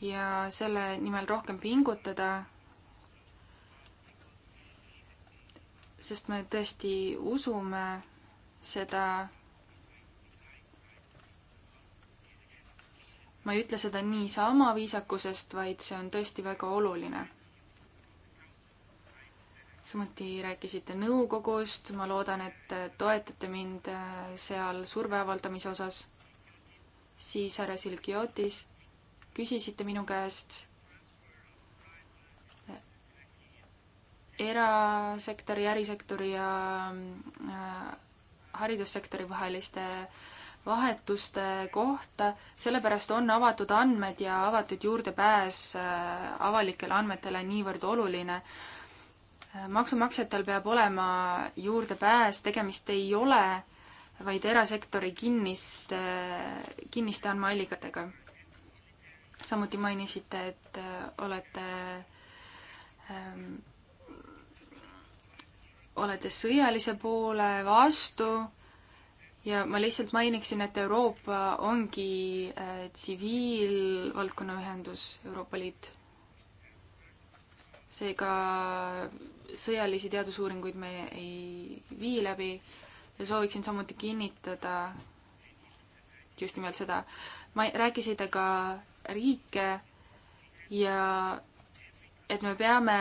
ja selle nimel rohkem pingutada sest me tõesti usume seda. ma ei ütle seda niisama viisakusest, vaid see on tõesti väga oluline. samuti rääkisite nõukogust, ma loodan, et toetate mind seal surve avaldamise osas. siis härra Silgiotis küsisite minu käest erasektori, ärisektori ja äh, haridussektori vaheliste vahetuste kohta, sellepärast on avatud andmed ja avatud juurdepääs äh, avalikele andmetele niivõrd oluline. Äh, maksumaksjatel peab olema juurdepääs, tegemist ei ole vaid erasektori kinniste, kinniste andmeallikatega. samuti mainisite, et olete ähm, olete sõjalise poole vastu ja ma lihtsalt mainiksin, et Euroopa ongi äh, tsiviilvaldkonna ühendus, Euroopa Liit. seega sõjalisi teadusuuringuid me ei vii läbi ja sooviksin samuti kinnitada just nimelt seda, ma rääkisite ka riike ja et me peame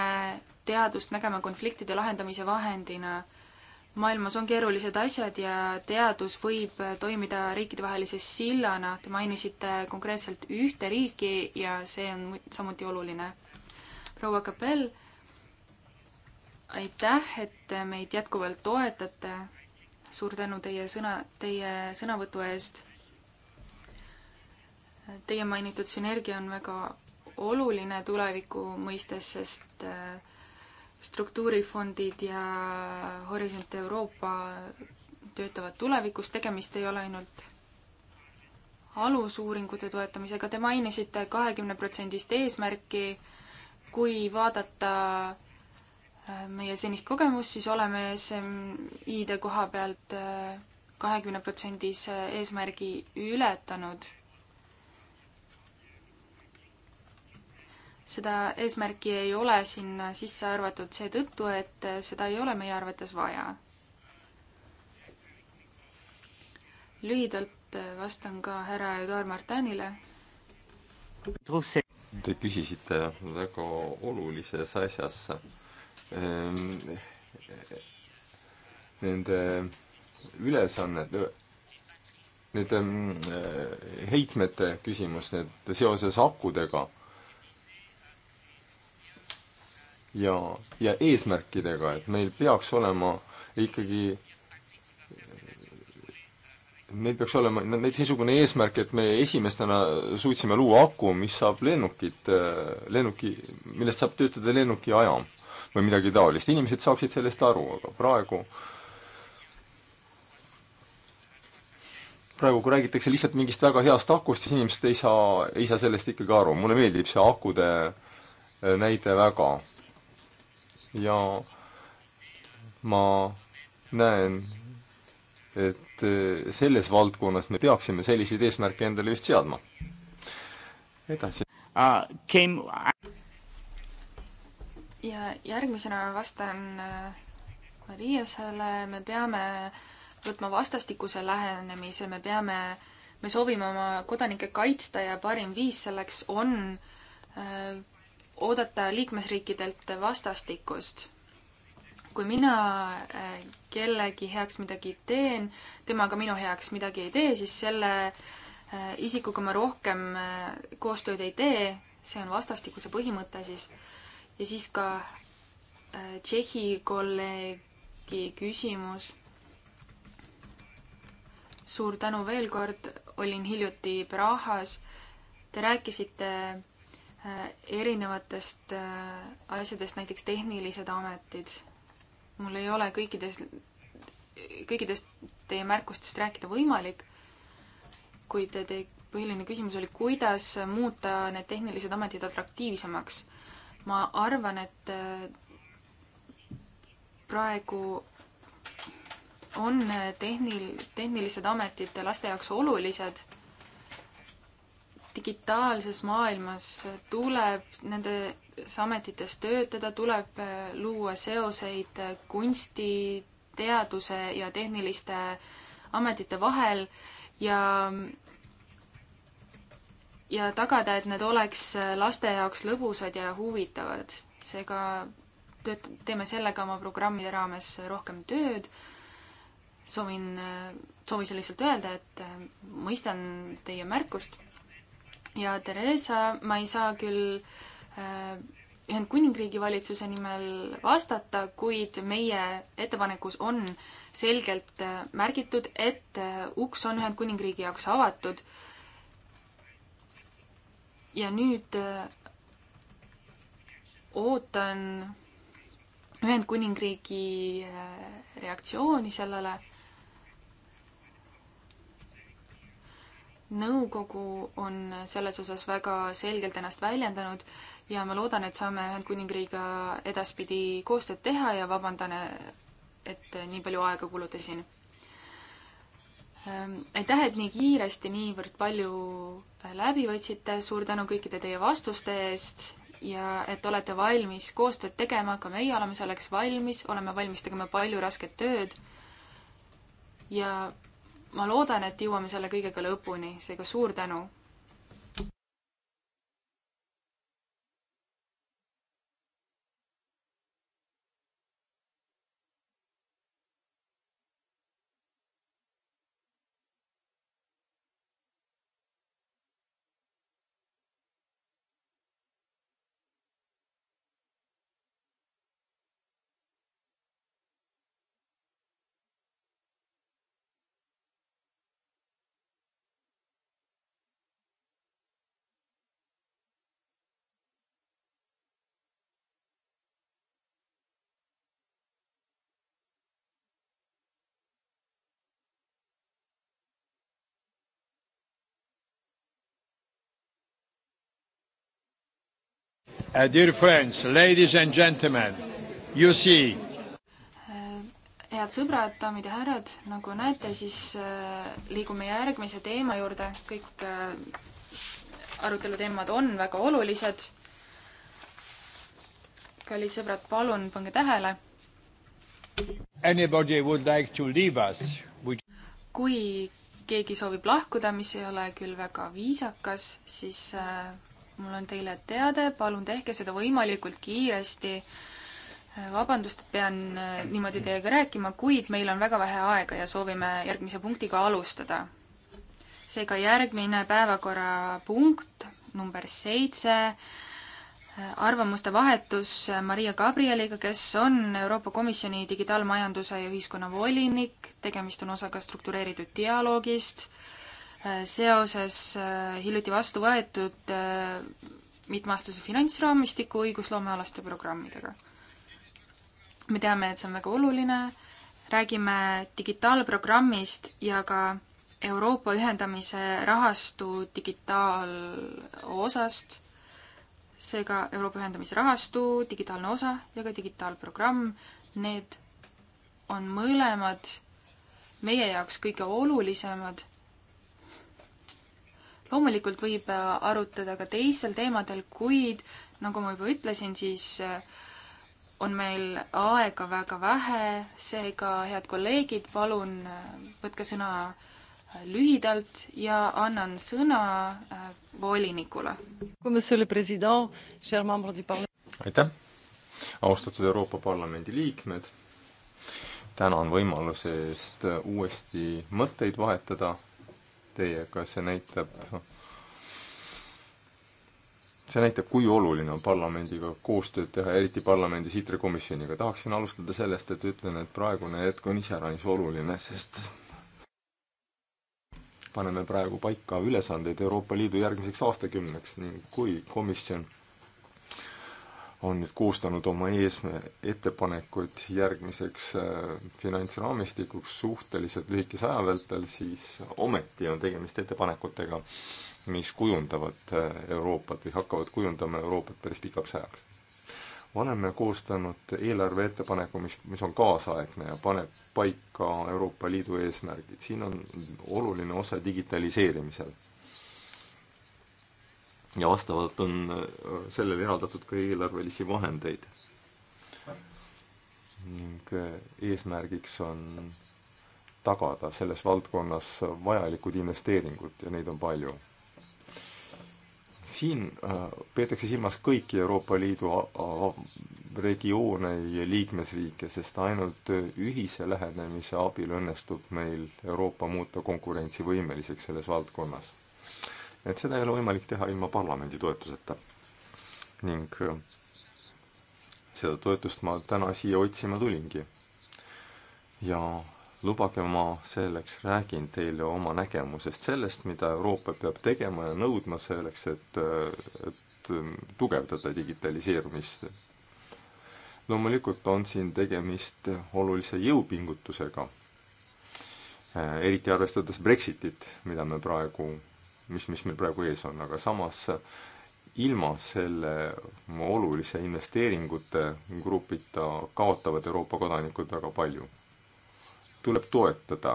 teadust nägema konfliktide lahendamise vahendina. maailmas on keerulised asjad ja teadus võib toimida riikide sillana. Te mainisite konkreetselt ühte riiki ja see on samuti oluline. proua Kapell, aitäh, et meid jätkuvalt toetate. suur tänu teie sõna, teie sõnavõtu eest. Teie mainitud sünergia on väga oluline tuleviku mõistes, sest äh, struktuurifondid ja Horisont Euroopa töötavad tulevikus, tegemist ei ole ainult alusuuringute toetamisega, te mainisite kahekümne protsendist eesmärki, kui vaadata äh, meie senist kogemust, siis oleme SMI-de koha pealt äh, kahekümne protsendise eesmärgi ületanud seda eesmärki ei ole sinna sisse arvatud seetõttu, et seda ei ole meie arvates vaja. lühidalt vastan ka härra Eduard Martinile. Te küsisite väga olulises asjas ehm, nende ülesannete nende ehm, heitmete küsimus, need seoses akudega ja, ja eesmärkidega, et meil peaks olema ikkagi meil peaks olema näiteks niisugune eesmärk, et me esimestena suutsime luua aku, mis saab lennukit, lennuki, millest saab töötada lennuki ajam või midagi taolist. inimesed saaksid sellest aru, aga praegu praegu, kui räägitakse lihtsalt mingist väga heast akust, siis inimesed ei saa, ei saa sellest ikkagi aru. mulle meeldib see akude äh, näide väga ja ma näen, et eh, selles valdkonnas me peaksime selliseid eesmärke endale just seadma. edasi uh,. ja järgmisena vastan eh, Mariasele, me peame võtma vastastikuse lähenemise, me peame, me soovime oma kodanikke kaitsta ja parim viis selleks on äh, oodata liikmesriikidelt vastastikust. kui mina äh, kellegi heaks midagi teen, tema ka minu heaks midagi ei tee, siis selle äh, isikuga ma rohkem äh, koostööd ei tee, see on vastastikuse põhimõte siis. ja siis ka Tšehhi kolleegi küsimus. suur tänu veel kord, olin hiljuti Prahas. Te rääkisite Äh, erinevatest äh, asjadest, näiteks tehnilised ametid. mul ei ole kõikides, kõikidest teie märkustest rääkida võimalik, kuid te, te põhiline küsimus oli, kuidas muuta need tehnilised ametid atraktiivsemaks. ma arvan, et äh, praegu on tehnil-, tehnilised ametid laste jaoks olulised digitaalses maailmas tuleb nendes ametites töötada, tuleb äh, luua seoseid äh, kunsti, teaduse ja tehniliste ametite vahel ja ja tagada, et need oleks äh, laste jaoks lõbusad ja huvitavad. seega tööt-, teeme sellega oma programmide raames rohkem tööd. soovin, soovisin lihtsalt öelda, et mõistan teie märkust ja Theresa, ma ei saa küll äh, Ühendkuningriigi valitsuse nimel vastata, kuid meie ettepanekus on selgelt äh, märgitud, et äh, uks on Ühendkuningriigi jaoks avatud. ja nüüd ootan Ühendkuningriigi reaktsiooni sellele nõukogu on selles osas väga selgelt ennast väljendanud ja ma loodan, et saame Ühendkuningriigiga edaspidi koostööd teha ja vabandan, et nii palju aega kulutasin. Ehm, aitäh, et nii kiiresti niivõrd palju läbi võtsite, suur tänu kõikide teie vastuste eest ja et olete valmis koostööd tegema, ka meie oleme selleks valmis, oleme valmis tegema palju rasket tööd ja ma loodan, et jõuame selle kõigega lõpuni, seega suur tänu! Uh, dear friends, ladies and gentlemen, you see. head sõbrad, daamid ja härrad, nagu näete, siis äh, liigume järgmise teema juurde. kõik äh, aruteluteemad on väga olulised. kallid sõbrad, palun pange tähele. Anybody would like to leave us would...? kui keegi soovib lahkuda, mis ei ole küll väga viisakas, siis äh, mul on teile teade, palun tehke seda võimalikult kiiresti. Äh, vabandust, et pean äh, niimoodi teiega rääkima, kuid meil on väga vähe aega ja soovime järgmise punktiga alustada. seega järgmine päevakorrapunkt, number seitse, äh, arvamuste vahetus Maria Gabrieliga, kes on Euroopa Komisjoni digitaalmajanduse ja ühiskonna volinik, tegemist on osaga struktureeritud dialoogist äh, Äh, seoses äh, hiljuti vastu võetud äh, mitmeaastase finantsraamistiku õigusloomealaste programmidega. me teame, et see on väga oluline, räägime digitaalprogrammist ja ka Euroopa ühendamise rahastu digitaalosast, seega Euroopa ühendamise rahastu, digitaalne osa ja ka digitaalprogramm, need on mõlemad meie jaoks kõige olulisemad loomulikult võib äh, arutada ka teistel teemadel, kuid nagu ma juba ütlesin, siis äh, on meil aega väga vähe, seega, head kolleegid, palun äh, võtke sõna lühidalt ja annan sõna volinikule. aitäh, austatud Euroopa Parlamendi liikmed, tänan võimaluse eest uuesti mõtteid vahetada teiega, see näitab, see näitab, kui oluline on parlamendiga koostööd teha, eriti parlamendi siitri komisjoniga. tahaksin alustada sellest, et ütlen, et praegune hetk on iseäranis oluline, sest paneme praegu paika ülesanded Euroopa Liidu järgmiseks aastakümneks ning kui komisjon on nüüd koostanud oma eesme-, ettepanekud järgmiseks äh, finantsraamistikuks suhteliselt lühikese aja vältel, siis ometi on tegemist ettepanekutega, mis kujundavad äh, Euroopat või hakkavad kujundama Euroopat päris pikaks ajaks. oleme koostanud eelarve ettepaneku, mis, mis on kaasaegne ja paneb paika Euroopa Liidu eesmärgid. siin on oluline osa digitaliseerimisel ja vastavalt on äh, sellele eraldatud ka eelarvelisi vahendeid. ning äh, eesmärgiks on tagada selles valdkonnas vajalikud investeeringud ja neid on palju. siin äh, peetakse silmas kõiki Euroopa Liidu regioone ja liikmesriike, sest ainult ühise lähenemise abil õnnestub meil Euroopa muuta konkurentsivõimeliseks selles valdkonnas et seda ei ole võimalik teha ilma parlamendi toetuseta. ning äh, seda toetust ma täna siia otsima tulingi. ja lubage, ma selleks räägin teile oma nägemusest sellest, mida Euroopa peab tegema ja nõudma selleks, et, äh, et äh, tugevdada digitaliseerumist. loomulikult on siin tegemist olulise jõupingutusega, eriti arvestades Brexitit, mida me praegu mis, mis meil praegu ees on, aga samas ilma selle olulise investeeringute grupita kaotavad Euroopa kodanikud väga palju. tuleb toetada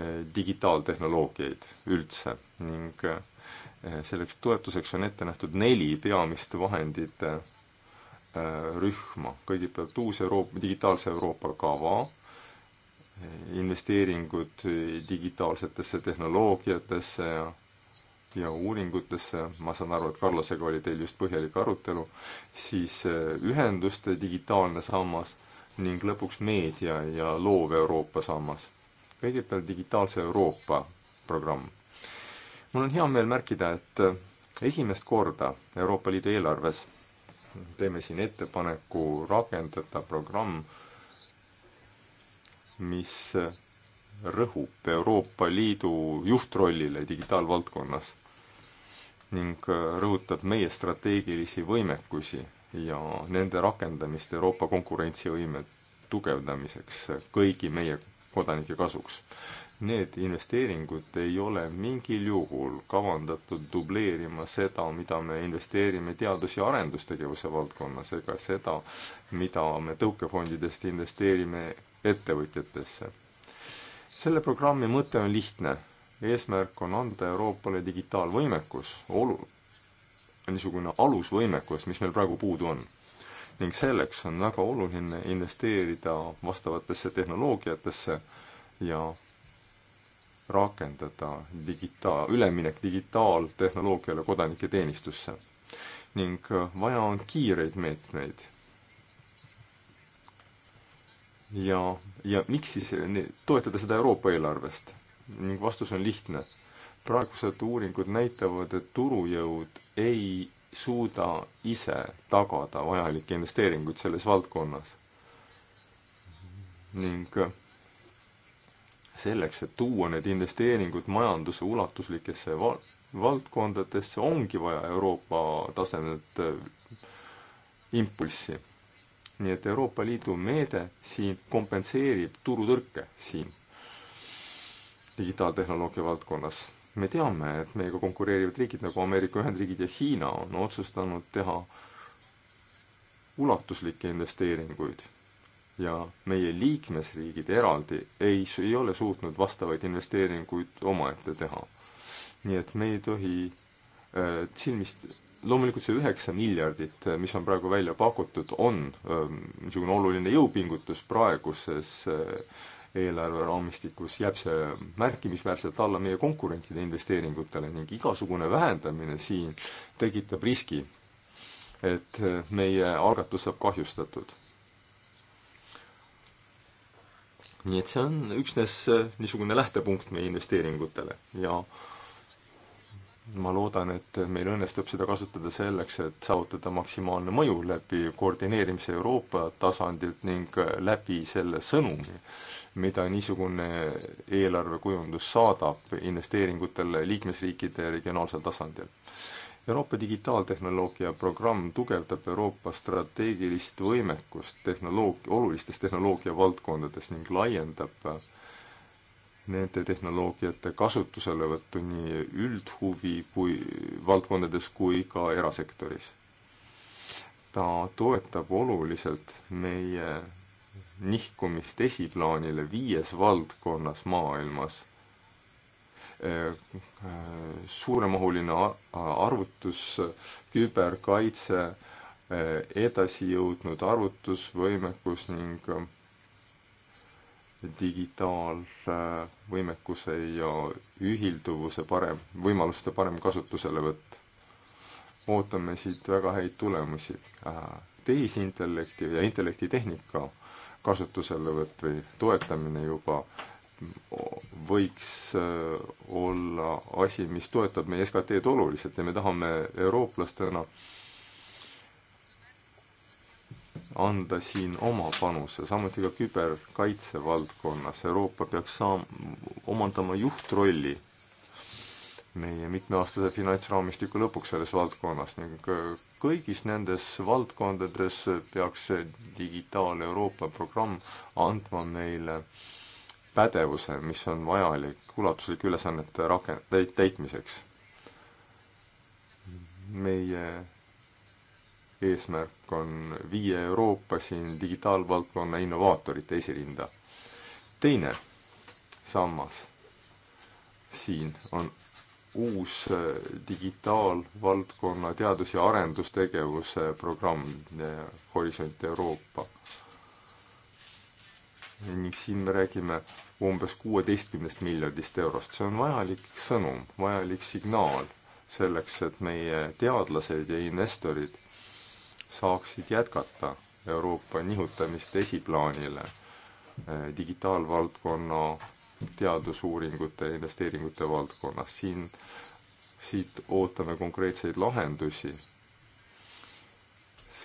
eh, digitaaltehnoloogiaid üldse ning eh, selleks toetuseks on ette nähtud neli peamist vahendit eh, rühma. kõigepealt uus Euroopa, digitaalse Euroopa kava, investeeringud digitaalsetesse tehnoloogiatesse ja ja uuringutesse, ma saan aru, et Carlosega oli teil just põhjalik arutelu, siis eh, ühenduste digitaalne sammas ning lõpuks meedia ja loov Euroopa sammas. kõigepealt Digitaalse Euroopa programm. mul on hea meel märkida, et eh, esimest korda Euroopa Liidu eelarves teeme siin ettepaneku rakendada programm, mis eh, rõhub Euroopa Liidu juhtrollile digitaalvaldkonnas ning äh, rõhutab meie strateegilisi võimekusi ja nende rakendamist Euroopa konkurentsivõime tugevdamiseks äh, kõigi meie kodanike kasuks. Need investeeringud ei ole mingil juhul kavandatud dubleerima seda, mida me investeerime teadus- ja arendustegevuse valdkonnas ega seda, mida me tõukefondidest investeerime ettevõtjatesse selle programmi mõte on lihtne. eesmärk on anda Euroopale digitaalvõimekus, olu-, niisugune alusvõimekus, mis meil praegu puudu on. ning selleks on väga oluline investeerida vastavatesse tehnoloogiatesse ja rakendada digitaal, üleminek digitaaltehnoloogiale kodanike teenistusse. ning vaja on kiireid meetmeid ja, ja miks siis toetada seda Euroopa eelarvest? ning vastus on lihtne. praegused uuringud näitavad, et turujõud ei suuda ise tagada vajalikke investeeringuid selles valdkonnas. ning selleks, et tuua need investeeringud majanduse ulatuslikesse val-, valdkondadesse, ongi vaja Euroopa tasemelt äh, impulssi nii et Euroopa Liidu meede siin kompenseerib turutõrke siin digitaaltehnoloogia valdkonnas. me teame, et meiega konkureerivad riigid nagu Ameerika Ühendriigid ja Hiina on otsustanud teha ulatuslikke investeeringuid ja meie liikmesriigid eraldi ei, ei ole suutnud vastavaid investeeringuid omaette teha. nii et me ei tohi äh, silmist loomulikult see üheksa miljardit, äh, mis on praegu välja pakutud, on ähm, niisugune oluline jõupingutus praeguses äh, eelarveraamistikus jääb see märkimisväärselt alla meie konkurentide investeeringutele ning igasugune vähendamine siin tekitab riski, et äh, meie algatus saab kahjustatud. nii et see on üksnes niisugune lähtepunkt meie investeeringutele ja äh, ma loodan, et meil õnnestub seda kasutada selleks, et saavutada maksimaalne mõju läbi koordineerimise Euroopa tasandilt ning läbi selle sõnumi, mida niisugune eelarvekujundus saadab investeeringutele liikmesriikide ja regionaalsel tasandil. Euroopa digitaaltehnoloogia programm tugevdab Euroopa strateegilist võimekust tehnoloog-, olulistes tehnoloogia valdkondades ning laiendab nende tehnoloogiate kasutuselevõttu nii üldhuvi kui valdkondades kui ka erasektoris. ta toetab oluliselt meie nihkumist esiplaanile viies valdkonnas maailmas. suuremahuline arvutus, küberkaitse, edasijõudnud arvutusvõimekus ning digitaalvõimekuse ja ühilduvuse parem, võimaluste parem kasutuselevõtt. ootame siit väga häid tulemusi. Äh, tehisintellekti ja intellektitehnika kasutuselevõtt või toetamine juba võiks äh, olla asi, mis toetab meie SKT-d oluliselt ja me tahame eurooplastena äh, anda siin oma panuse, samuti ka küberkaitse valdkonnas. Euroopa peaks saam-, omandama juhtrolli meie mitmeaastase finantsraamistiku lõpuks selles valdkonnas ning kõigis nendes valdkondades peaks see Digitaal Euroopa programm andma meile pädevuse, mis on vajalik ulatuslike ülesannete rake-, täitmiseks. meie eesmärk on viia Euroopa siin digitaalvaldkonna innovaatorite esirinda. teine sammas siin on uus äh, digitaalvaldkonna teadus- ja arendustegevuse programm äh, Horisont Euroopa. ning siin me räägime umbes kuueteistkümnest miljardist eurost, see on vajalik sõnum, vajalik signaal selleks, et meie teadlased ja investorid saaksid jätkata Euroopa nihutamist esiplaanile eh, digitaalvaldkonna teadusuuringute ja investeeringute valdkonnas. siin, siit ootame konkreetseid lahendusi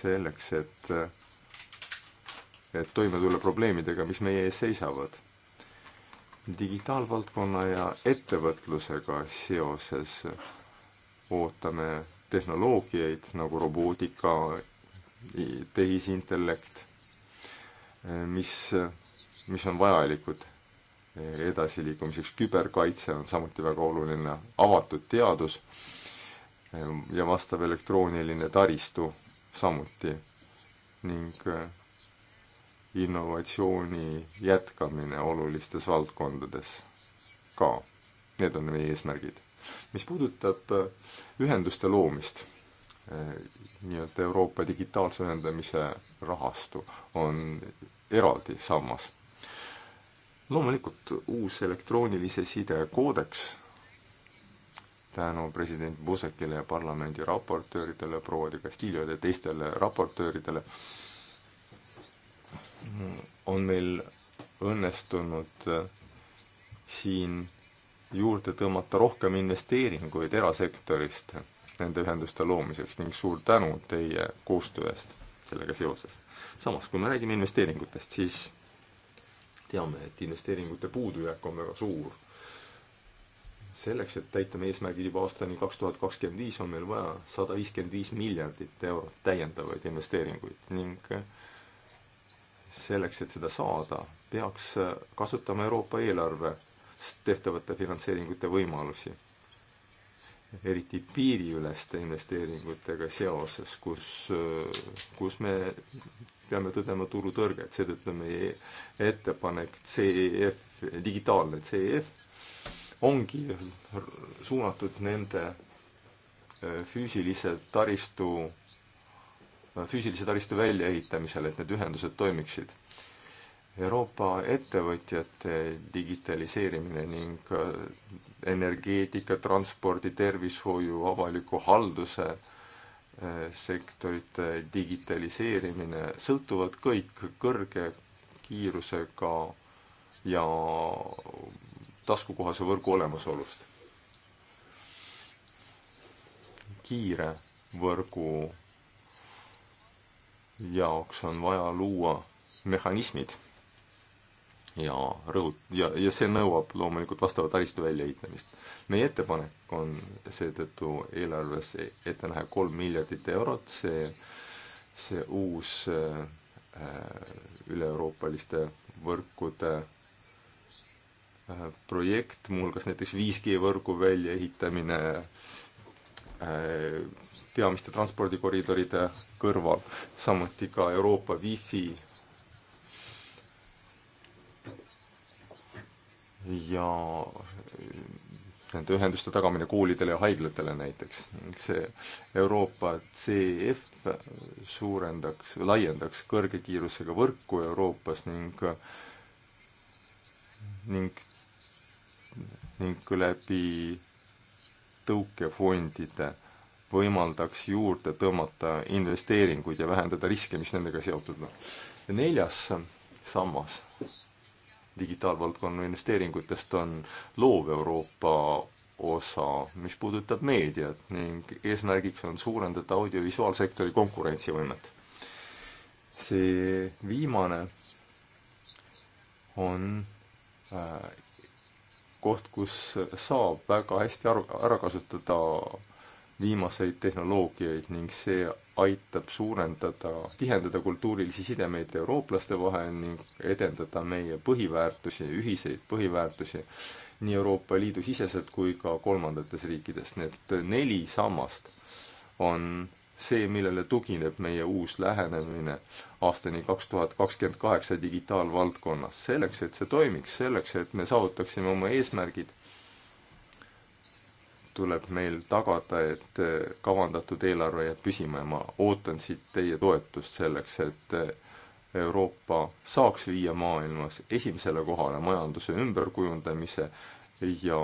selleks, et, et toime tulla probleemidega, mis meie ees seisavad. digitaalvaldkonna ja ettevõtlusega seoses ootame tehnoloogiaid nagu robootika, tehisintellekt, mis, mis on vajalikud edasiliikumiseks, küberkaitse on samuti väga oluline, avatud teadus ja vastav elektrooniline taristu samuti ning eh, innovatsiooni jätkamine olulistes valdkondades ka. Need on meie eesmärgid. mis puudutab eh, ühenduste loomist Äh, nii-öelda Euroopa digitaalse ühendamise rahastu on eraldi sammas. loomulikult uus elektroonilise side koodeks tänu president Buzekile ja parlamendi raportööridele, proua de Castillo ja teistele raportööridele on meil õnnestunud äh, siin juurde tõmmata rohkem investeeringuid erasektorist nende ühenduste loomiseks ning suur tänu teie koostöö eest sellega seoses. samas, kui me räägime investeeringutest, siis teame, et investeeringute puudujääk on väga suur. selleks, et täita meie eesmärgid juba aastani kaks tuhat kakskümmend viis, on meil vaja sada viiskümmend viis miljardit eurot täiendavaid investeeringuid ning selleks, et seda saada, peaks kasutama Euroopa eelarve tehtavate finantseeringute võimalusi eriti piiriüleste investeeringutega seoses, kus, kus me peame tõdema turutõrget, seetõttu meie ettepanek CEF, digitaalne CEF ongi suunatud nende äh, füüsilise taristu, füüsilise taristu väljaehitamisele, et need ühendused toimiksid Euroopa ettevõtjate digitaliseerimine ning äh, energeetika, transpordi, tervishoiu, avaliku halduse äh, sektorite digitaliseerimine sõltuvad kõik kõrge kiirusega ja taskukohase võrgu olemasolust. kiire võrgu jaoks on vaja luua mehhanismid ja rõhut-, ja, ja see nõuab loomulikult vastava taristu väljaehitamist. meie ettepanek on seetõttu eelarves ette näha kolm miljardit eurot, see, see uus äh, üle-euroopaliste võrkude äh, projekt, muuhulgas näiteks 5G võrgu väljaehitamine äh, peamiste transpordikoridoride kõrval, samuti ka Euroopa Wi-Fi ja äh, nende ühenduste tagamine koolidele ja haiglatele näiteks. see Euroopa CEF suurendaks, laiendaks kõrge kiirusega võrku Euroopas ning, ning, ning läbi tõukefondide võimaldaks juurde tõmmata investeeringuid ja vähendada riske, mis nendega seotud on. neljas sammas digitaalvaldkonna investeeringutest on loov Euroopa osa, mis puudutab meediat ning eesmärgiks on suurendada audiovisuaalsektori konkurentsivõimet. see viimane on äh, koht, kus saab väga hästi aru, ära kasutada viimaseid tehnoloogiaid ning see aitab suurendada, tihendada kultuurilisi sidemeid eurooplaste vahel ning edendada meie põhiväärtusi, ühiseid põhiväärtusi nii Euroopa Liidu siseselt kui ka kolmandates riikides. Need neli sammast on see, millele tugineb meie uus lähenemine aastani kaks tuhat kakskümmend kaheksa digitaalvaldkonnas. selleks, et see toimiks, selleks, et me saavutaksime oma eesmärgid, tuleb meil tagada, et eh, kavandatud eelarve jääb püsima ja ma ootan siit teie toetust selleks, et eh, Euroopa saaks viia maailmas esimesele kohale majanduse ümberkujundamise ja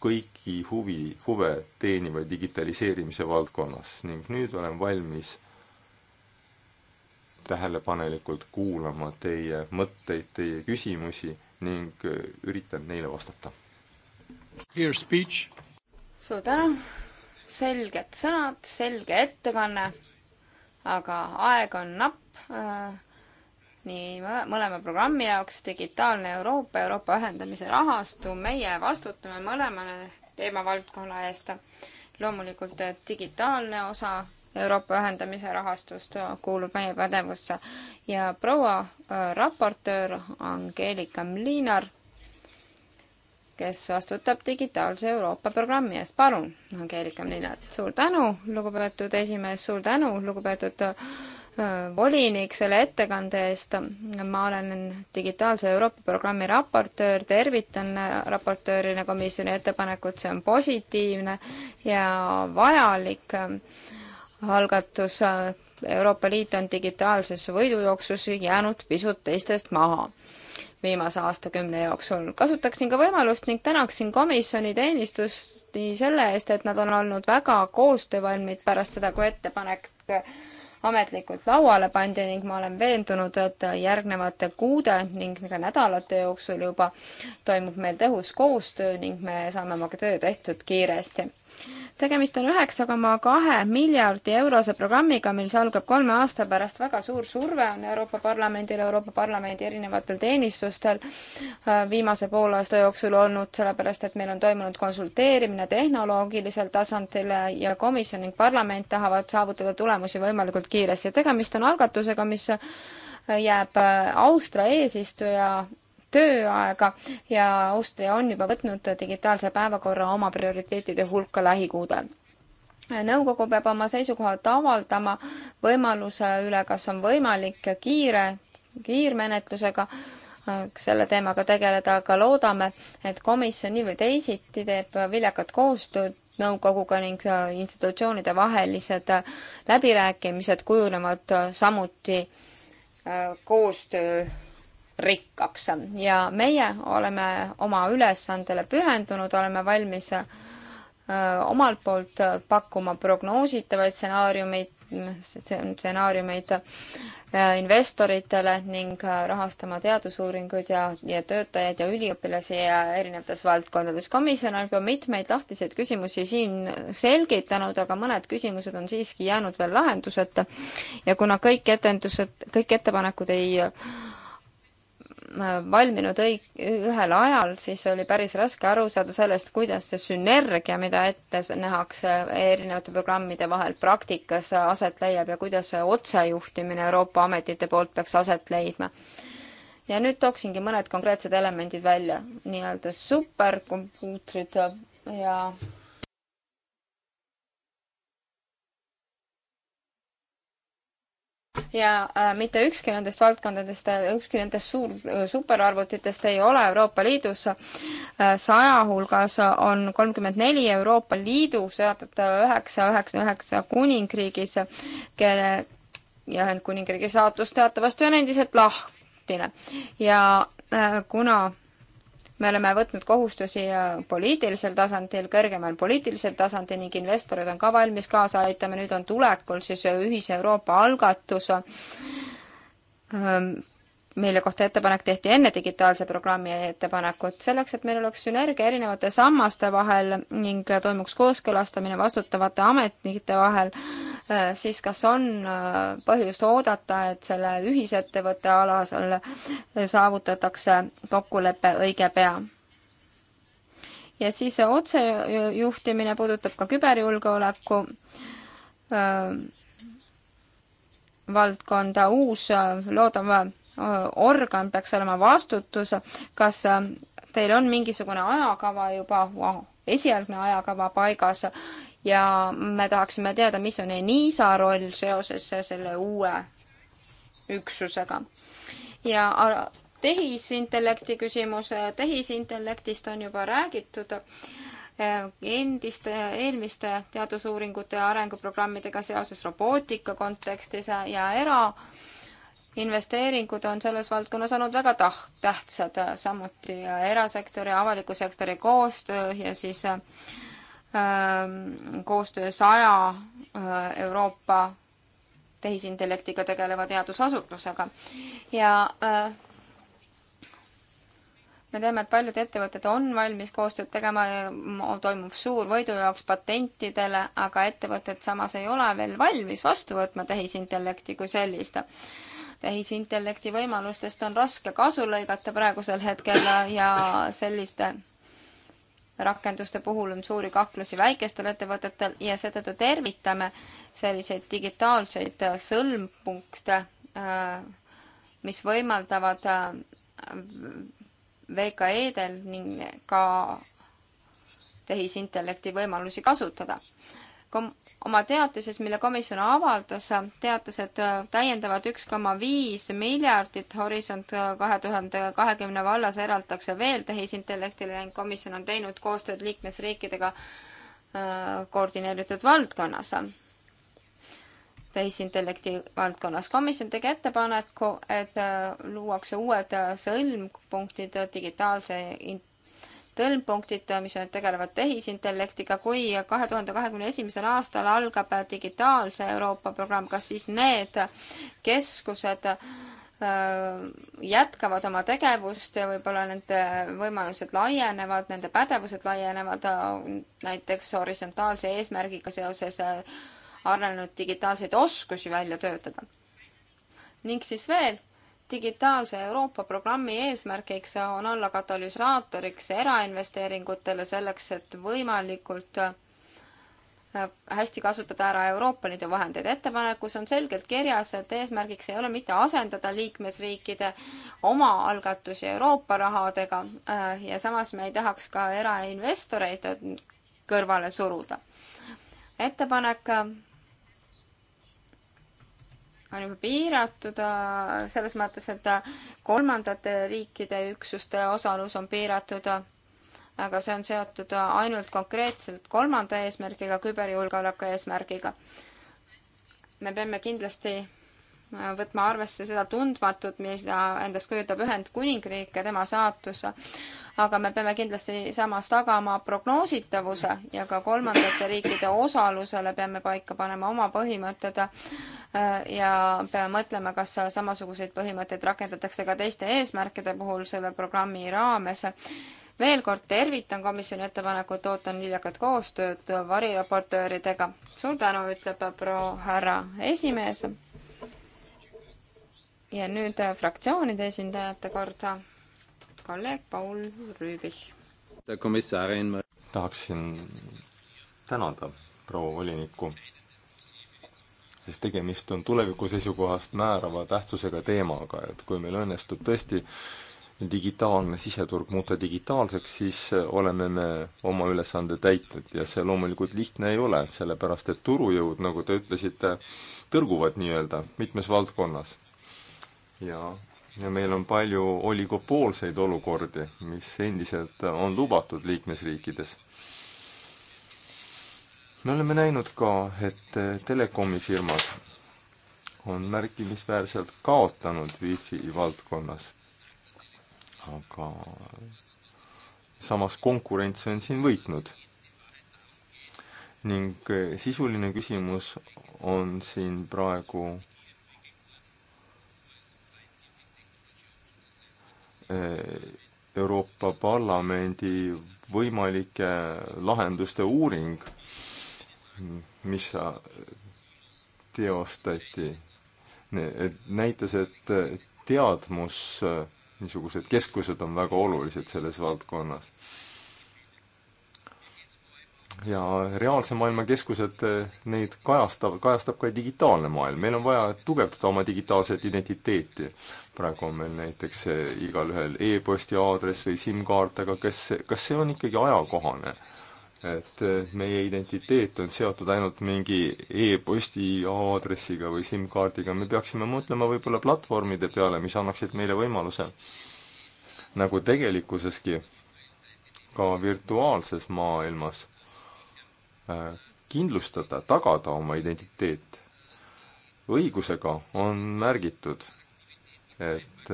kõiki huvi, huve teeniva digitaliseerimise valdkonnas ning nüüd olen valmis tähelepanelikult kuulama teie mõtteid, teie küsimusi ning eh, üritan neile vastata. Clear speech suur tänu, selged sõnad, selge ettekanne, aga aeg on napp äh, nii mõlema programmi jaoks, Digitaalne Euroopa, Euroopa ühendamise rahastu, meie vastutame mõlema teemavaldkonna eest. loomulikult äh, digitaalne osa Euroopa ühendamise rahastust äh, kuulub meie pädevusse ja proua äh, raportöör Angeelika Mlinar kes vastutab Digitaalse Euroopa programmi eest. palun, Angeelika Mlinnat, suur tänu, lugupeetud esimees, suur tänu, lugupeetud äh, volinik selle ettekande eest. ma olen Digitaalse Euroopa programmi raportöör, tervitan äh, raportöörina komisjoni ettepanekut, see on positiivne ja vajalik äh, algatus. Euroopa Liit on digitaalses võidujooksus jäänud pisut teistest maha viimase aastakümne jooksul. kasutaksin ka võimalust ning tänaksin komisjoni teenistust nii selle eest, et nad on olnud väga koostöövalmid pärast seda, kui ettepanek ametlikult lauale pandi ning ma olen veendunud, et järgnevate kuude ning ka nädalate jooksul juba toimub meil tõhus koostöö ning me saame oma töö tehtud kiiresti tegemist on üheksa koma kahe miljardi eurose programmiga, mis algab kolme aasta pärast. väga suur surve on Euroopa Parlamendil, Euroopa Parlamendi erinevatel teenistustel äh, viimase poolaasta jooksul olnud, sellepärast et meil on toimunud konsulteerimine tehnoloogilisel tasandil ja komisjon ning parlament tahavad saavutada tulemusi võimalikult kiiresti. tegemist on algatusega, mis jääb äh, Austria eesistuja tööaega ja Austria on juba võtnud digitaalse päevakorra oma prioriteetide hulka lähikuudel nõukogu peab oma seisukohad avaldama võimaluse üle, kas on võimalik kiire, kiirmenetlusega äh, selle teemaga tegeleda, aga loodame, et komisjon nii või teisiti teeb viljakat koostööd nõukoguga ning äh, institutsioonide vahelised äh, läbirääkimised kujunevad samuti koostöö rikkaks ja meie oleme oma ülesandele pühendunud, oleme valmis äh, omalt poolt pakkuma prognoositavaid stsenaariumeid, stsenaariumeid äh, investoritele ning äh, rahastama teadusuuringuid ja, ja töötajaid ja üliõpilasi ja erinevates valdkondades. komisjon on juba mitmeid lahtiseid küsimusi siin selgitanud, aga mõned küsimused on siiski jäänud veel lahenduseta ja kuna kõik etendused, kõik ettepanekud ei valminud õig-, ühel ajal, siis oli päris raske aru saada sellest, kuidas see sünergia, mida ette nähakse erinevate programmide vahel praktikas aset leiab ja kuidas otsejuhtimine Euroopa ametite poolt peaks aset leidma. ja nüüd tooksingi mõned konkreetsed elemendid välja, nii-öelda superkompuutrid ja ja äh, mitte ükski nendest valdkondadest, äh, ükski nendest suur, äh, superarvutitest ei ole Euroopa Liidus äh,. saja hulgas on kolmkümmend neli Euroopa Liidu seadet äh, üheksa, üheksa, üheksa kuningriigis, kelle ja Ühendkuningriigi saatus teatavasti on endiselt lahtine ja äh, kuna me oleme võtnud kohustusi äh, poliitilisel tasandil, kõrgemal poliitilisel tasandil ning investorid on ka valmis kaasa aitama, nüüd on tulekul siis äh, ühise Euroopa algatus äh, mille kohta ettepanek tehti enne digitaalse programmi ettepanekut, selleks et meil oleks sünergia erinevate sammaste vahel ning toimuks kooskõlastamine vastutavate ametnike vahel, äh, siis kas on äh, põhjust oodata, et selle ühisettevõtte alasel äh, saavutatakse kokkulepe õige pea? ja siis otsejuhtimine puudutab ka küberjulgeoleku valdkonda, uus loodav organ peaks olema vastutus, kas ähm, teil on mingisugune ajakava juba wow,, esialgne ajakava paigas ja me tahaksime teada, mis on Enisa roll seoses selle uue üksusega. ja äh, tehisintellekti küsimus, tehisintellektist on juba räägitud äh, endiste, eelmiste teadusuuringute ja arenguprogrammidega seoses robootika kontekstis ja era- investeeringud on selles valdkonnas olnud väga taht-, tähtsad, äh, samuti äh, erasektori ja avaliku sektori koostöö ja siis äh, ähm, koostöö saja äh, Euroopa tehisintellektiga tegeleva teadusasutusega ja äh, me teame, et paljud ettevõtted on valmis koostööd tegema, toimub suur võidujooks patentidele, aga ettevõtted samas ei ole veel valmis vastu võtma tehisintellekti kui sellist tehisintellekti võimalustest on raske kasu lõigata praegusel hetkel ja selliste rakenduste puhul on suuri kaklusi väikestel ettevõtetel ja seetõttu tervitame selliseid digitaalseid sõlmpunkte, äh, mis võimaldavad äh, VKE-del ning ka tehisintellekti võimalusi kasutada kom-, oma teatises, mille komisjon avaldas, teatas, et äh, täiendavad üks koma viis miljardit Horisont äh, kahe tuhande kahekümne vallas eraldatakse veel tehisintellektile ning komisjon on teinud koostööd liikmesriikidega äh, koordineeritud valdkonnas, tehisintellekti valdkonnas. komisjon tegi ettepaneku, et luuakse uued sõlmpunktid digitaalse in-, tõlmpunktid, mis tegelevad tehisintellektiga, kui kahe tuhande kahekümne esimesel aastal algab digitaalse Euroopa programm, kas siis need keskused äh, jätkavad oma tegevust ja võib-olla nende võimalused laienevad, nende pädevused laienevad näiteks horisontaalse eesmärgiga seoses äh, arenenud digitaalseid oskusi välja töötada. ning siis veel digitaalse Euroopa programmi eesmärgiks on olla katalüsaatoriks erainvesteeringutele selleks, et võimalikult äh, hästi kasutada ära Euroopa Liidu vahendeid. ettepanekus on selgelt kirjas, et eesmärgiks ei ole mitte asendada liikmesriikide omaalgatusi Euroopa rahadega äh, ja samas me ei tahaks ka erainvestoreid kõrvale suruda. ettepanek äh, on juba piiratud äh, selles mõttes, et äh, kolmandate riikide üksuste osalus on piiratud, äh, aga see on seotud ainult konkreetselt kolmanda eesmärgiga, küberjulgeoleku eesmärgiga. me peame kindlasti võtma arvesse seda tundmatut, mida endast kujutab Ühendkuningriik ja tema saatus. aga me peame kindlasti samas tagama prognoositavuse ja ka kolmandate riikide osalusele peame paika panema oma põhimõtted ja peame mõtlema, kas samasuguseid põhimõtteid rakendatakse ka teiste eesmärkide puhul selle programmi raames veel kord tervitan komisjoni ettepanekut, ootan viljakat koostööd variraportööridega. suur tänu, ütleb proua härra esimees ja nüüd äh, fraktsioonide esindajate korda. kolleeg Paul Rüübich. tahaksin tänada proua volinikku, sest tegemist on tuleviku seisukohast määrava tähtsusega teemaga, et kui meil õnnestub tõesti digitaalne siseturg muuta digitaalseks, siis oleme me oma ülesande täitnud ja see loomulikult lihtne ei ole, sellepärast et turujõud, nagu te ütlesite, tõrguvad nii-öelda mitmes valdkonnas ja, ja meil on palju oligopoolseid olukordi, mis endiselt on lubatud liikmesriikides. me oleme näinud ka, et telekomifirmad on märkimisväärselt kaotanud wifi valdkonnas. aga samas konkurents on siin võitnud ning sisuline küsimus on siin praegu Äh, Euroopa Parlamendi võimalike lahenduste uuring, mis äh, teostati, näitas, et äh, teadmus, niisugused keskused on väga olulised selles valdkonnas ja reaalse maailma keskused eh, neid kajastav, kajastab ka digitaalne maailm. meil on vaja tugevdada oma digitaalset identiteeti. praegu on meil näiteks eh, igalühel e-posti aadress või SIM-kaart, aga kas, kas see on ikkagi ajakohane? et eh, meie identiteet on seotud ainult mingi e-posti aadressiga või SIM-kaardiga, me peaksime mõtlema võib-olla platvormide peale, mis annaksid meile võimaluse nagu tegelikkuseski ka virtuaalses maailmas kindlustada, tagada oma identiteet. õigusega on märgitud, et,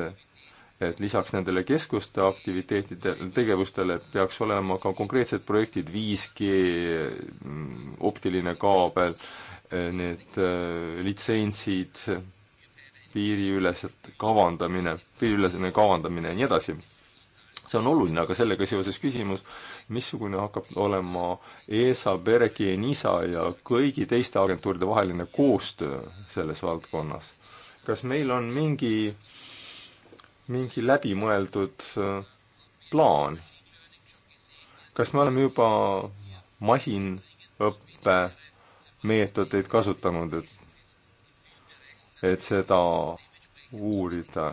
et lisaks nendele keskuste aktiviteetidele, tegevustele peaks olema ka konkreetsed projektid, 5G, optiline kaabel, need äh, litsentsid, piiriülesed kavandamine, piiriülesene kavandamine ja nii edasi see on oluline, aga sellega seoses küsimus, missugune hakkab olema ESA, BERECi, ENISA ja kõigi teiste agentuuride vaheline koostöö selles valdkonnas? kas meil on mingi, mingi läbimõeldud äh, plaan? kas me oleme juba masinõppe meetodeid kasutanud, et, et seda uurida?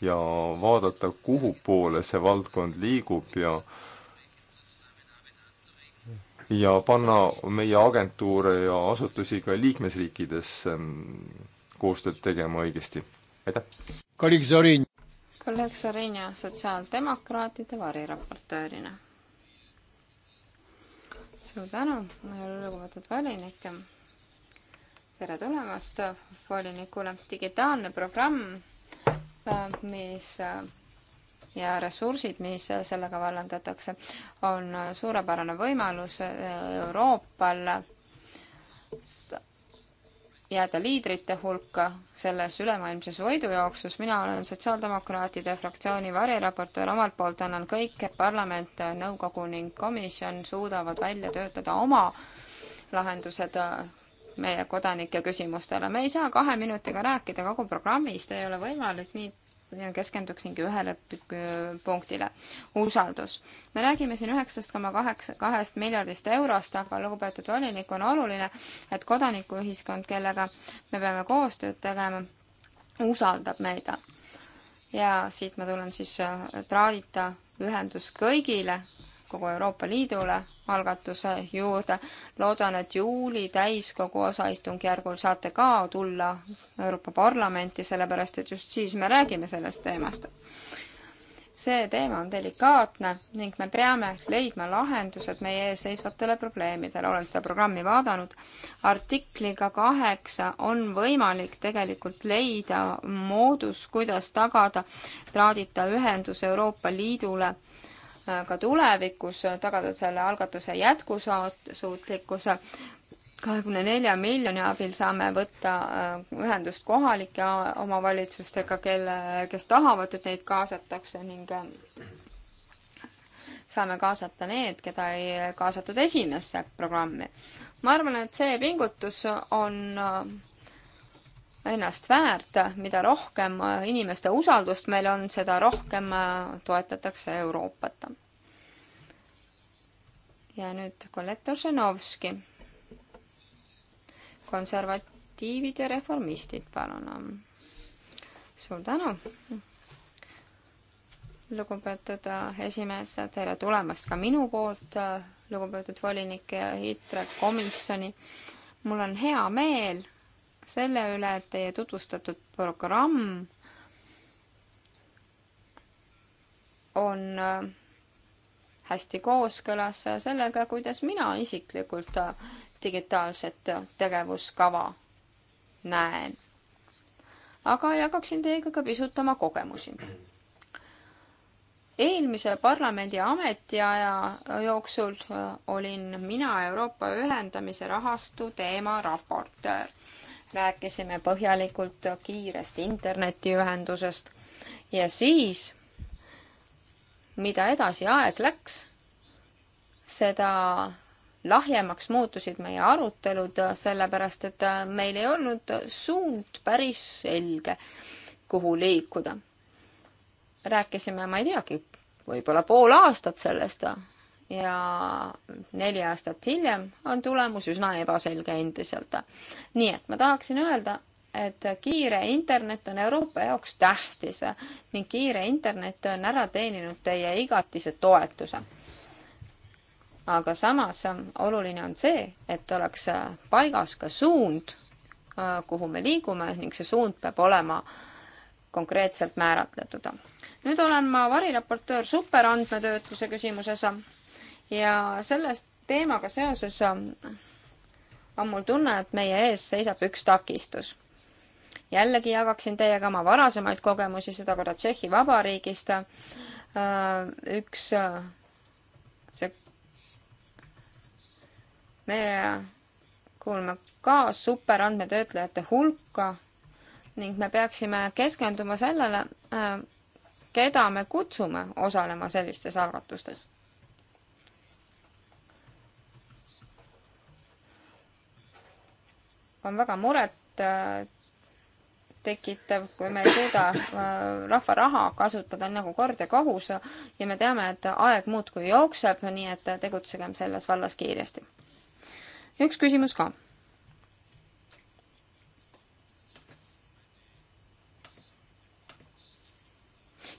ja vaadata, kuhu poole see valdkond liigub ja ja panna meie agentuure ja asutusi ka liikmesriikides mm, koostööd tegema õigesti. aitäh! kolleeg Zorin. kolleeg Zorin ja sotsiaaldemokraatide variraportöörina. suur tänu, lugupeetud volinik. tere tulemast volinikule. digitaalne programm mis äh, ja ressursid, mis sellega vallandatakse, on suurepärane võimalus äh, Euroopal jääda liidrite hulka selles ülemaailmses võidujooksus. mina olen Sotsiaaldemokraatide fraktsiooni variraportöör, omalt poolt annan kõik, et parlament, nõukogu ning komisjon suudavad välja töötada oma lahendused äh, meie kodanike küsimustele. me ei saa kahe minutiga rääkida kogu programmist, ei ole võimalik, nii keskenduksingi ühele punktile, usaldus. me räägime siin üheksast koma kaheksa, kahest miljardist eurost, aga lugupeetud volinik, on oluline, et kodanikuühiskond, kellega me peame koostööd tegema, usaldab meid. ja siit ma tulen siis äh, traadita ühendus kõigile kogu Euroopa Liidule algatuse juurde. loodan, et juuli täiskogu osaistungjärgul saate ka tulla Euroopa Parlamenti, sellepärast et just siis me räägime sellest teemast. see teema on delikaatne ning me peame leidma lahendused meie ees seisvatele probleemidele. olen seda programmi vaadanud. artikliga kaheksa on võimalik tegelikult leida moodus, kuidas tagada traadita ühendus Euroopa Liidule äh, ka tulevikus, tagada selle algatuse jätkusuutlikkuse. kahekümne nelja miljoni abil saame võtta äh, ühendust kohalike omavalitsustega, kelle, kes tahavad, et neid kaasatakse ning äh, saame kaasata need, keda ei kaasatud esimesse programmi. ma arvan, et see pingutus on äh, ennast väärt, mida rohkem äh, inimeste usaldust meil on, seda rohkem äh, toetatakse Euroopat. ja nüüd Kolett Ossinovski. konservatiivid ja reformistid, palun. suur tänu. lugupeetud äh, esimees, tere tulemast ka minu poolt, lugupeetud volinik ja ITRE komisjoni. mul on hea meel selle üle, et teie tutvustatud programm on äh, hästi kooskõlas sellega, kuidas mina isiklikult äh, digitaalset tegevuskava näen. aga jagaksin teiega ka pisut oma kogemusi. eelmise parlamendi ametiaja jooksul äh, olin mina Euroopa ühendamise rahastu teema raportöör rääkisime põhjalikult kiirest internetiühendusest ja siis, mida edasi aeg läks, seda lahjemaks muutusid meie arutelud, sellepärast et meil ei olnud suund päris selge, kuhu liikuda. rääkisime, ma ei teagi, võib-olla pool aastat sellest ja neli aastat hiljem on tulemus üsna ebaselge endiselt. nii et ma tahaksin öelda, et kiire internet on Euroopa jaoks tähtis ning kiire internet on ära teeninud teie igatise toetuse. aga samas oluline on see, et oleks paigas ka suund, kuhu me liigume ning see suund peab olema konkreetselt määratletud. nüüd olen ma variraportöör superandmetöötluse küsimuses ja sellest teemaga seoses on mul tunne, et meie ees seisab üks takistus. jällegi jagaksin teiega oma varasemaid kogemusi, seda korda Tšehhi Vabariigist. Äh, üks äh, see, me kuulume ka superandmetöötlejate hulka ning me peaksime keskenduma sellele, äh, keda me kutsume osalema sellistes algatustes on väga muret äh, tekitav, kui me ei suuda äh, rahva raha kasutada nagu kord ja kohus ja me teame, et aeg muudkui jookseb, nii et tegutsegem selles vallas kiiresti. üks küsimus ka.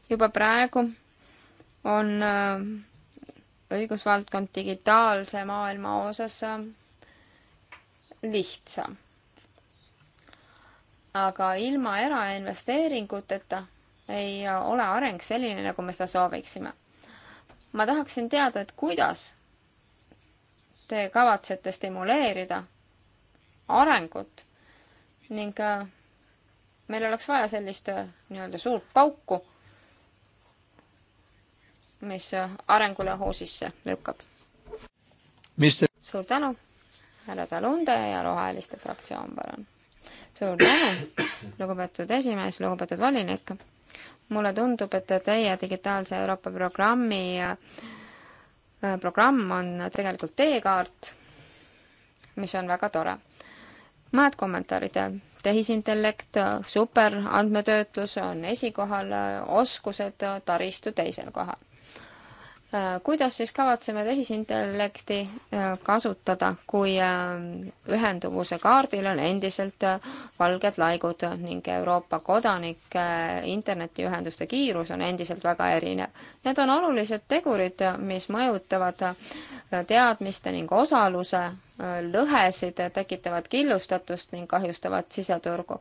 juba praegu on äh, õigusvaldkond digitaalse maailma osas lihtsam aga ilma erainvesteeringuteta ei ole areng selline, nagu me seda sooviksime. ma tahaksin teada, et kuidas te kavatsete stimuleerida arengut ning äh, meil oleks vaja sellist äh, nii-öelda suurt pauku, mis äh, arengule hoo sisse lükkab. suur tänu, härra Talunde ja Roheliste fraktsioon, palun suur tänu, lugupeetud esimees, lugupeetud volinik. mulle tundub, et teie digitaalse Euroopa programmi, äh, programm on tegelikult teekaart, mis on väga tore. mõned kommentaarid. tehisintellekt, superandmetöötlus on esikohal, oskused taristu teisel kohal Äh, kuidas siis kavatseme tehisintellekti äh, kasutada, kui äh, ühenduvuse kaardil on endiselt valged laigud ning Euroopa kodanike internetiühenduste kiirus on endiselt väga erinev? Need on olulised tegurid, mis mõjutavad teadmiste ning osaluse lõhesid, tekitavad killustatust ning kahjustavad siseturgu.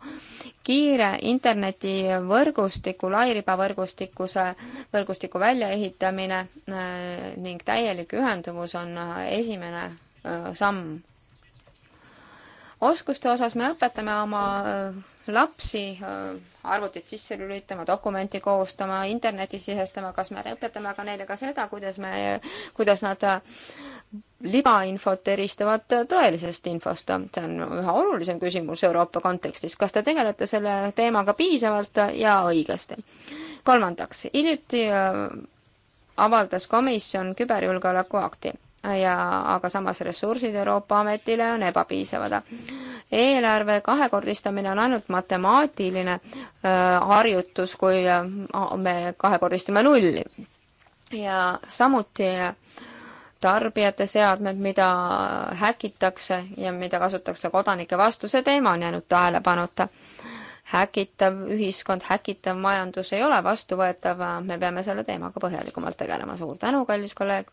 kiire internetivõrgustiku, lairibavõrgustikuse, võrgustiku väljaehitamine äh, ning täielik ühenduvus on äh, esimene äh, samm. oskuste osas me õpetame oma lapsi arvutit sisse lülitama, dokumenti koostama, interneti sisestama, kas me õpetame aga neile ka seda, kuidas me, kuidas nad libainfot eristavad tõelisest infost, see on üha olulisem küsimus Euroopa kontekstis. kas te tegelete selle teemaga piisavalt ja õigesti? kolmandaks, hiljuti äh, avaldas komisjon küberjulgeoleku akti ja aga samas ressursid Euroopa Ametile on ebapiisavad. eelarve kahekordistamine on ainult matemaatiline öö, äh, harjutus, kui äh, me kahekordistame nulli. ja samuti öö, tarbijate seadmed, mida häkitakse ja mida kasutatakse kodanike vastu, see teema on jäänud tähelepanuta. häkitav ühiskond, häkitav majandus ei ole vastuvõetav, me peame selle teemaga põhjalikumalt tegelema, suur tänu, kallis kolleeg!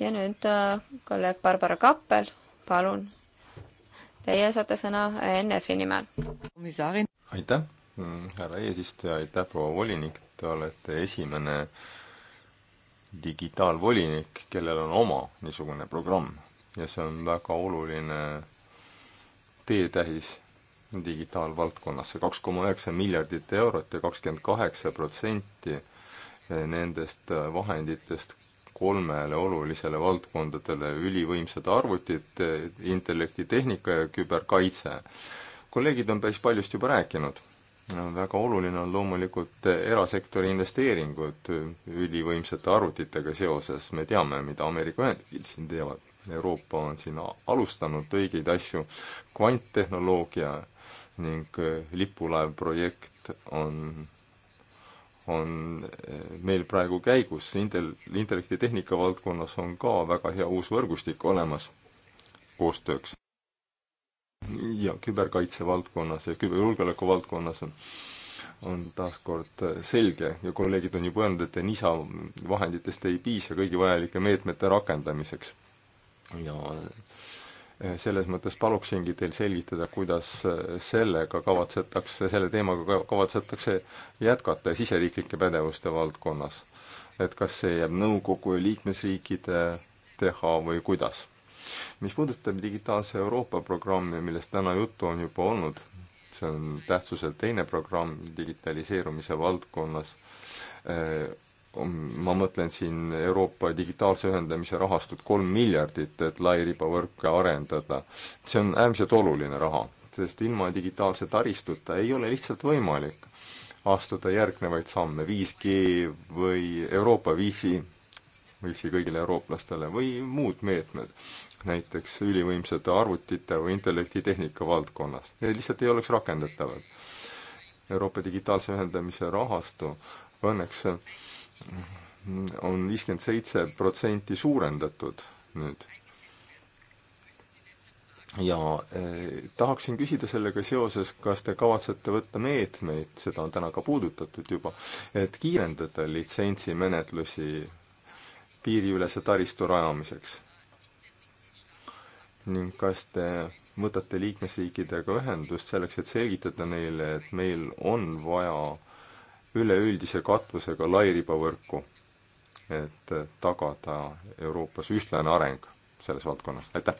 ja nüüd äh, kolleeg Barbara Kappel, palun, teie saate sõna NF-i nimel. aitäh, mm, härra eesistuja, aitäh, proua volinik, te olete esimene äh, digitaalvolinik, kellel on oma niisugune programm ja see on väga oluline teetähis digitaalvaldkonnas, see kaks koma üheksa miljardit eurot ja kakskümmend kaheksa protsenti nendest vahenditest kolmele olulisele valdkondadele, ülivõimsad arvutid, intellektitehnika ja küberkaitse. kolleegid on päris paljust juba rääkinud väga oluline on loomulikult erasektori investeeringud ülivõimsate arvutitega seoses, me teame, mida Ameerika Ühendriigid siin teevad. Euroopa on siin alustanud õigeid asju, kvanttehnoloogia ning lipulaev projekt on, on meil praegu käigus, intel-, intellektitehnika valdkonnas on ka väga hea uus võrgustik olemas koostööks ja küberkaitse valdkonnas ja küberjulgeoleku valdkonnas on, on taaskord äh, selge ja kolleegid on juba öelnud, et NISA vahenditest ei piisa kõigi vajalike meetmete rakendamiseks. ja äh, selles mõttes paluksingi teil selgitada, kuidas äh, sellega kavatsetakse, selle teemaga kavatsetakse jätkata siseriiklike pädevuste valdkonnas. et kas see jääb nõukogu ja liikmesriikide teha või kuidas? mis puudutab Digitaalse Euroopa programmi, millest täna juttu on juba olnud, see on tähtsuselt teine programm digitaliseerumise valdkonnas, äh, um, ma mõtlen siin Euroopa digitaalse ühendamise rahastut kolm miljardit, et lairibavõrke arendada. see on äärmiselt oluline raha, sest ilma digitaalse taristuta ei ole lihtsalt võimalik astuda järgnevaid samme 5G või Euroopa Wi-Fi, Wi-Fi kõigile eurooplastele või muud meetmed, näiteks ülivõimsate arvutite või intellektitehnika valdkonnas. Need lihtsalt ei oleks rakendatavad. Euroopa digitaalse ühendamise rahastu õnneks mm, on viiskümmend seitse protsenti suurendatud nüüd. ja eh, tahaksin küsida sellega seoses, kas te kavatsete võtta meetmeid, seda on täna ka puudutatud juba, et kiirendada litsentsimenetlusi piiriülese taristu rajamiseks ning kas te võtate liikmesriikidega ühendust selleks, et selgitada neile, et meil on vaja üleüldise katvusega lairibavõrku, et tagada Euroopas ühtlane areng selles valdkonnas, aitäh!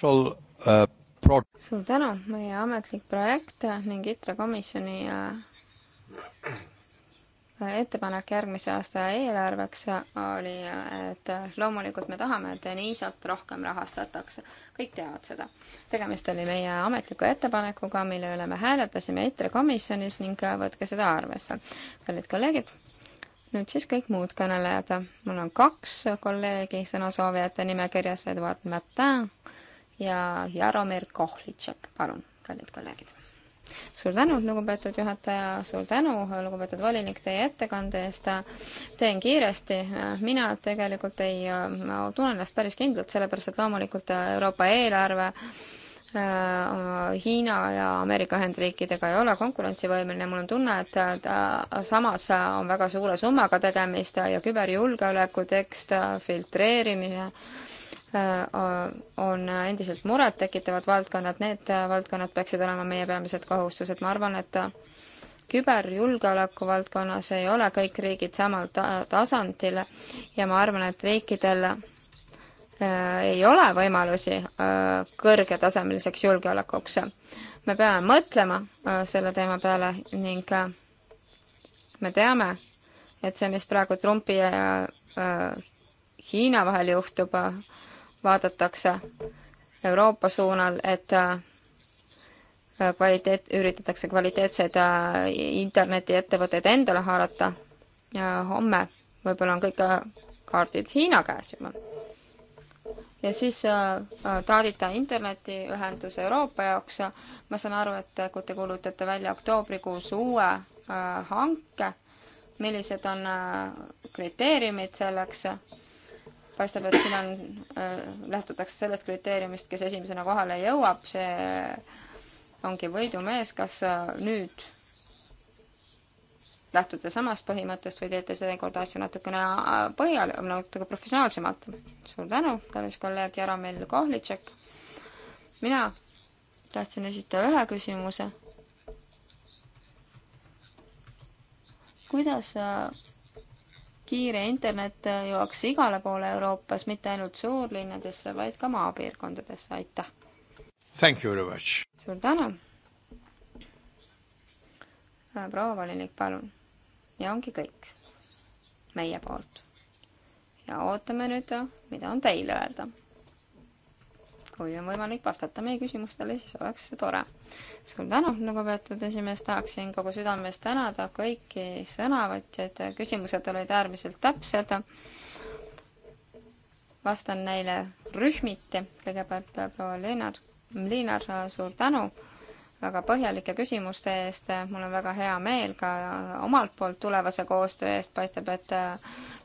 Uh, suur tänu, meie ametlik projekt ning ITRE komisjoni uh, ettepanek järgmise aasta eelarveks oli, et loomulikult me tahame, et Denisat rohkem rahastatakse. kõik teavad seda. tegemist oli meie ametliku ettepanekuga, mille üle me hääletasime EKRE komisjonis ning võtke seda arvesse. kallid kolleegid, nüüd siis kõik muud kõnelejad. mul on kaks kolleegi sõnasoovijate nimekirjas, Eduard Mätä ja Jaromir Kohlitšek. palun, kallid kolleegid suur tänu, lugupeetud juhataja, suur tänu, lugupeetud volinik, teie ettekande eest. teen kiiresti, mina tegelikult ei, ma tunnen ennast päris kindlalt, sellepärast et loomulikult Euroopa eelarve äh, Hiina ja Ameerika Ühendriikidega ei ole konkurentsivõimeline, mul on tunne, et ta äh, samas on väga suure summaga tegemist ja küberjulgeoleku tekst, filtreerimise äh, Äh, on endiselt murettekitavad valdkonnad, need äh, valdkonnad peaksid olema meie peamised kohustused, ma arvan, et äh, küberjulgeoleku valdkonnas ei ole kõik riigid samal ta tasandil ja ma arvan, et riikidel äh, ei ole võimalusi äh, kõrgetasemeliseks julgeolekuks. me peame mõtlema äh, selle teema peale ning me teame, et see, mis praegu Trumpi ja Hiina vahel juhtub, vaadatakse Euroopa suunal, et äh, kvaliteet, üritatakse kvaliteetseid äh, internetiettevõtteid endale haarata ja homme võib-olla on kõik äh, kaardid Hiina käes juba. ja siis traadita internetiühendus Euroopa jaoks, ma saan aru, et kui te kuulutate välja oktoobrikuus uue hanke, millised on kriteeriumid selleks paistab, et siin on äh,, lähtutakse sellest kriteeriumist, kes esimesena kohale jõuab, see ongi võidumees, kas äh, nüüd lähtute samast põhimõttest või teete seekord asju natukene äh, põhjal-, natuke professionaalsemalt. suur tänu, kallis kolleeg Jaromil Kohlitšek. mina tahtsin esitada ühe küsimuse. kuidas äh, kiire internet jõuaks igale poole Euroopas, mitte ainult suurlinnadesse, vaid ka maapiirkondadesse, aitäh! Thank you very much! suur tänu! Äh, proua volinik, palun! ja ongi kõik meie poolt. ja ootame nüüd, mida on teil öelda kui on võimalik vastata meie küsimustele, siis oleks see tore. suur tänu, lugupeetud esimees, tahaksin kogu südamest tänada kõiki sõnavõtjaid, küsimused olid äärmiselt täpsed. vastan neile rühmiti, kõigepealt proua Liinar, Liinar, suur tänu väga põhjalike küsimuste eest, mul on väga hea meel ka omalt poolt tulevase koostöö eest, paistab, et äh,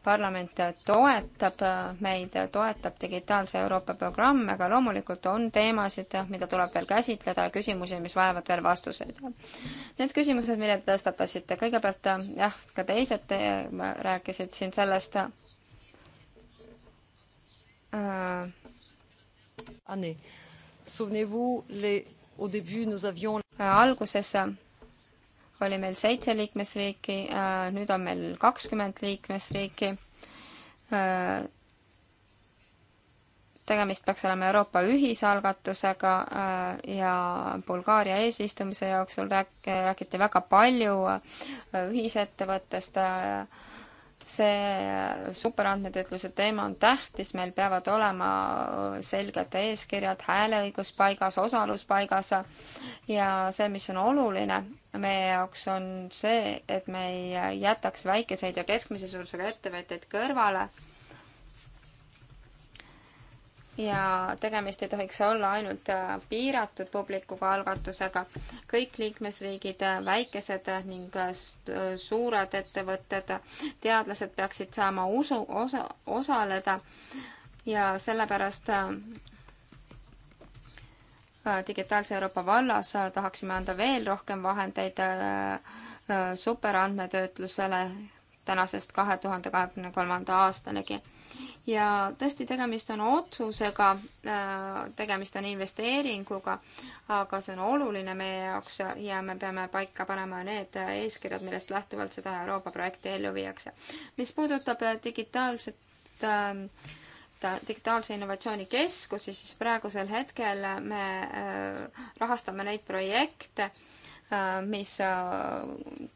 parlament toetab äh, meid, toetab Digitaalse Euroopa programme, aga loomulikult on teemasid, äh, mida tuleb veel käsitleda ja küsimusi, mis vajavad veel vastuseid. Need küsimused, mille te tõstatasite, kõigepealt jah, ka teised te rääkisid siin sellest äh,. Souvenez-vous les Äh, alguses äh, oli meil seitse liikmesriiki, äh, nüüd on meil kakskümmend liikmesriiki. tegemist peaks olema Euroopa ühisalgatusega ja Bulgaaria eesistumise jooksul rääk-, räägiti väga palju ühisettevõttest see superandmetöötluse teema on tähtis, meil peavad olema äh, selged eeskirjad, hääleõigus paigas, osalus paigas ja see, mis on oluline meie jaoks, on see, et me ei äh, jätaks väikeseid ja keskmise suurusega ettevõtteid kõrvale ja tegemist ei tohiks olla ainult äh, piiratud publikuga algatusega. kõik liikmesriigid, äh, väikesed ning äh, suured ettevõtted, teadlased peaksid saama usu, osa, osaleda ja sellepärast digitaalse Euroopa vallas tahaksime anda veel rohkem vahendeid superandmetöötlusele tänasest kahe tuhande kahekümne kolmanda aastanigi ja tõesti, tegemist on otsusega, äh, tegemist on investeeringuga, aga see on oluline meie jaoks ja me peame paika panema need eeskirjad, millest lähtuvalt seda Euroopa projekti ellu viiakse. mis puudutab äh, digitaalset ähm, digitaalse innovatsiooni keskusi, siis praegusel hetkel me äh, rahastame neid projekte, Äh, mis äh,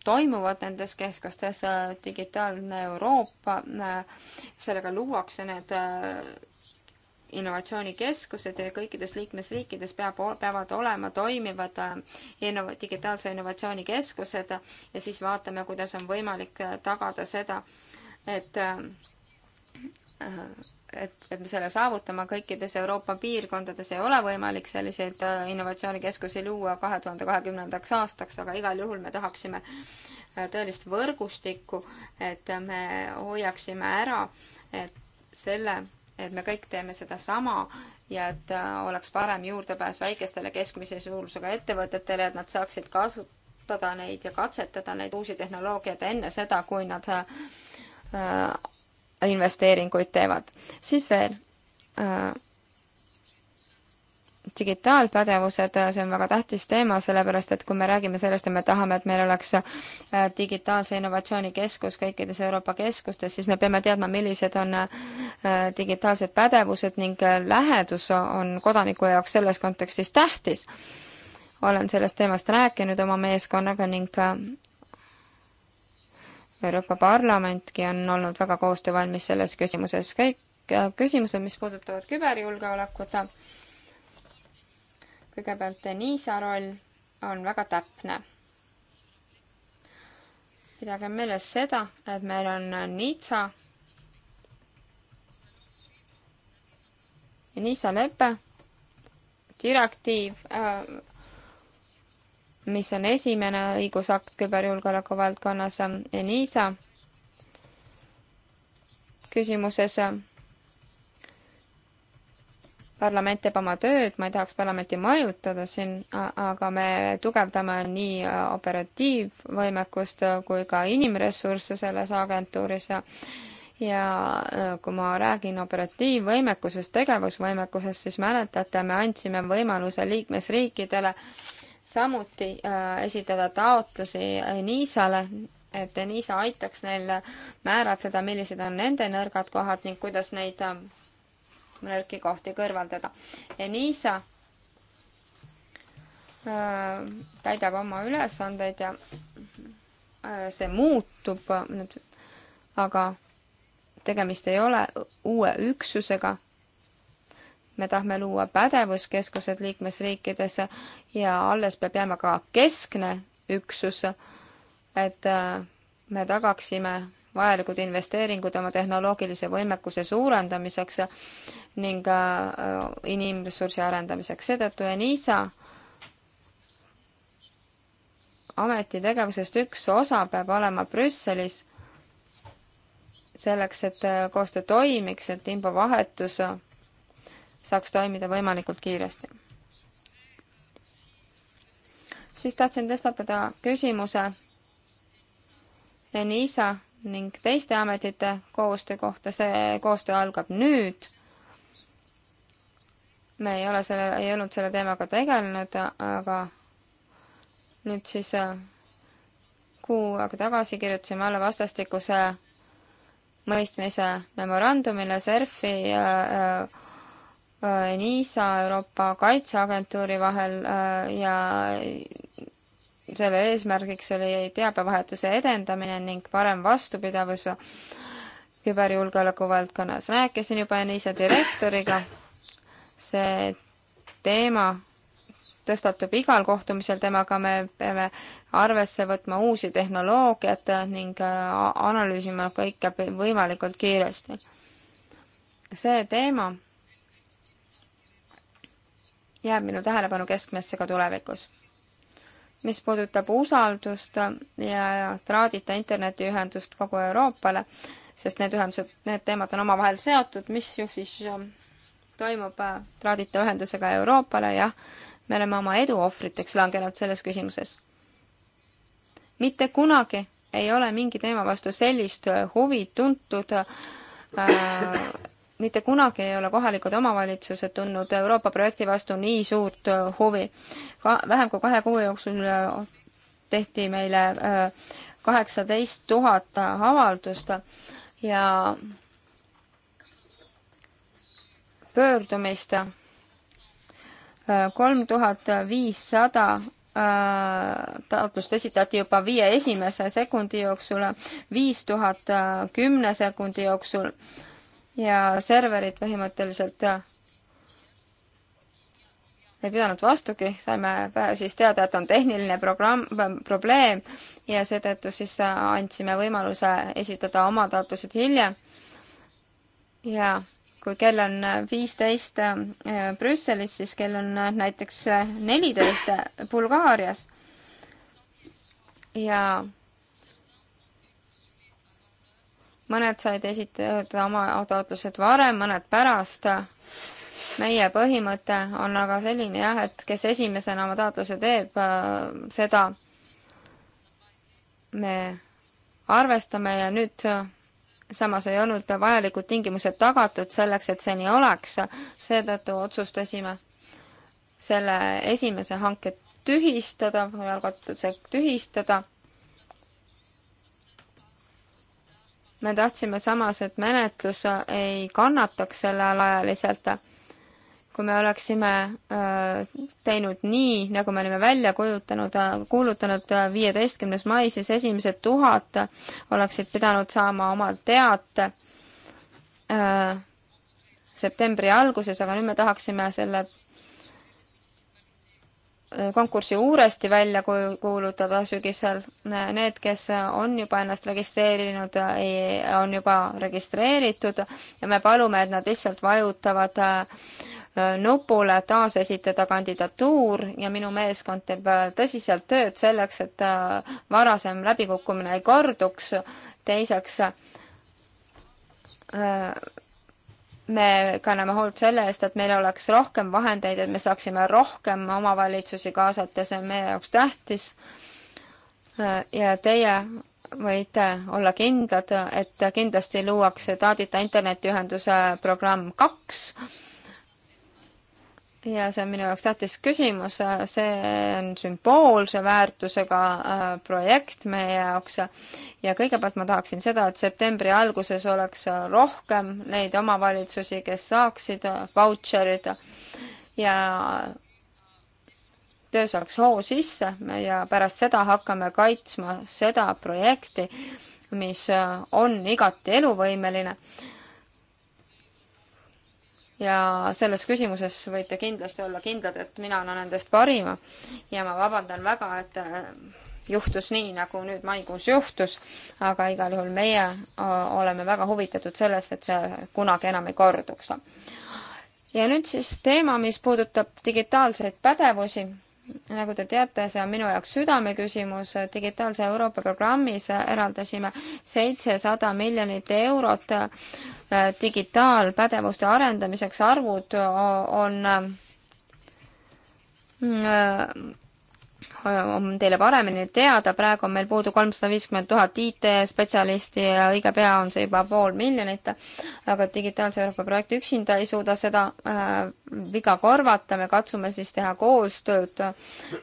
toimuvad nendes keskustes, äh, digitaalne Euroopa, sellega luuakse need innovatsioonikeskused ja kõikides liikmesriikides peab, peavad olema toimivad innova-, digitaalse innovatsioonikeskused ja siis vaatame, kuidas on võimalik tagada seda, et et, et me selle saavutama kõikides Euroopa piirkondades ei ole võimalik selliseid äh, innovatsioonikeskusi luua kahe tuhande kahekümnendaks aastaks, aga igal juhul me tahaksime äh, tõelist võrgustikku, et me hoiaksime ära, et selle, et me kõik teeme sedasama ja et äh, oleks parem juurdepääs väikestele keskmise suurusega ettevõtetele, et nad saaksid kasutada neid ja katsetada neid uusi tehnoloogiaid enne seda, kui nad investeeringuid teevad. siis veel äh, digitaalpädevused, äh, see on väga tähtis teema, sellepärast et kui me räägime sellest ja me tahame, et meil oleks äh, digitaalse innovatsiooni keskus kõikides Euroopa keskustes, siis me peame teadma, millised on äh, digitaalsed pädevused ning lähedus on kodaniku jaoks selles kontekstis tähtis. olen sellest teemast rääkinud oma meeskonnaga ning Euroopa Parlamentki on olnud väga koostöövalmis selles küsimuses. kõik äh, küsimused, mis puudutavad küberjulgeolekut, kõigepealt Denisa roll on väga täpne. pidage meeles seda, et meil on Nitsa ja Nitsa lepe, direktiiv äh,, mis on esimene õigusakt küberjulgeoleku valdkonnas ENISA küsimuses. parlament teeb oma tööd, ma ei tahaks parlamenti mõjutada siin, aga me tugevdame nii operatiivvõimekust kui ka inimressursse selles agentuuris ja ja äh, kui ma räägin operatiivvõimekusest, tegevusvõimekusest, siis mäletate, me andsime võimaluse liikmesriikidele äh, samuti äh, esitada taotlusi äh, Niisale, et Niisa aitaks neil määratleda, millised on nende nõrgad kohad ning kuidas neid äh, nõrki kohti kõrvaldada. Niisa täidab oma ülesandeid ja see muutub, aga tegemist ei ole uue üksusega me tahame luua pädevuskeskused liikmesriikides ja alles peab jääma ka keskne üksus, et äh, me tagaksime vajalikud investeeringud oma tehnoloogilise võimekuse suurendamiseks ning äh, äh, inimressursi arendamiseks. seetõttu Enisa ameti tegevusest üks osa peab olema Brüsselis selleks, et koostöö toimiks, et infovahetus saaks toimida võimalikult kiiresti. siis tahtsin tõstatada küsimuse ENISA ning teiste ametite koostöö kohta, see koostöö algab nüüd. me ei ole selle, ei olnud selle teemaga tegelenud, aga nüüd siis äh, kuu aega tagasi kirjutasime alla vastastikuse mõistmise memorandumile SERF-i äh, äh Äh, NISA, Euroopa Kaitseagentuuri vahel äh, ja selle eesmärgiks oli teabevahetuse edendamine ning parem vastupidavus küberjulgeoleku valdkonnas. rääkisin juba NISA direktoriga, see teema tõstatub igal kohtumisel temaga, me peame arvesse võtma uusi tehnoloogiat ning äh, analüüsima kõike võimalikult kiiresti. see teema jääb minu tähelepanu keskmesse ka tulevikus. mis puudutab usaldust ja traadita internetiühendust kogu Euroopale, sest need ühendused, need teemad on omavahel seotud, mis ju siis äh, toimub äh, traadita ühendusega Euroopale, jah, me oleme oma edu ohvriteks langenud selles küsimuses. mitte kunagi ei ole mingi teema vastu sellist äh, huvi tuntud äh, mitte kunagi ei ole kohalikud omavalitsused tundnud Euroopa projekti vastu nii suurt äh, huvi. ka vähem kui kahe kuu jooksul äh, tehti meile äh, kaheksateist tuhat avaldust ja pöördumist kolm tuhat viissada taotlust esitati juba viie esimese sekundi jooksul, viis tuhat kümne sekundi jooksul ja serverid põhimõtteliselt ei pidanud vastugi, saime siis teada, et on tehniline programm, probleem ja seetõttu siis äh, andsime võimaluse esitada oma taotlused hiljem. ja kui kell on äh, viisteist äh, Brüsselis, siis kell on näiteks neliteist Bulgaarias. ja mõned said esitada oma taotlused varem, mõned pärast. meie põhimõte on aga selline jah, et kes esimesena oma taotluse teeb, äh, seda me arvestame ja nüüd äh, samas ei olnud vajalikud tingimused tagatud selleks, et see nii oleks, seetõttu otsustasime selle esimese hanke tühistada või algatuse tühistada me tahtsime samas, et menetlus ei kannataks selle all ajaliselt. kui me oleksime äh, teinud nii, nagu me olime välja kujutanud, äh, kuulutanud äh, viieteistkümnes mai, siis esimesed tuhat oleksid pidanud saama oma teate septembri alguses, aga nüüd me tahaksime selle konkursi uuesti välja kuulutada sügisel. Need, kes on juba ennast registreerinud, on juba registreeritud ja me palume, et nad lihtsalt vajutavad äh, nupule taasesitada kandidatuur ja minu meeskond teeb äh, tõsiselt tööd selleks, et äh, varasem läbikukkumine ei korduks. teiseks me kanname hoolt selle eest, et meil oleks rohkem vahendeid, et me saaksime rohkem omavalitsusi kaasata, see on meie jaoks tähtis. ja teie võite olla kindlad, et kindlasti luuakse Taadita internetiühenduse programm kaks ja see on minu jaoks tähtis küsimus, see on sümboolse väärtusega äh, projekt meie jaoks ja kõigepealt ma tahaksin seda, et septembri alguses oleks rohkem neid omavalitsusi, kes saaksid vautšerid ja töö saaks hoo sisse ja pärast seda hakkame kaitsma seda projekti, mis on igati eluvõimeline ja selles küsimuses võite kindlasti olla kindlad, et mina annan endast parima ja ma vabandan väga, et äh, juhtus nii, nagu nüüd maikuus juhtus, aga igal juhul meie oleme väga huvitatud sellest, et see kunagi enam ei korduks. ja nüüd siis teema, mis puudutab digitaalseid pädevusi nagu te teate, see on minu jaoks südameküsimus, Digitaalse Euroopa programmis eraldasime seitsesada miljonit eurot digitaalpädevuste arendamiseks, arvud on mm, on teile paremini teada, praegu on meil puudu kolmsada viiskümmend tuhat IT-spetsialisti ja õige pea on see juba pool miljonit, aga Digitaalse Euroopa projekt üksinda ei suuda seda äh, viga korvata, me katsume siis teha koostööd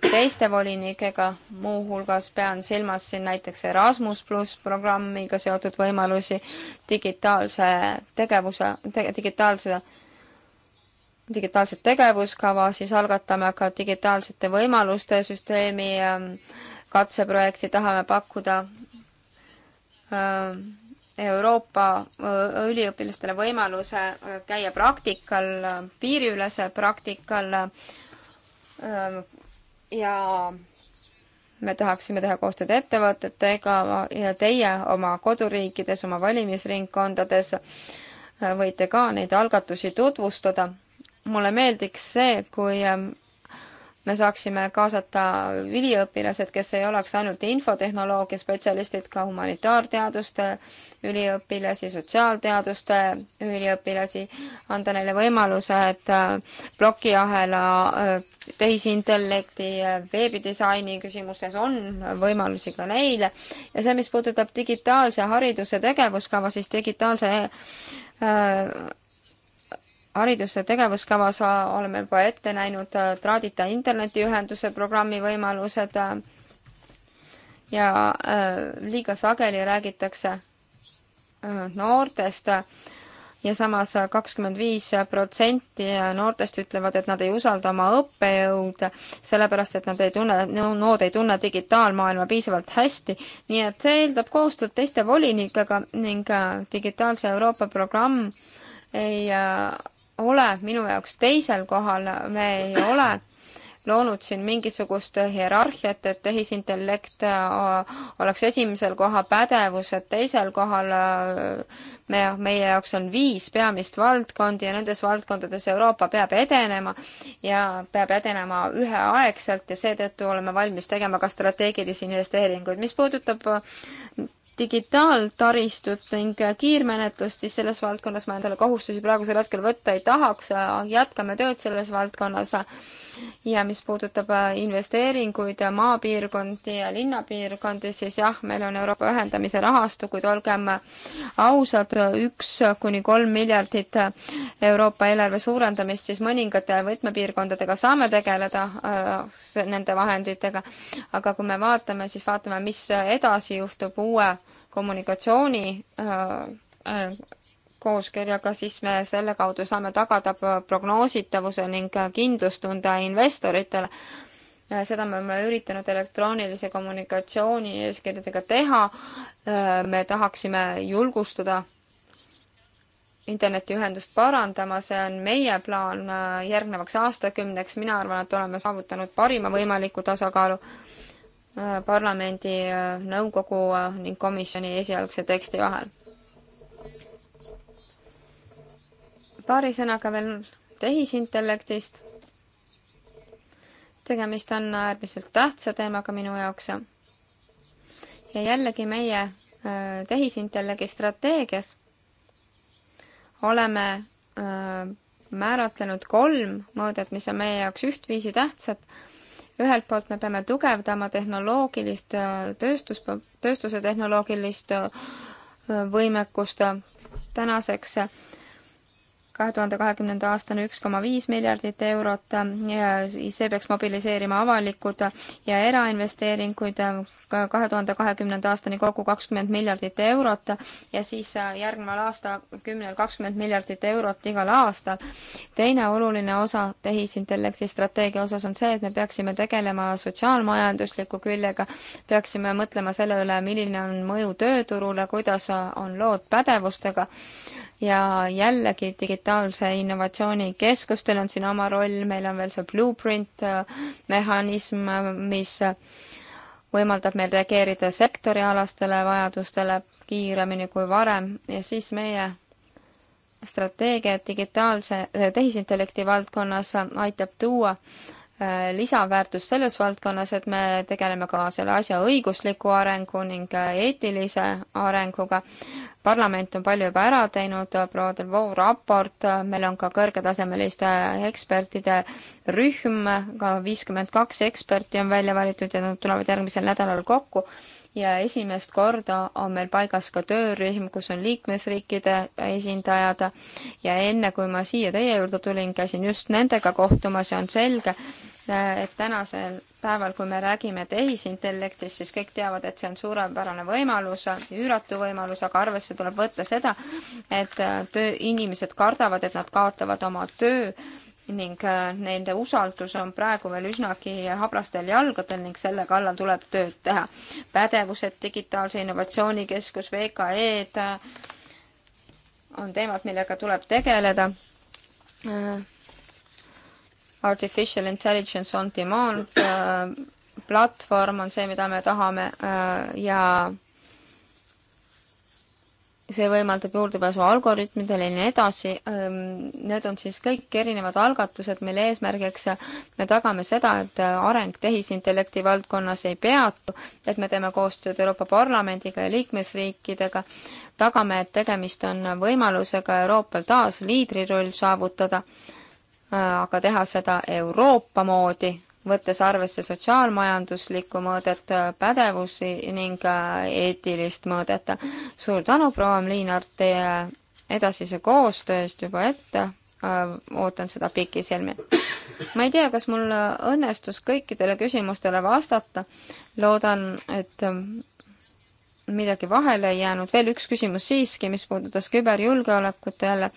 teiste volinikega, muuhulgas pean silmas siin näiteks Erasmus pluss programmiga seotud võimalusi, digitaalse tegevuse te,, digitaalse digitaalset tegevuskava, siis algatame ka digitaalsete võimaluste süsteemi ähm, katseprojekti, tahame pakkuda ähm, Euroopa äh, üliõpilastele võimaluse äh, käia praktikal, äh, piiriülese praktikal ähm, ja me tahaksime teha koostööd ettevõtetega ja teie oma koduriikides, oma valimisringkondades võite ka neid algatusi tutvustada mulle meeldiks see, kui ähm, me saaksime kaasata üliõpilased, kes ei oleks ainult infotehnoloogia spetsialistid, ka humanitaarteaduste üliõpilasi, sotsiaalteaduste üliõpilasi, anda neile võimalused äh, plokiahela äh, tehisintellekti, äh, veebidisaini küsimustes on võimalusi ka neile. ja see, mis puudutab digitaalse hariduse tegevuskava, siis digitaalse äh, hariduse tegevuskavas oleme juba ette näinud äh, traadita internetiühenduse programmi võimalused äh, ja äh, liiga sageli räägitakse noortest ja samas kakskümmend viis protsenti noortest ütlevad, et nad ei usalda oma õppejõude, sellepärast et nad ei tunne, nood ei tunne digitaalmaailma piisavalt hästi. nii et see eeldab koostööd teiste volinikega ning Digitaalse Euroopa programm ei ole minu jaoks teisel kohal, me ei ole loonud siin mingisugust hierarhiat, et tehisintellekt äh, oleks esimesel kohal, pädevused teisel kohal. Äh, me, meie jaoks on viis peamist valdkondi ja nendes valdkondades Euroopa peab edenema ja peab edenema üheaegselt ja seetõttu oleme valmis tegema ka strateegilisi investeeringuid. mis puudutab äh, digitaaltaristut ning kiirmenetlust, siis selles valdkonnas ma endale kohustusi praegusel hetkel võtta ei tahaks, jätkame tööd selles valdkonnas ja mis puudutab äh, investeeringuid äh, maapiirkondi ja linnapiirkondi, siis jah, meil on Euroopa ühendamise rahastu, kuid olgem äh, ausad, üks kuni kolm miljardit Euroopa eelarve suurendamist, siis mõningate võtmepiirkondadega saame tegeleda nende vahenditega, aga kui me vaatame, siis vaatame, mis edasi juhtub uue kommunikatsiooni kooskõlaskooskirjaga, siis me selle kaudu saame tagada prognoositavuse ning kindlustunde investoritele. seda me oleme üritanud elektroonilise kommunikatsiooni eeskirjadega teha. me tahaksime julgustada internetiühendust parandama, see on meie plaan järgnevaks aastakümneks, mina arvan, et oleme saavutanud parima võimaliku tasakaalu parlamendi, nõukogu ning komisjoni esialgse teksti vahel. paari sõnaga veel tehisintellektist. tegemist on äärmiselt tähtsa teemaga minu jaoks. ja jällegi meie äh, tehisintellekti strateegias oleme äh, määratlenud kolm mõõdet, mis on meie jaoks ühtviisi tähtsad. ühelt poolt me peame tugevdama tehnoloogilist äh, tööstus, tööstuse tehnoloogilist võimekust tänaseks kahe tuhande kahekümnenda aastani üks koma viis miljardit eurot ja see peaks mobiliseerima avalikud ja erainvesteeringuid kahe tuhande kahekümnenda aastani kogu kakskümmend miljardit eurot ja siis järgneval aastakümnel kakskümmend miljardit eurot igal aastal. teine oluline osa tehisintellekti strateegia osas on see, et me peaksime tegelema sotsiaalmajandusliku küljega, peaksime mõtlema selle üle, milline on mõju tööturule, kuidas on lood pädevustega ja jällegi digitaalse innovatsiooni keskustel on siin oma roll, meil on veel see blueprint äh, mehhanism, mis võimaldab meil reageerida sektorialastele vajadustele kiiremini kui varem ja siis meie strateegia digitaalse, äh, tehisintellekti valdkonnas aitab tuua äh, lisaväärtust selles valdkonnas, et me tegeleme ka selle asja õigusliku arengu ning eetilise arenguga parlament on palju juba ära teinud, proua Delvaux raport, meil on ka kõrgetasemeliste ekspertide rühm, ka viiskümmend kaks eksperti on välja valitud ja nad tulevad järgmisel nädalal kokku ja esimest korda on meil paigas ka töörühm, kus on liikmesriikide esindajad ja enne, kui ma siia teie juurde tulin, käisin just nendega kohtumas ja on selge, Äh, et tänasel päeval, kui me räägime tehisintellektist, siis kõik teavad, et see on suurepärane võimalus, üüratu võimalus, aga arvesse tuleb võtta seda, et äh, töö, inimesed kardavad, et nad kaotavad oma töö ning äh, nende usaldus on praegu veel üsnagi habrastel jalgadel ning selle kallal tuleb tööd teha. pädevused, digitaalse innovatsioonikeskus, VKE-d on teemad, millega tuleb tegeleda Artificial Intelligence on Demand äh, platvorm on see, mida me tahame äh, ja see võimaldab juurdepääsu algoritmidele ja nii edasi. Ähm, need on siis kõik erinevad algatused, mille eesmärgiks me tagame seda, et areng tehisintellekti valdkonnas ei peatu, et me teeme koostööd Euroopa Parlamendiga ja liikmesriikidega, tagame, et tegemist on võimalusega Euroopal taas liidriroll saavutada Äh, aga teha seda Euroopa moodi, võttes arvesse sotsiaalmajanduslikku mõõdet, äh, pädevusi ning äh, eetilist mõõdet. suur tänu, proua Liinart, teie edasise koostöö eest juba ette, ootan seda pikisilmi. ma ei tea, kas mul õnnestus kõikidele küsimustele vastata, loodan, et midagi vahele ei jäänud, veel üks küsimus siiski, mis puudutas küberjulgeolekut jälle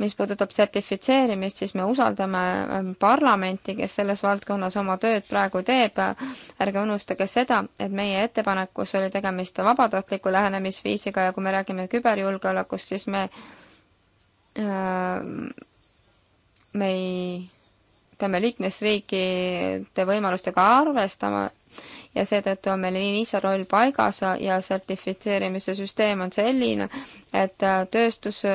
mis puudutab sertifitseerimist, siis me usaldame ähm, parlamenti, kes selles valdkonnas oma tööd praegu teeb. ärge unustage seda, et meie ettepanekus oli tegemist vabatahtliku lähenemisviisiga ja kui me räägime küberjulgeolekust, siis me, ähm, me ei, peame liikmesriikide võimalustega arvestama ja seetõttu on meil NISA roll paigas ja sertifitseerimise süsteem on selline, et äh, tööstuse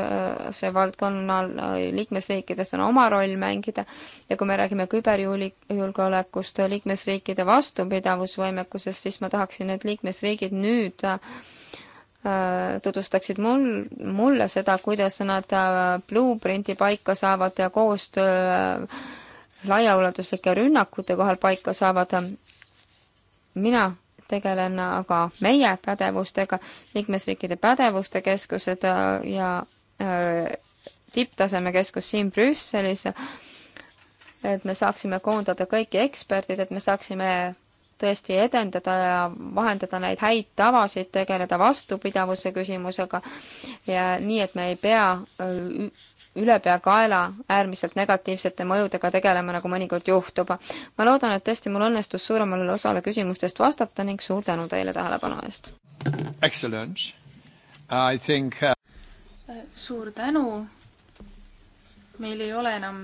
äh, valdkonnal äh, liikmesriikides on oma roll mängida ja kui me räägime küberjulgeolekust, liikmesriikide vastupidavusvõimekusest, siis ma tahaksin, et liikmesriigid nüüd tutvustaksid mul, mulle seda, kuidas nad blueprinti paika saavad ja koostöö laiaulatuslike rünnakute kohal paika saavad mina tegelen aga meie pädevustega, liikmesriikide pädevuste keskused äh, ja äh, tipptasemekeskus siin Brüsselis, et me saaksime koondada kõiki eksperdid, et me saaksime tõesti edendada ja vahendada neid häid tavasid, tegeleda vastupidavuse küsimusega ja nii, et me ei pea äh, ülepeakaela äärmiselt negatiivsete mõjudega tegelema, nagu mõnikord juhtub. ma loodan, et tõesti mul õnnestus suuremale osale küsimustest vastata ning suur tänu teile tähelepanu eest! Excellent! I think uh... suur tänu! meil ei ole enam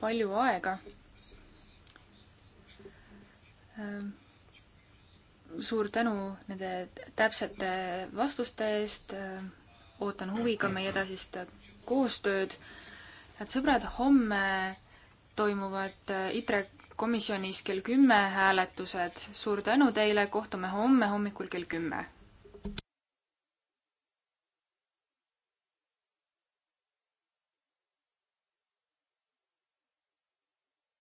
palju aega. Ehm, suur tänu nende täpsete vastuste eest ehm, ootan huviga meie edasist koostööd. head sõbrad, homme toimuvad äh, ITRE komisjonis kell kümme hääletused. suur tänu teile, kohtume homme hommikul kell kümme